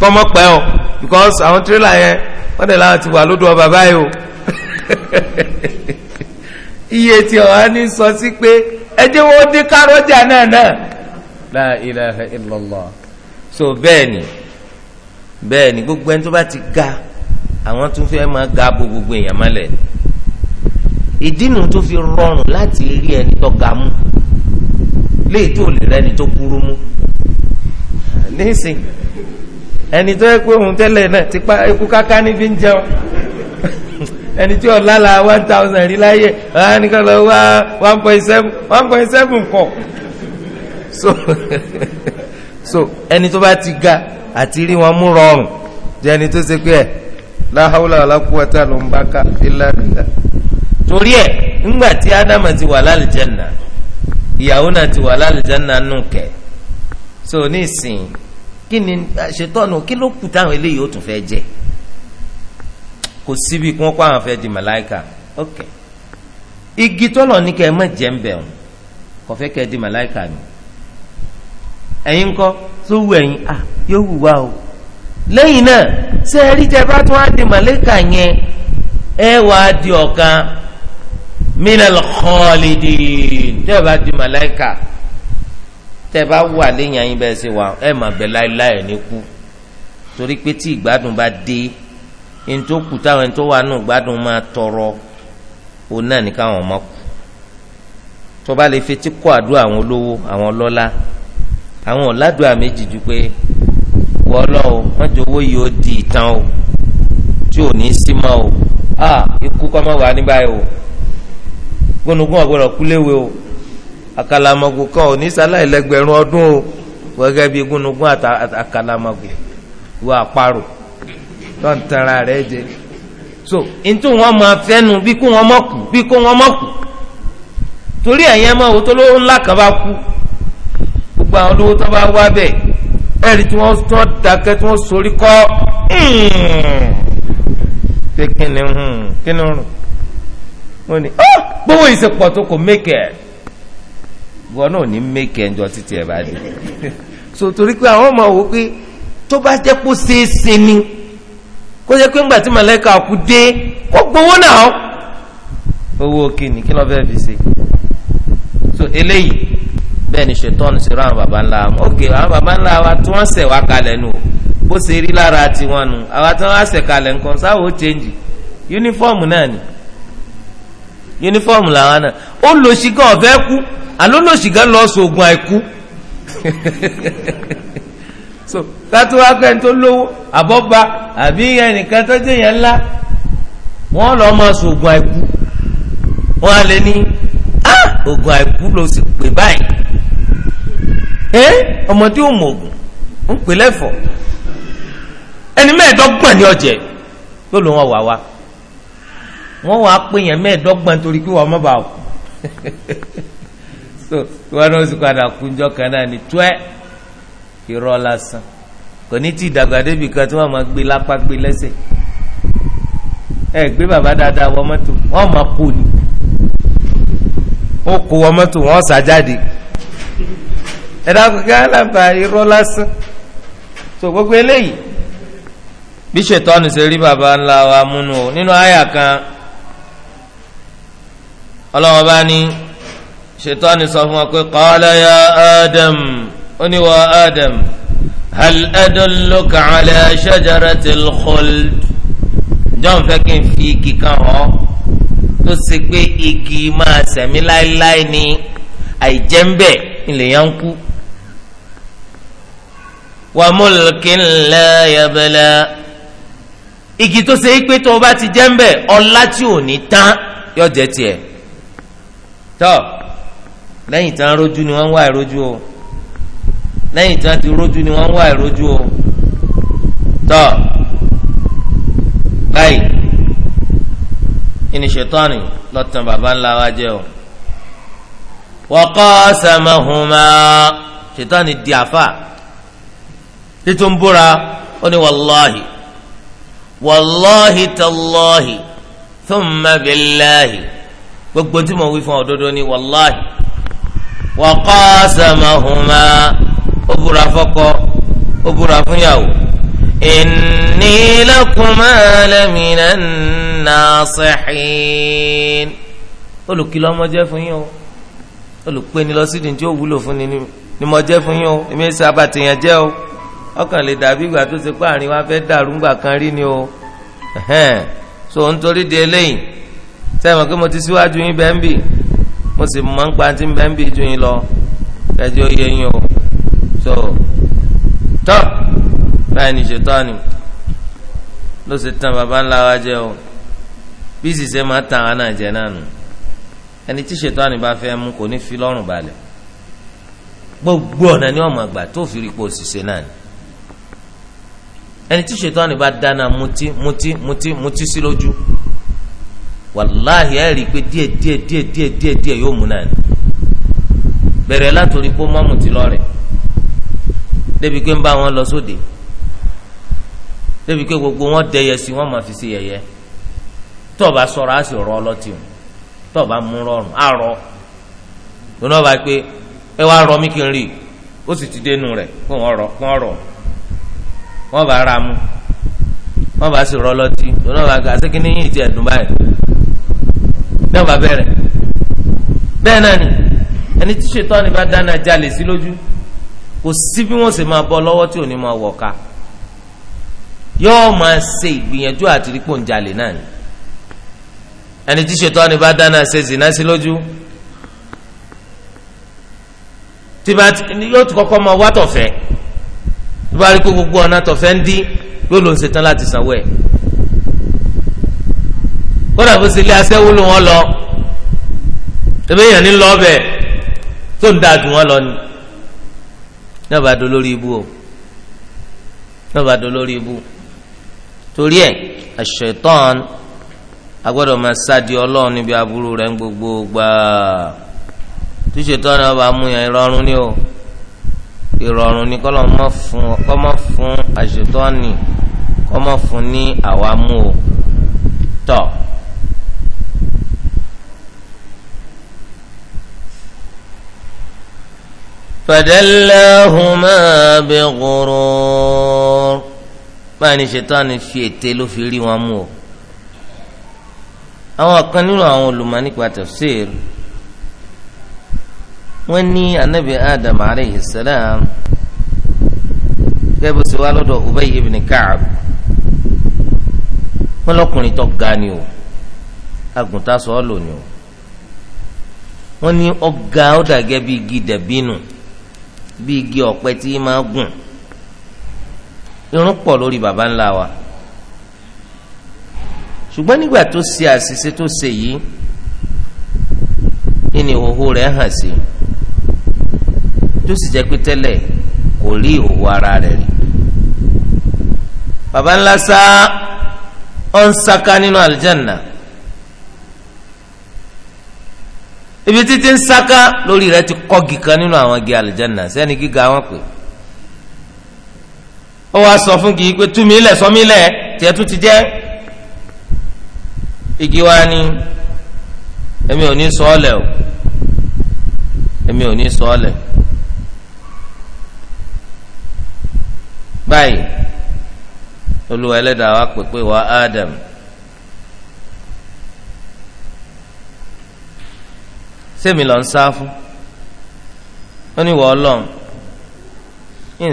kọ́mọ́pẹ́ o because àwọn tirẹ́là yẹn wọ́n dẹ̀ láwọn ti wà lódò ọba báyìí o iye tí ọ̀hán ní sọ sí pé ẹ jẹ́ wọ́n dé kárọ́jà náà náà la ilaha illallah so bẹ́ẹ̀ ni bẹ́ẹ̀ ni gbogbo ẹni tó bá ti ga àwọn tún fẹ́ máa ga bo gbogbo èèyàn mọ́lẹ̀ ìdínú tó fi rọrùn láti rí ẹni tó ga mú léètò lè rẹ́ni tó kúrú mú nísìnyí ẹni tó yẹ pé òun tẹ́lẹ̀ náà ti pa eku káká níbi ń jẹun ẹni tí ọ̀la la one thousand rí láyé ọ̀la nìkan lọ wá one point seven one point seven kọ̀ so so ẹni tó bá ti ga àti rí wọn mú rọrùn jẹ ẹni tó ṣe pé ẹ láhàúlà ọlákùwàtà ló ń bá ká ìlànà torí ẹ ńgbà tí ádámà ti wà lálùjẹ ìyàwó náà ti wà lálùjẹ nà so ní ìsìn kí ni eh, ṣètọ́nù kí ló kù táwọn eléyìí ó tún fẹ́ jẹ kò síbi kí wọ́n kó àwọn fẹ́ di màláìka ok igi tọ́lọ̀ ní kẹ́ ẹ má jẹ́ ń bẹ̀ ọ́n kò fẹ́ kẹ́ ẹ di màláìka ni ẹ̀yin ńkọ́ tó wù ẹ̀yin à yóò wù wá o lẹ́yìn náà ṣé ẹ rí jẹ bá tún á di màláìka yẹn ẹ wàá di ọ̀kan minal khalidin tẹ́ ẹ bá di màláìka tẹ́ bá wà léyìn àyìn bẹ́ẹ̀ ṣe wà ẹ mà bẹ láéláé ní kú torí pé tí ìgbádùn bá dé ẹni tó kù táwọn ẹni tó wà nù ìgbádùn máa tọrọ òun náà ní káwọn ọmọ kù tó bá lè fetí kọ́ àdúrà àwọn olówó àwọn ọlọ́lá àwọn ọ̀làdúrà méjì ju pé wọ́n lọ o wọ́n jọ owó yìí ó di ìtàn o tí ò ní í sí mọ́ o ah, ikú kọ́ mọ́ wà ní báyìí o gbónúgbọ́n ọ̀gbọ́dọ̀ kú o àkàlàmọ̀gù kan ò ní sáláì lẹ́gbẹ̀rún ọdún o gẹ́gẹ́ bí gúnugún àkàlàmọ̀gù wọ àparò tó ń tara rẹ̀ jẹ so ntú wọn máa fẹ́nu bí kó wọn mọ̀ kú bí kó wọn mọ̀ kú torí ẹ̀yẹ́ máa wò tó ló ńlá kan bá kú gbogbo àwọn olówó tó bá wá bẹ́ẹ̀ ẹ̀rí tí wọ́n tán dákẹ́ tí wọ́n sorí kọ́ pé hmm. kíni hmm, kíni rùn wọ́n ní gbówó ah, ìsepọ̀ tó kò mẹ́kẹ̀ẹ́. wọn náà ní mẹ́kẹ́ ẹ̀ńjọ títí bá so torí pé àwọn ọmọ wò pé tó bá kó ṣeéṣe ni kó jẹ́ pé ńgbà tí màlẹ́kà kú dé kó gbowó náà owó kí so eléyìí bẹ́ẹ̀ ni ṣetán ṣe rán àwọn baba ńlá ok àwọn baba ńlá wa tí wọ́n ṣẹ̀ wá kalẹ̀ nù bó ṣe rí lára tiwọn nù àwa tí wọ́n ṣẹ̀ kalẹ̀ nǹkan sáwọ́ ó Uniform làwọn náà ó lò ṣìgá ọ̀fẹ́ kú àló lò ṣìgá lọ sóògùn àìkú so kátó wá pẹ́ tó lówó àbọ́ba àbí ẹnìkan tó jẹ́ yẹn ńlá wọ́n lọ́ọ́ máa sóògùn àìkú wọ́n á lè ní á oògùn àìkú ló sì pè báyìí ẹ ò mọ oògùn ń pè lẹ́fọ̀ọ́ ẹni mẹ́ẹ̀ẹ́dọ́gbọ̀n ni ọ̀jẹ̀ yóò lò wọ́n wà wá wọ́n wàá pè yẹn mẹ́ẹ̀ẹ́dọ́gbọ̀n torí pé wọ́n má bàa kú so wọn náà sì padà kúnjọ kan náà ní tuẹ́ irọ́ lásán kò ní tí ìdàgbà débi kan tí wọ́n máa gbé lápá gbé lẹ́sẹ̀ ẹ gbé bàbá dáadáa wọ mọ́tò wọ́n máa kó ni ó kó wọ mọ́tò wọ́n sá jáde ẹ dákun kí alábà irọ́ lásán so gbogbo eléyìí bí ṣètọ́nù ṣe rí bàbá ńlá wa múnú o nínú àyà kan ọlọ́wọ́n bá ní ṣètọ́ni sọ fún wa pé qala ya Adam ó ní wọ Adam hal adulluka ala shajaratil khuld john fẹ́ kí n fi igi kan hàn tó ṣe pé igi máa sẹ̀mí láéláé ni àìjẹ́ńbẹ̀ ìlèyàn ń kú wa mulkin la yabla igi tó ṣe é pé tó o bá ti jẹ́ ń bẹ̀ ọlá tí ò tán yóò jẹ́ tiẹ̀ tọ́ lẹ́yìn tí wọ́n rojú ni wọ́n ń wá ìrojú o lẹ́yìn tí wọ́n ti rojú ni wọ́n ń wá ìrojú o tọ́ báyìí ìníṣẹ́tọ́ni lọ́tàn bàbá ńlá wa jẹ́ o wọ́kọ́ sàmahùnmá ṣètọ́ni di àfà títú búra ó ní wàláhì wàláhì tàláhì thumma billahi gbogbo tí mo wí fún òdodo ni wàláhì wa qasamahuma ó búra fọ́kọ ó búra fúnyàwó inni lakuma laminan nasihin olùkìlọ̀ ọmọ jẹ́ fún yín o olùpẹni lọ sídìí tí ó wúlò fún ni ni mo jẹ́ fún yín o èmi ṣe abatèèyàn jẹ́ o ọkàn lè dàbí ìgbà tó ṣe pé àárín wa fẹ́ dàrú ńgbà kan rí ni o so nítorí di eléyìí sẹ́wọ̀n pé mo ti síwájú yín bẹ́ẹ̀ ń bì mo sì mọ̀ ń pa ti ń bẹ́ẹ̀ ń bì ju yín lọ ẹjọ́ yẹ yín o so tọ́ báyìí ní ṣètọ́ni ló ṣe tán baba ńlá wa jẹ́ o bí ìṣiṣẹ́ máa tàn án náà jẹ́ náà nù ẹni tí ṣètọ́ni bá fẹ́ mú kò ní fi lọ́rùn balẹ̀ gbogbo ọ̀nà ni wọ́n máa gbà tó fi rí pé òṣìṣẹ́ náà ni ẹni tí ṣètọ́ni bá dáná mutí mutí mutí mutí sí lójú wàláhì ẹ rí i pé díẹ̀ díẹ̀ díẹ̀ díẹ̀ díẹ̀ díẹ̀ yóò mú náà ni bẹ̀rẹ̀ látòrí pé mọ́mù ti lọ rẹ̀ débi pé ń bá wọn lọ sóde débi pé gbogbo wọn dẹyẹ sí wọn máa fi sí yẹ̀yẹ́ tó o bá sọ̀rọ̀ á sì rọ ọlọ́tì o tó o bá mú rọrùn á rọ lónà ọba pé ẹ wá rọ mí kí n rí ó sì ti dénú rẹ̀ kó wọn rọ kó wọn rọ wọn bá ra mu wọn bá sì rọ ọlọ́tì lónà ọba gà sí ti ẹ̀dùn báyìí ní ọba bẹ̀rẹ̀ bẹ́ẹ̀ náà ni ẹni tí ṣètọ́ ni bá dáná jalè sí lójú kò sí bí wọ́n sì máa bọ́ lọ́wọ́ tí ò ní máa wọ̀ ká yóò máa ṣe ìgbìyànjú àti rípò ń jalè náà ni ẹni tí ṣètọ́ ni bá dáná ṣe zìnà sí lójú tíba yóò tún kọ́kọ́ máa wá tọ̀fẹ́ tíba rí kó gbogbo ọ̀nà tọ̀fẹ́ ń dín yóò ló ṣetán láti sanwó ẹ̀ kódà bó ṣe lé aṣẹ́wó ló wọ́n lọ tẹ́lẹ̀ èèyàn ní lọ́ọ̀bẹ̀ tó ń da jù wọ́n lọ ni náà bá do lórí ibu o náà bá do lórí ibu torí ẹ̀ àṣetán agbọ́dọ̀ máa sáàdì ọlọ́run níbi aburú rẹ̀ gbogbo gbà tí ṣetán náà bá mú yẹn ìrọ̀rùn ni o ìrọ̀rùn ni kọ́ mọ́ fún àṣetán ni kọ́ mọ́ fún ní àwa mú o tọ́. فدلاهما بغرور، ghurur báyìí ni ṣètánì fi ète ló fi rí wọn mú o àwọn kan nínú àwọn olùmọ̀ nípa tafsir wọ́n ní anabi adam aleyhi salam gẹ́gẹ́ bó ṣe wá lọ́dọ̀ ubay ibn ka'ab wọ́n lọ́kùnrin tó ga ni o agùntàn sọ ọ́ lónìí o wọ́n ní ọ̀gá ọ̀dà gẹ́gẹ́ bí igi dàbínù bí igi ọ̀pẹ tí máa gùn irun pọ̀ lórí baba ńlá wa ṣùgbọ́n nígbà tó ṣe àṣìṣe tó ṣe yìí kí ni ìhòhò rẹ̀ hàn sí tó sì jẹ́ pé tẹ́lẹ̀ kò rí ìhòhò ara rẹ̀ rí baba ńlá sá ọ̀ ń sáká nínú àlùjánnà. No ibi titi ń sáká lórí rẹ ti kọ́gi kan nínú àwọn igi àlùjáná sẹ́ni gíga wọn pè ó wàá sọ fún kìí pé tú mi lẹ̀ sọ mi tún ti jẹ igi wa ni èmi ò ní sọ ọ́ lẹ̀ o èmi ò ní sọ ọ́ lẹ̀ báyìí olúwa wa pè pé wá Ádámù. sẹ́mi lọ ń sá fún ó ní wọ́ọ́ lọ́n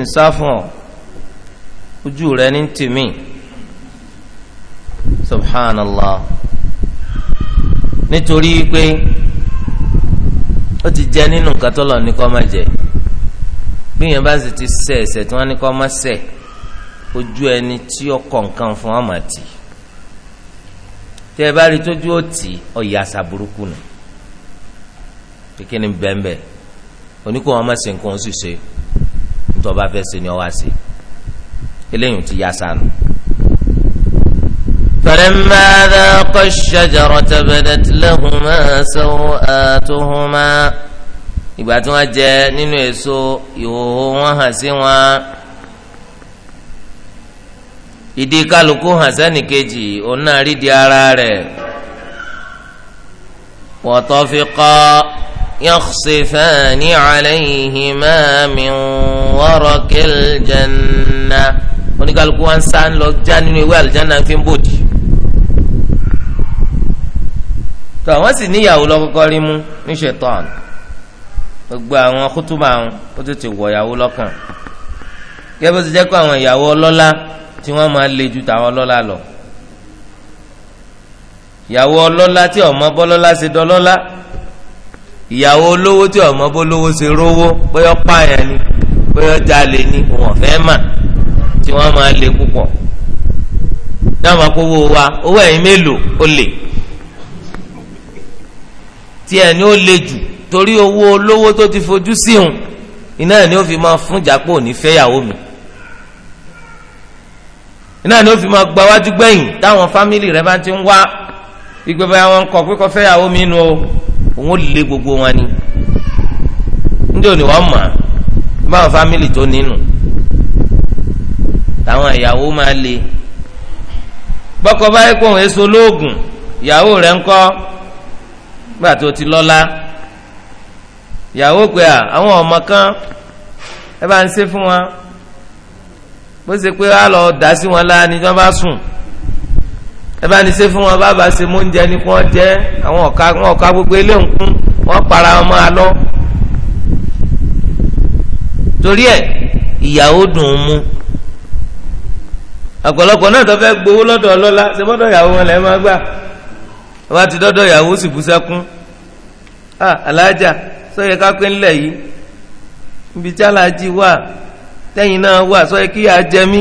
ń sá fún ọ ojú rẹ ní tèmi subhanallah nítorí pé ó ti jẹ nínú nǹkan tó lọ ní kó má jẹ bí yẹn bá sì ti ṣẹ̀ ẹ̀ṣẹ̀ tí wọ́n ní kó má ṣẹ̀ ojú ẹni tí ó kọ nǹkan fún ọmọ tì tẹ ẹ bá rí tójú ó tì ọ yà sá nù kíni bẹ́ẹ̀nbẹ́ oníkó wọn má ṣe nǹkan oṣù ṣe nítorí ọba fẹ́ ṣe ni ọwá ṣe eléyìí ti yá sànù. فلما ذاقا الشجرة بدت لهما سوآتهما ìgbà tí wọ́n jẹ nínú èso ìhòòhò wọn hàn sí wọn ìdí kálukú hàn sẹ́nìkejì òun náà rí di ara rẹ̀ wọ́tọ́ fi kọ́ يخصفان عليهما من ورق الجنة oníkàlùkù wa ń sá ń lọ já nínú ìwé àlùjáná fi ń bòdì tó àwọn sì níyàwó lọ́kọ́kọ́ rí mú ní ṣètọ́n gbogbo àwọn kútùbà àwọn ó tètè wọ̀ ìyàwó lọ́kàn gẹ́gẹ́ bó ti jẹ́ pé àwọn ìyàwó ọlọ́lá tí wọ́n máa le ju tàwọn ọlọ́lá lọ ìyàwó ọlọ́lá tí ọmọ bọ́lọ́lá ṣe dọ́lọ́lá ìyàwó olówó tí ọmọ bó lówó ṣe rówó bóyá pààyàn ni bóyá jalè ni wọn fẹ́ mà tí wọ́n máa lè púpọ̀ náà máa kówó wa owó ẹ̀yìn mélòó ó lè tí ẹni ó le jù torí owó olówó tó ti fojú sí òun iná ni ó fi máa fún jàpọ̀ ní fẹ́yàwó mi iná ni ó fi máa gba wájú gbẹ̀yìn táwọn fámìlì rẹ̀ bá ti ń wá ìgbẹ́ bá wọn kọ̀ pé kọ́ fẹ́yàwó mi nù o òun ó lé gbogbo wọn ni níjẹ́ òní wọ́n mọ̀ báwọn fámìlì tó nínú táwọn ìyàwó máa le bọ́kọ báyìí kò ń èso lóògùn ìyàwó rẹ̀ ń kọ́ gbà tó ti lọ́lá ìyàwó pé à àwọn ọmọ kan ẹ bá ń ṣe fún wọn bó ṣe pé á lọ dá sí wọn láàánú tí wọ́n bá sùn ẹ̀bá ni ṣe fún wọn bá bá ṣe mú oúnjẹ ni kí wọ́n jẹ́ àwọn ọ̀ka wọn ọ̀ka gbogbo eléhùn kún wọ́n para wọn máa lọ. torí ẹ̀ ìyàwó dùn ún mú àgbọ̀lọpọ̀ náà tó fẹ́ gbowó lọ́dọ̀ ọlọ́lá ṣe bọ́dọ̀ ìyàwó wọn lẹ́ẹ̀ máa gbà wọ́n ti dọ́dọ̀ ìyàwó sì bú sẹ́kún ah alájà sọ́yẹ ká pé ńlẹ̀ yìí ibi tí aláàjì wà tẹ́yìn náà wà sọ́yẹ kíyà jẹ mí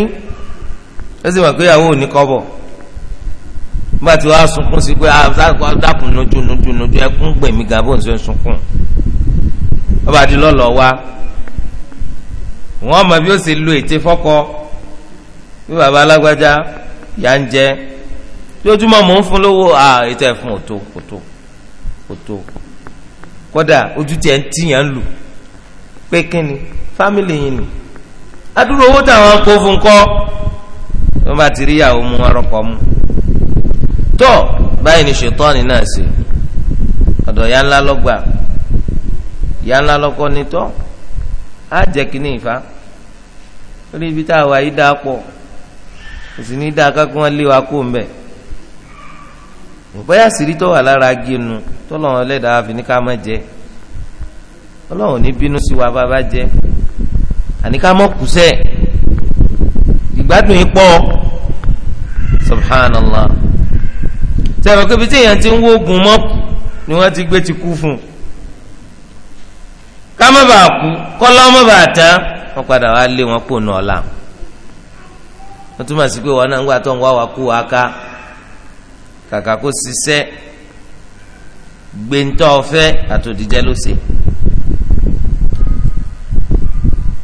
ó sì mọ̀ pé ìyàwó ò ní kọ́ bọ̀ nígbà tí wàá sunkún sí pé ah, dákun nojú nojú nojú ẹkún gbẹ̀mí gan bó ń ṣe ń sunkún ọba àti lọ́lọ́ wa wọ́n mọ̀ bí ó sì lu ète fọ́kọ bí baba alágbájá yà ń jẹ lójúmọ́ mò ń fún lówó à ah, ètò ẹ̀fún òtó òtó òtó kódà ojú tiẹ̀ ń tìyàn lù pé kíni fámìlì yìí ni adúrò owó táwọn kó fún kọ́ wọ́n bá ti rí ìyàwó mu wọn rọ́pò mu tó báyìí ni ṣètọ́ni náà sí ọ̀dọ̀ ya ńlá lọ́gbà ya ńlá lọ́kọ́ nítọ́ á jẹ́ kínní ìfá lórí ibi tá a wà yí dáa pọ̀ kò sì ní dáa kákó wọn lé wa kó ń bẹ̀ bóyá sírí tó wà lára ginu tó lọ́wọ́ ẹlẹ́dàá fi ní ká má jẹ ọlọ́run ní bínú sí wa bàbá jẹ àní mọ̀ kùsẹ́ ìgbádùn yìí pọ̀ subhanallah sẹ́wọ̀n kébi tí èèyàn ti ń wógun mọ́pù ni wọ́n ti gbé ti kú fún un ká má bàa kú kọ́lá má bàa tán wọ́n padà wá lé wọn pò náà la wọ́n túmọ̀ sí pé wọn náà ń gbà tó ń wá wa kú wa ká kàkà kó ṣiṣẹ́ gbẹ̀ntọ́ ọ̀fẹ́ àtòdìjẹ́ ló ṣe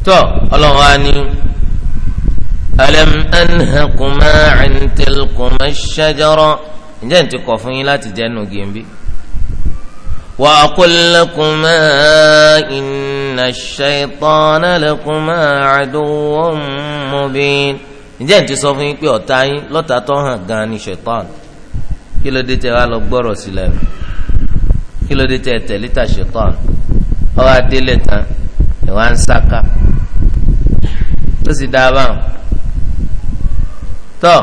tọ́ ọlọ́run á ní. ألم أنهكما عن تلكما الشجرة ǹjẹ́ n ti kọ̀ fún yín láti jẹ́ nù gèmbi. wa aqul lakuma inna ash-shaytana lakuma aduwwun mubin ǹjẹ́ n ti sọ fún yín pé ọ̀tá yín lọ́tà tó hàn gan-an ni ṣẹ̀tàn kí ló dé tẹ́ wá lọ gbọ́rọ̀ sílẹ̀ kí ló dé tẹ́ tẹ̀lé ta ṣẹ̀tàn ọwọ́ adélé tán ìwà ń sáká tó sì dáa báwọn tọ́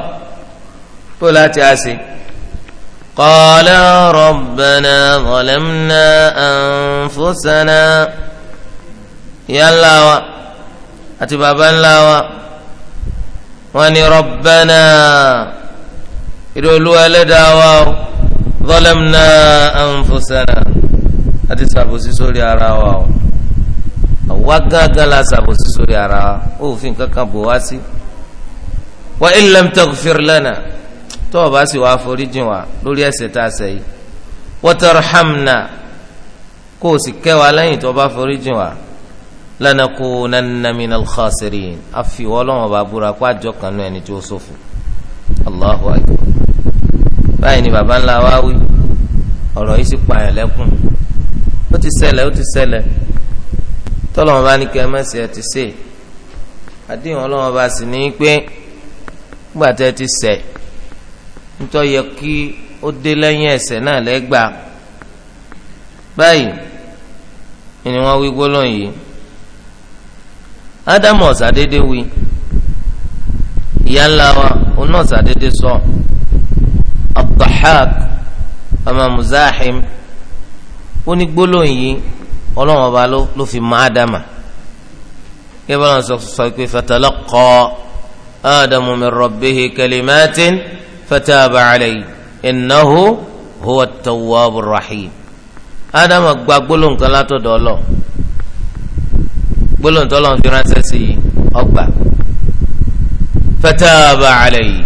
bó láti á sí. قالا ربنا ظلمنا أنفسنا يا الله àti baba ńlá wa wọn ni rọbẹnà ìrọlú ẹlẹ́dàá wa zọlẹmùnà ànfọsẹnà àti sàbòsí sórí ara wa o àwa gángan la sàbòsí sórí ara wa òfin kankan bò wá sí wa ilẹ̀ mtọ́kùfìrì lẹ́nà tó o bá sì wá foríjìn wa lórí ẹ̀ṣẹ̀ tá a ṣẹ̀ yìí watarhamna kó o sì kẹ́ wa lẹ́yìn tó o bá foríjìn wa lanakunanna minal khasirin àfiwọ́ lọ́wọ́ bá búra kó àjọ kan náà ẹni tí ó ṣòfò allahu akbar báyìí ni baba ńlá wa wí ọ̀rọ̀ yìí sì pààyàn lẹ́kùn ó ti ṣẹlẹ̀ ó ti ṣẹlẹ̀ tọ́lọ́wọ́n bá ní kẹ́ mẹ́sì ẹ ti ṣe àdéhùn ọlọ́wọ́n bá sì ní pé gbàtẹ́ ti ṣẹ̀ nítorí yẹ kí ó dé lẹ́yìn ẹsẹ̀ náà lẹ́gbàá báyìí ni wọ́n wí gbólóhùn yìí ádámù ọ̀sàdédé wí ìyá ńlá wa oná ọ̀sàdédé sọ abdulhaq ọmọ muzahim ó ní gbólóhùn yìí ọlọ́run ọba ló fi mọ ádámà kí ẹ bá wọn sọ pé fatalaqa ádámù min rabbihi kalimatin fataba alayhi innahu huwa tawwabur rahim ádámà gba gbólóhùn kan látọ̀dọ̀ ọlọ gbólóhùn tọ́lọ́ fi ránṣẹ́ sí i ọgbà fataba alayhi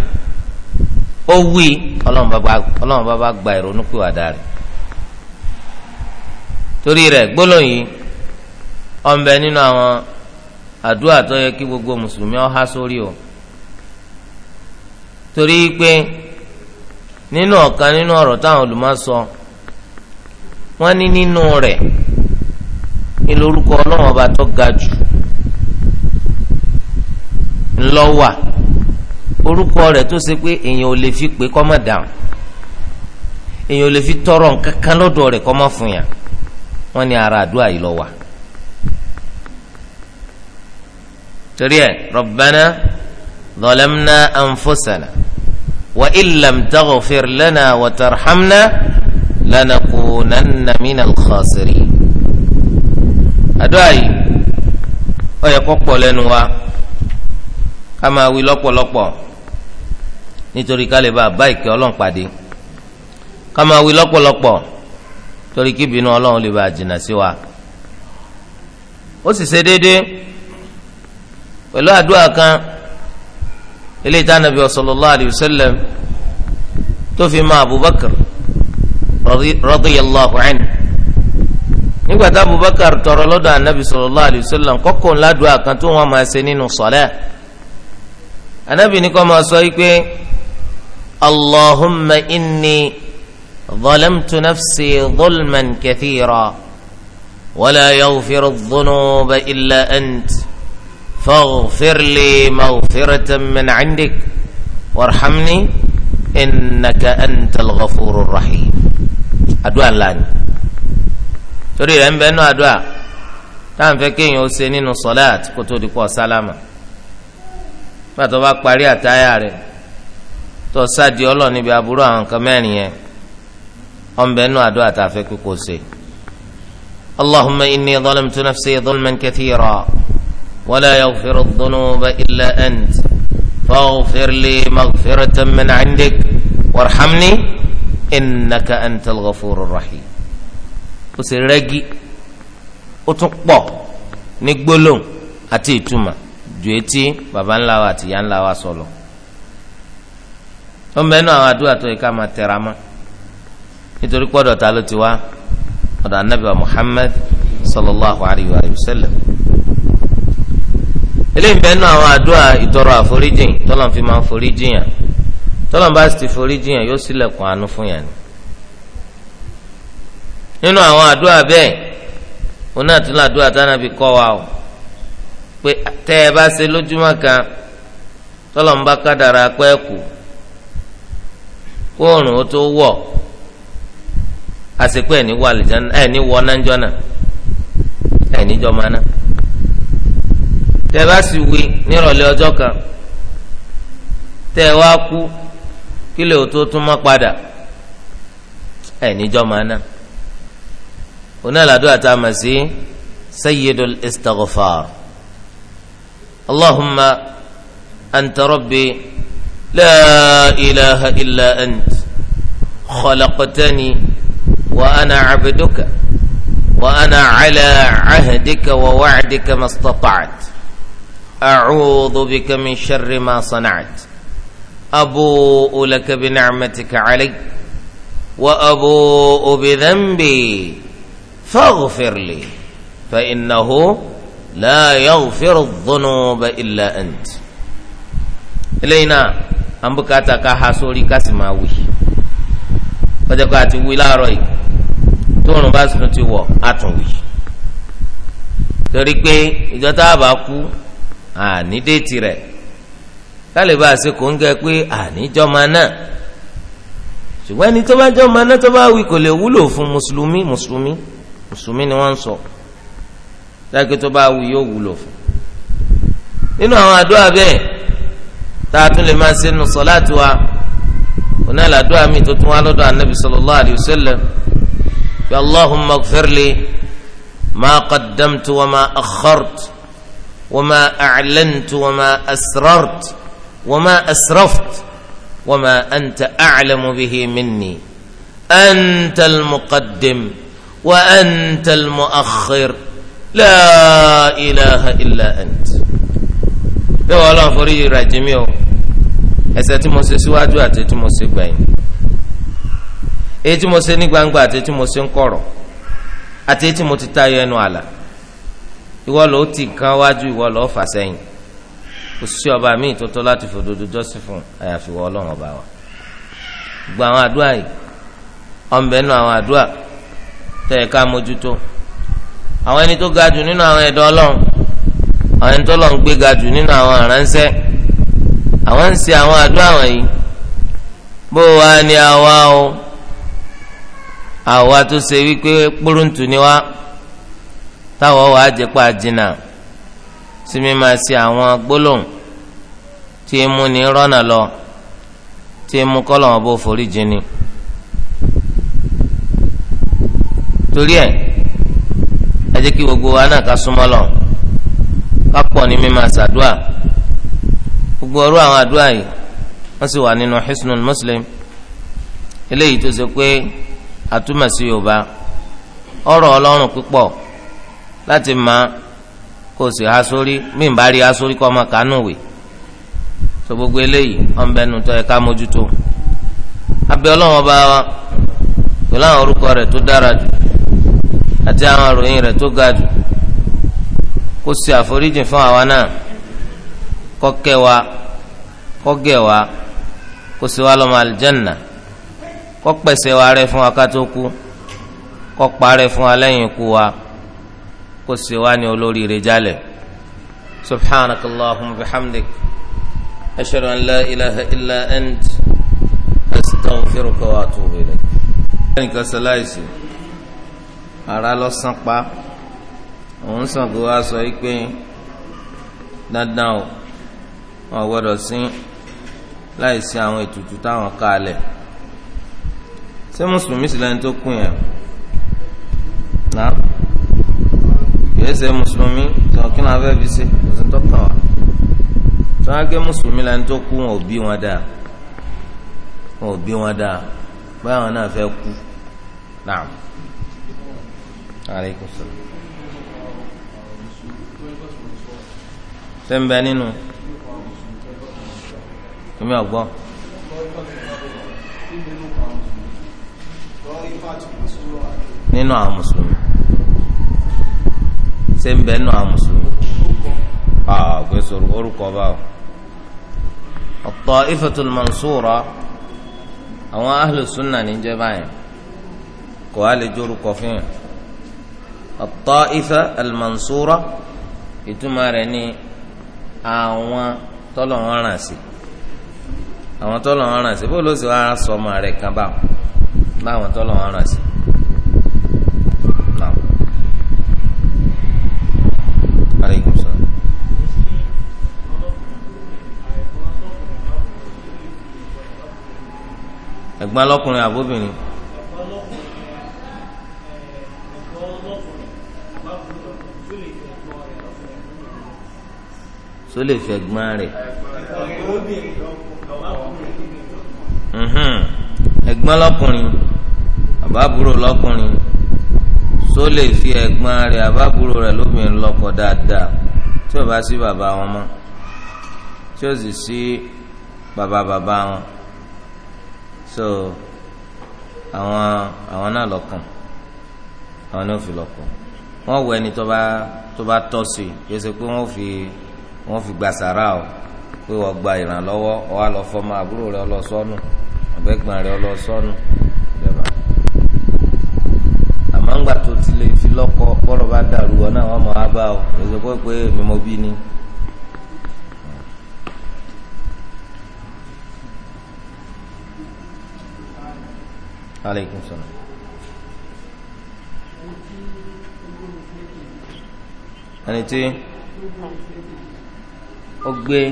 ó wí ọlọ́run bá bá gba ìrònúpìwàdà rẹ̀ torí rẹ̀ gbólóhùn yìí ọ̀nbẹ nínú àwọn àdúrà tó yẹ kí gbogbo mùsùlùmí ó sórí o. torí pé nínú ọ̀kan nínú ọ̀rọ̀ táwọn olùmọ̀ sọ wọ́n ní nínú rẹ̀ ní lórúkọ ọlọ́wọ́n ọba tó ga jù ńlọ́wà orúkọ rẹ̀ tó ṣe pé èèyàn ò lè fi pé kó má dáhùn èèyàn ò lè fi tọrọ nǹkan lọ́dọ̀ rẹ̀ kó má fún yàn wọ́n ní ara àdúrà yìí lọ́wà torí ẹ̀ Rabbana. ظلمنا أنفسنا وإن لم تغفر لنا وترحمنا لنكونن من الخاسرين أدعي ويقوق لنوا كما ولوق ولوق nítorí ká lè bá bá ìkẹ́ ọlọ́run pàdé ká máa wí lọ́pọ̀lọpọ̀ torí kí ìbínú ọlọ́run lè bá jìnnà sí wa. ó sì ṣe déédéé pẹ̀lú àdúrà kan eléyìí tá nàbí sallallahu alayhi wa sallam tó fi mọ́ abubakar radiyallahu anhu nígbà tá abubakar tọrọ lọ́dọ̀ anabi sallallahu alayhi wa sallam kọ́kọ́ ńlá dùn àkàn tó wọn máa ṣe nínú sọlẹ anabi ní kó máa sọ yìí allahumma inni ظلمت نفسي ظلما كثيرا ولا يغفر الذنوب إلا أنت فاغفر لي مغفرة من عندك وارحمني إنك أنت الغفور الرحيم أدعو لان تريد أن بأنه أدعو تان فكين يوسينين الصلاة كتو دي قوة سلامة فتباك باريا تاياري تو سادي الله نبي أبرو عن كماني أم بأنه أدعو تافك كوسي اللهم إني ظلمت نفسي ظلما كثيرا ولا يغفر الذنوب إلا أنت فاغفر لي مغفرة من عندك وارحمني إنك أنت الغفور الرحيم وسيرجي وتقبع نقبلون أتي توما جويتي بابا ńlá wa àti ìyá ńlá wa sọlọ ó mẹ́nu àwọn àdúrà tó yẹ ká máa tẹra mọ́ nítorí pọ́dọ̀ ta ló ti wá ọ̀dọ̀ anábìá Muhammad sallallahu alayhi wa sallam. eléyìí bẹ́ẹ̀ nú àwọn àdúrà ìtọrọ àforíjìn tọ́lọ̀ fi máa ń foríjìn yàn tọ́lọ̀ bá sì ti foríjìn yàn yóò àánú fún yàn ni nínú àwọn àdúrà bẹ́ẹ̀ òun náà kọ́ wa o pé tẹ́ ẹ bá ṣe lójúmọ́ kan tọ́lọ̀ ń tẹ́ bá sì wí nírọ̀lẹ́ ọjọ́ kan tẹ́ wá kú kílẹ̀ ò tó tún mọ́ padà ẹ̀ níjọ́ máa ná onílàdúrà tá a mọ̀ sí sayyidul istaghfar allahumma anta rabbi la ilaha illa ant khalaqtani wa ana abduka wa ana ala ahdika wa wa'dika ma أعوذ بك من شر ما صنعت أبوء لك بنعمتك علي وأبوء بذنبي فاغفر لي فإنه لا يغفر الذنوب إلا أنت إلينا أم بكاتا كاها سوري كاسماوي فجأة كاتي لاروي tóorùn bá sùn ti wọ̀ àtúnwì torí pé ìjọ tá kú àní déètì rẹ̀ tálíbà ṣe kò ń gẹ pé àníjọ́mọ náà ṣùgbọ́n ẹni tó bá jọ́mọ náà tó bá wí kò lè wúlò fún mùsùlùmí mùsùlùmí mùsùlùmí ni wọ́n ń sọ dáké tó bá wí yóò wúlò fún nínú àwọn àdúrà bẹ́ẹ̀ tá a tún lè máa ṣe nù sọ́láàtì wa òun náà làdúrà tó tún wá lọ́dọ̀ ànábì sallallahu alayhi wa sallam bí allahumma ighfir li ma qaddamtu wa ma akhartu wama a'lantu wama asrart wama asraft wama anta a'lamu bihi minni anta almuqaddim wa anta almuakhir la ilaha illa ant. bí wọ́n lọ́n forí ra jẹ́mi o ẹ̀ṣẹ̀ tí mo ṣe síwájú àti tí mo ṣe gbẹ̀yìn èyí tí mo ṣe ní gbangba àti tí mo ṣe ń kọ̀rọ̀ àti èyí tí mo ti tayọ ẹnu àlà ìwọ ló ti kan wájú ìwọ ló fà sẹ́yìn kò sí ọba míì tó tọ́ láti fòdodo jọ́sìn fún àyàfi ìwọ ọlọ́run ọba wa gba àwọn àdúrà yìí ọ̀nbẹ nù àwọn àdúrà tẹ̀ ká mójútó àwọn ẹni tó ga jù nínú àwọn ẹ̀dọ́ ọlọ́run àwọn ẹni tó lọ́n gbé ga jù nínú àwọn aránṣẹ́ àwọn ń ṣe àwọn àdúrà wọ̀nyí bó wa ni àwa o àwa tó ṣe wípé kpóròǹtù ni wa táwọn wàá jẹ pa jìnnà sí mímá sí àwọn gbólóhùn tí ń mú ni rọ́nà lọ tí ń mú kọ́lọ́wọ́n bó forí jìnnì. torí ẹ ẹ jẹ́ kí gbogbo wa náà ká súnmọ́ lọ ká pọ̀ ní mímá ṣàdúà gbogbo ọrú àwọn àdúà yìí wọ́n sì wà nínú Hisnul Muslim eléyìí tó ṣe pé àtúmọ̀ sí Yorùbá ọ̀rọ̀ Ọlọ́run púpọ̀ láti máa kó o sì há sórí mí n bá rí há sórí kọ́ ọmọ kánú wè so gbogbo eléyìí ọ̀n bẹnu tó yẹ ká mójútó abẹ́ ọlọ́run ọba wa pẹ̀lú àwọn orúkọ rẹ̀ tó dára jù àti àwọn àròyìn rẹ̀ tó ga jù kó ṣe àforíjìn fún àwa náà kó kẹ́ wa kó gẹ̀ wa kó ṣe wa lọ́mọ àlìjẹ́nà kó pèsè wa rẹ̀ fún wa ká tó kú kó parẹ́ fún wa lẹ́yìn ikú wa kó sì wá ní olóríire jálẹ̀ subhanaka allahumma bihamdik ashhadu an la ilaha illa ant astaghfiruka wa atubu ilayk. ẹnìkan ṣaláìsì ara lọ sán pa òun sàn kó wá sọ yìí dandan o wọn gbọ́dọ̀ sín láì àwọn ètùtù táwọn ká alẹ̀ ṣé mùsùlùmí sì tó kù yẹn kìí ṣe mùsùlùmí tó kí náà fẹ́ fi kàn wá mùsùlùmí la ní tó kú wọn ò bí wọn dáa wọn ò bí wọn dáa náà fẹ́ ṣé ń bẹ nù àwọn mùsùlùmí ọ̀gbìn sọ̀rọ̀ orúkọ báwò at-Ta'ifatul Mansura àwọn ahlu sunna níjẹ́ báyìí kò á lè jórúkọ fún yàn at-Ta'ifa al-Mansura ìtumọ̀ rẹ̀ ni àwọn tọ́lọ̀ wọn ràn sí àwọn tọ́lọ̀ wọn ràn sí bó ló sì wá sọ ọmọ kan báwọn báwọn tọ́lọ̀ wọn ràn sí. ẹ̀gbọ́n lọ́kùnrin àbóbìnrin. tó lè fẹ́ gbọ́n rẹ̀. ẹ̀gbọ́n lọ́kùnrin àbábúrò lọ́kùnrin tó lè fi ẹ̀gbọ́n rẹ̀ àbábúrò rẹ̀ lóbìnrin lọ́kọ dáadáa tí ò bá sí bàbá wọn mọ́ tí ó sì sí bàbá bàbá wọn so àwọn àwọn náà lọ́kàn àwọn náà fi lọ́kàn wọ́n wọ ẹni tó bá tó bá tọ́ sí yóò ṣe pé wọ́n fi wọ́n fi gba sàrà o pé wọ́n gba ìrànlọ́wọ́ ọ̀hà lọ fọmọ àbúrò rẹ̀ lọ sọ́nù ọ̀gbẹ́gbọ̀n rẹ̀ lọ sọ́nù àmọ́ ńgbà tó ti lè fi lọ́kọ bọ́lọ̀ bá dàrú ọ náà wọ́n mọ̀ bá o èso pé pé mi mo bí ni. ওয়ালাইকুম সালাম ẹni tí ó gbé ẹ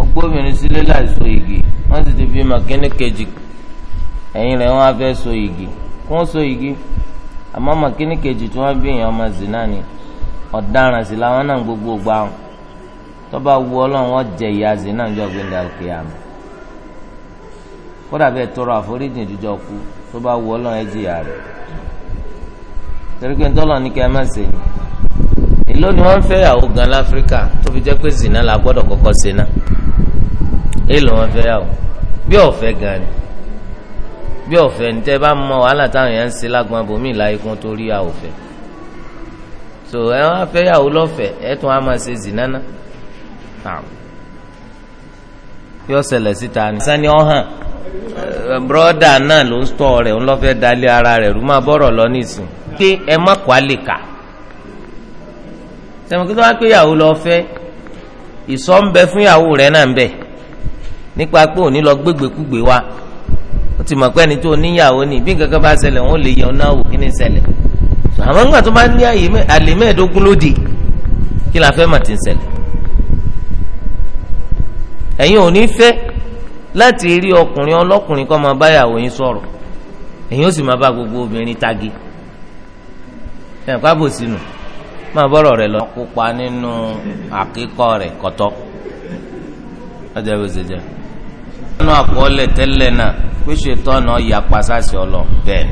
ọgbọ́bìnrin sílé láìsọ igi wọ́n sì ti fi kejì á so igi so igi kejì tí bí èèyàn ọmọ ọ̀daràn sí làwọn náà gbogbo gbà wọn tọ́ba wu ọlọ́run wọn jẹ ìyà náà jọ gbé ndàlù kódà bẹ́ẹ̀ tọrọ àforíjì jíjọ kú tọ́ba wu ọlọ́run ẹ jìyà rẹ̀ torí ntọ́lọ̀ ni èló ni wọ́n fẹ́ yàwó gan láfíríkà tó la gbọ́dọ̀ kọ́kọ́ ná èló wọ́n fẹ́ yàwó bí ọ̀fẹ́ gan ni bí ọ̀fẹ́ bá mọ wàhálà táwọn yẹn ń ìlà so ẹ wọn afẹ́yàwó lọfẹ ẹ tún wọn máa ṣe zinana yọ ṣẹlẹ̀ síta ni sani ọ̀hàn broda náà ló ń tọ́ rẹ̀ ń ara rú máa lọ nísìn pé ẹ má kó kà sẹ́mi wá pé lọ fẹ́ ń bẹ fún ìyàwó rẹ̀ náà ń bẹ nípa pé òní lọ gbégbékúgbé wa ó ti mọ̀ pé ẹni àmọ́ ńgbà tó bá ní àyè àlè mẹ́ẹ̀ẹ́dógún lóde kí la fẹ́ mà ti ń ṣẹlẹ̀ ẹ̀yin ò ní fẹ́ láti rí ọkùnrin ọlọ́kùnrin kọ́ máa báyàwó yín sọ̀rọ̀ ẹ̀yin ó sì máa bá gbogbo obìnrin tagi ẹ̀ ká sínú máa bọ́rọ̀ rẹ̀ lọ kópa nínú àkíkọ́ rẹ̀ kọ́tọ́ ọjọ́ ìwé ṣe jẹ́ nínú àkọọ́lẹ̀ tẹ́lẹ̀ náà pé ọlọ bẹ́ẹ̀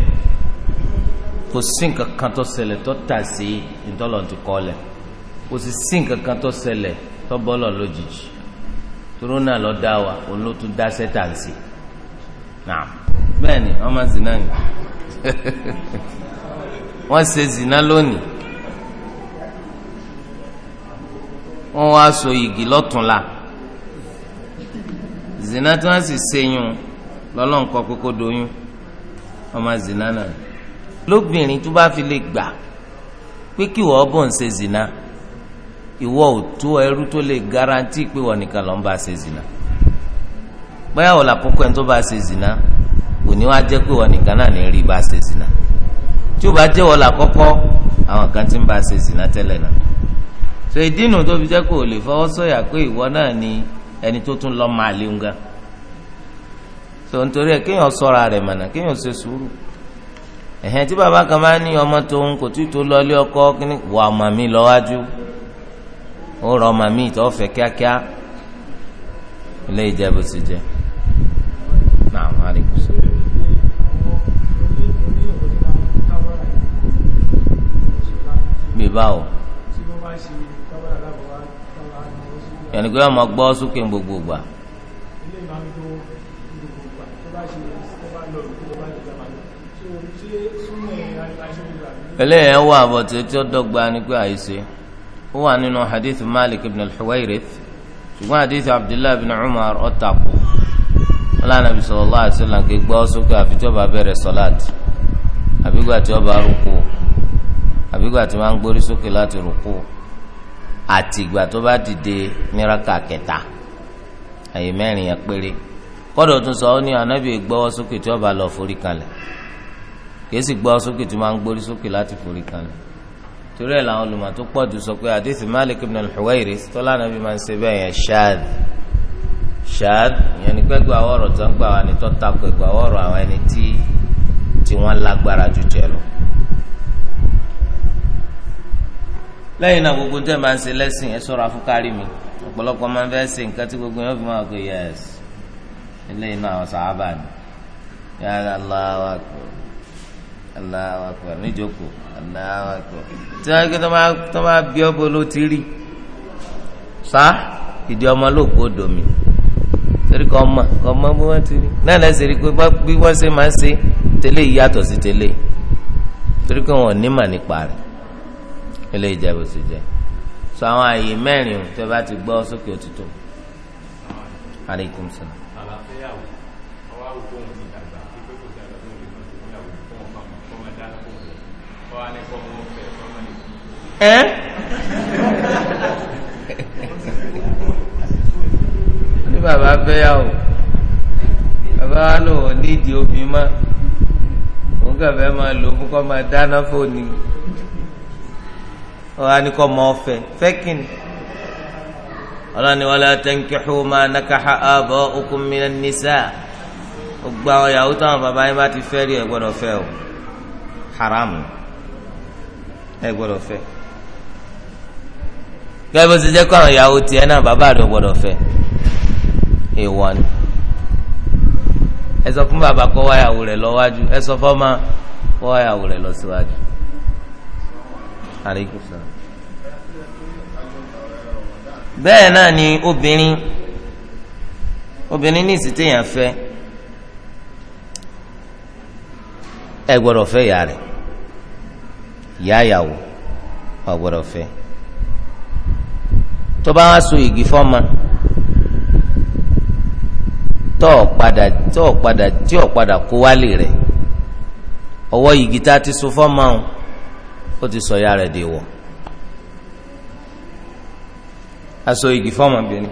kò sí nǹkan kan tó ṣẹlẹ̀ tó tà sí ìtọ́lọ̀ ti kò sì sí nǹkan kan tó ṣẹlẹ̀ tó bọ́lọ̀ lójijì náà lọ dá wa òun ló tún dá ni wọ́n máa zina wọ́n zina lónìí wọ́n wá so igi lọ́túnla zina tí wọ́n sì ṣe yún lọ́lọ́nkọ́ pé kó doyún wọ́n zina náà. lóbìnrin tó bá fi lè gbà pé kí wọ́n bọ̀ ń ṣe zina ìwọ ò tó ẹrú lè garanti pé wọ́n nìkan lọ́n bá ṣe zina báyà wọ́n là kókó ẹni tó bá ṣe zina kò ní wá jẹ́ pé wọ́n nìkan náà ní rí bá ṣe zina tí ó bá jẹ́ wọ́n là kọ́kọ́ àwọn kan ti ń bá ṣe zina tẹ́lẹ̀ náà so ìdínú tó fi jẹ́ kó o lè fọwọ́ sọ̀yà pé ìwọ ẹ̀hẹ́n tí bàbá kan máa ní ọmọ tóun kò tí tó ọkọ kíní wọ ọmọ mi lọ́wájú ó rọ mi ìtọ́ fẹ́ kíákíá ilé jẹ́ náà wọ́n á bíbá eléyìí wà àbọ̀tí tí ó dọ́gba ni pé àìsè ó wà nínú hadith malik ibn al-huwayrith ṣùgbọ́n hadith abdullahi ibn umar ọ̀tàkù ọlọ́run àbí nke alaihi wasallam kì í gbọ́ sókè àfi tí ó bá bẹ̀rẹ̀ sọ́láàt àbígbà tí ó bá rúkú àbígbà tí wọ́n á ń gbórí sókè láti rúkú àti ìgbà tó bá dìde kẹta àyè mẹ́rin yẹn péré kọ́dọ̀ tún sọ ní sókè tí kìí sì gbọ́ sókè tó máa ń gbórí sókè láti forí kanlẹ̀ torí ẹ̀ làwọn olùmọ̀ tó pọ̀ jù sọ pé àdéhùn Malik ibn al-Huwairi tọ́lá nàbí máa ń ṣe bẹ́ẹ̀ yẹn ṣáàd ṣáàd ìyẹn ni pé gbà ọ̀rọ̀ tó ń gbà wá ní tó takò ìgbà ọ̀rọ̀ àwọn ẹni tí tí wọ́n lágbára jù jẹ lọ. lẹ́yìn náà gbogbo tẹ́ máa ń ṣe lẹ́sìn ẹ sọ̀rọ̀ afúkárí mi ọ̀pọ̀lọpọ̀ máa ń fẹ́ ṣe nǹkan tí gbogbo yẹn fi máa gbé yẹ́s eléyìí náà àwọn sàábà ni yàrá aláwọ̀ Allahu Akbar níjókòó Allahu Akbar tí wọ́n ké tó máa bí ọ́bọ ló ti rí sá ìdí ọmọ ló kó domi torí kọ́ ọmọ kọ́ ọmọ bí wọ́n ti rí náà lẹ́sẹ̀ rí pé bí wọ́n ṣe máa ń ṣe tẹ́lẹ̀ yàtọ̀ sí tẹ́lẹ̀ torí pé wọn ò ní mà nípa rẹ̀ ilé ìjẹ́bù sì jẹ́ sọ àwọn àyè mẹ́rin tó bá ti gbọ́ sókè òtítọ́ aleykum salaam. ẹ́ eh? ní bàbá bẹ́yàwó bàbá náà nídìí omi mọ́ òun kàfẹ́ máa lò ó kọ́ máa dáná fóònù ọ̀hà ni kọ́ máa fẹ́ fẹ́kìn ọlọ́ni wala tankihu ma nakaha aba'ukum minan nisa gbogbo àwọn yahoo táwọn bàbá yín bá ti fẹ́ rí ẹ̀ gbọ́dọ̀ fẹ́ o haram. ẹ gbọ́dọ̀ fẹ́ bó ṣe jẹ́ kó àwọn ìyàwó tiẹ̀ náà bàbá rẹ̀ gbọ́dọ̀ waya èèwọ̀ ni ẹ sọ fún bàbá kó wáyàwó lọ ẹ sọ fún ọmọ kó lọ bẹ́ẹ̀ náà ni obìnrin obìnrin ní ìyá ìyàwó ọ̀gbọ́dọ̀ fẹ́ tó bá wá so igi fọ́mọ tó ọ̀ padà tó ọ̀ padà tí ọ̀ padà kó wálé rẹ̀ ọwọ́ igi tá a ti so fọ́mọ o ó ti sọ ya rẹ̀ dè wọ̀ aso igi fọ́mọ bìnrin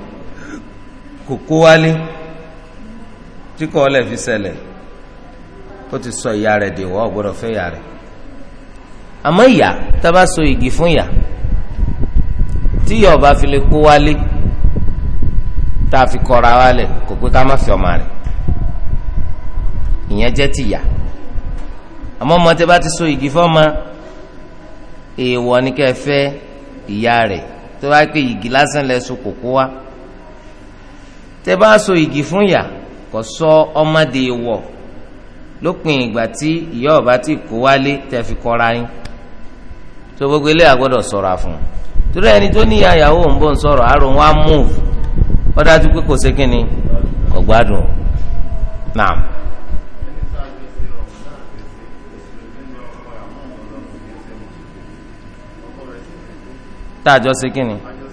kò kó wálé tí kò ọ fi ṣẹlẹ̀ ó ti sọ ìyá rẹ̀ dè wọ̀ ọ̀ gbọ́dọ̀ fẹ́ ìyá àmọ́ ìyá tá a bá so igi fún ìyá tí ìyá ọba fi lè kó wálé tá a fi kọra wálẹ̀ kò pé ká má fi ọmọ rẹ̀ ìyẹn jẹ́ ti ìyá àmọ́ ọmọ tẹ bá ti so igi fọ́mọ èèwọ̀ ni kẹ́ fẹ́ ìyá rẹ̀ tó bá pé igi lásán lẹ so kòkó wa tẹ bá so igi fún ìyá kò sọ ọmọdé wọ̀ lópin ìgbà tí ìyá ọba ti kó wálé tẹ fi kọra yín. tó gbogbo ilé àgbọ́dọ̀ sọ̀rọ̀ àfún torí ẹni tó ní ìyàwó ń bọ̀ ń àrò wọn á move ó dájú pé kò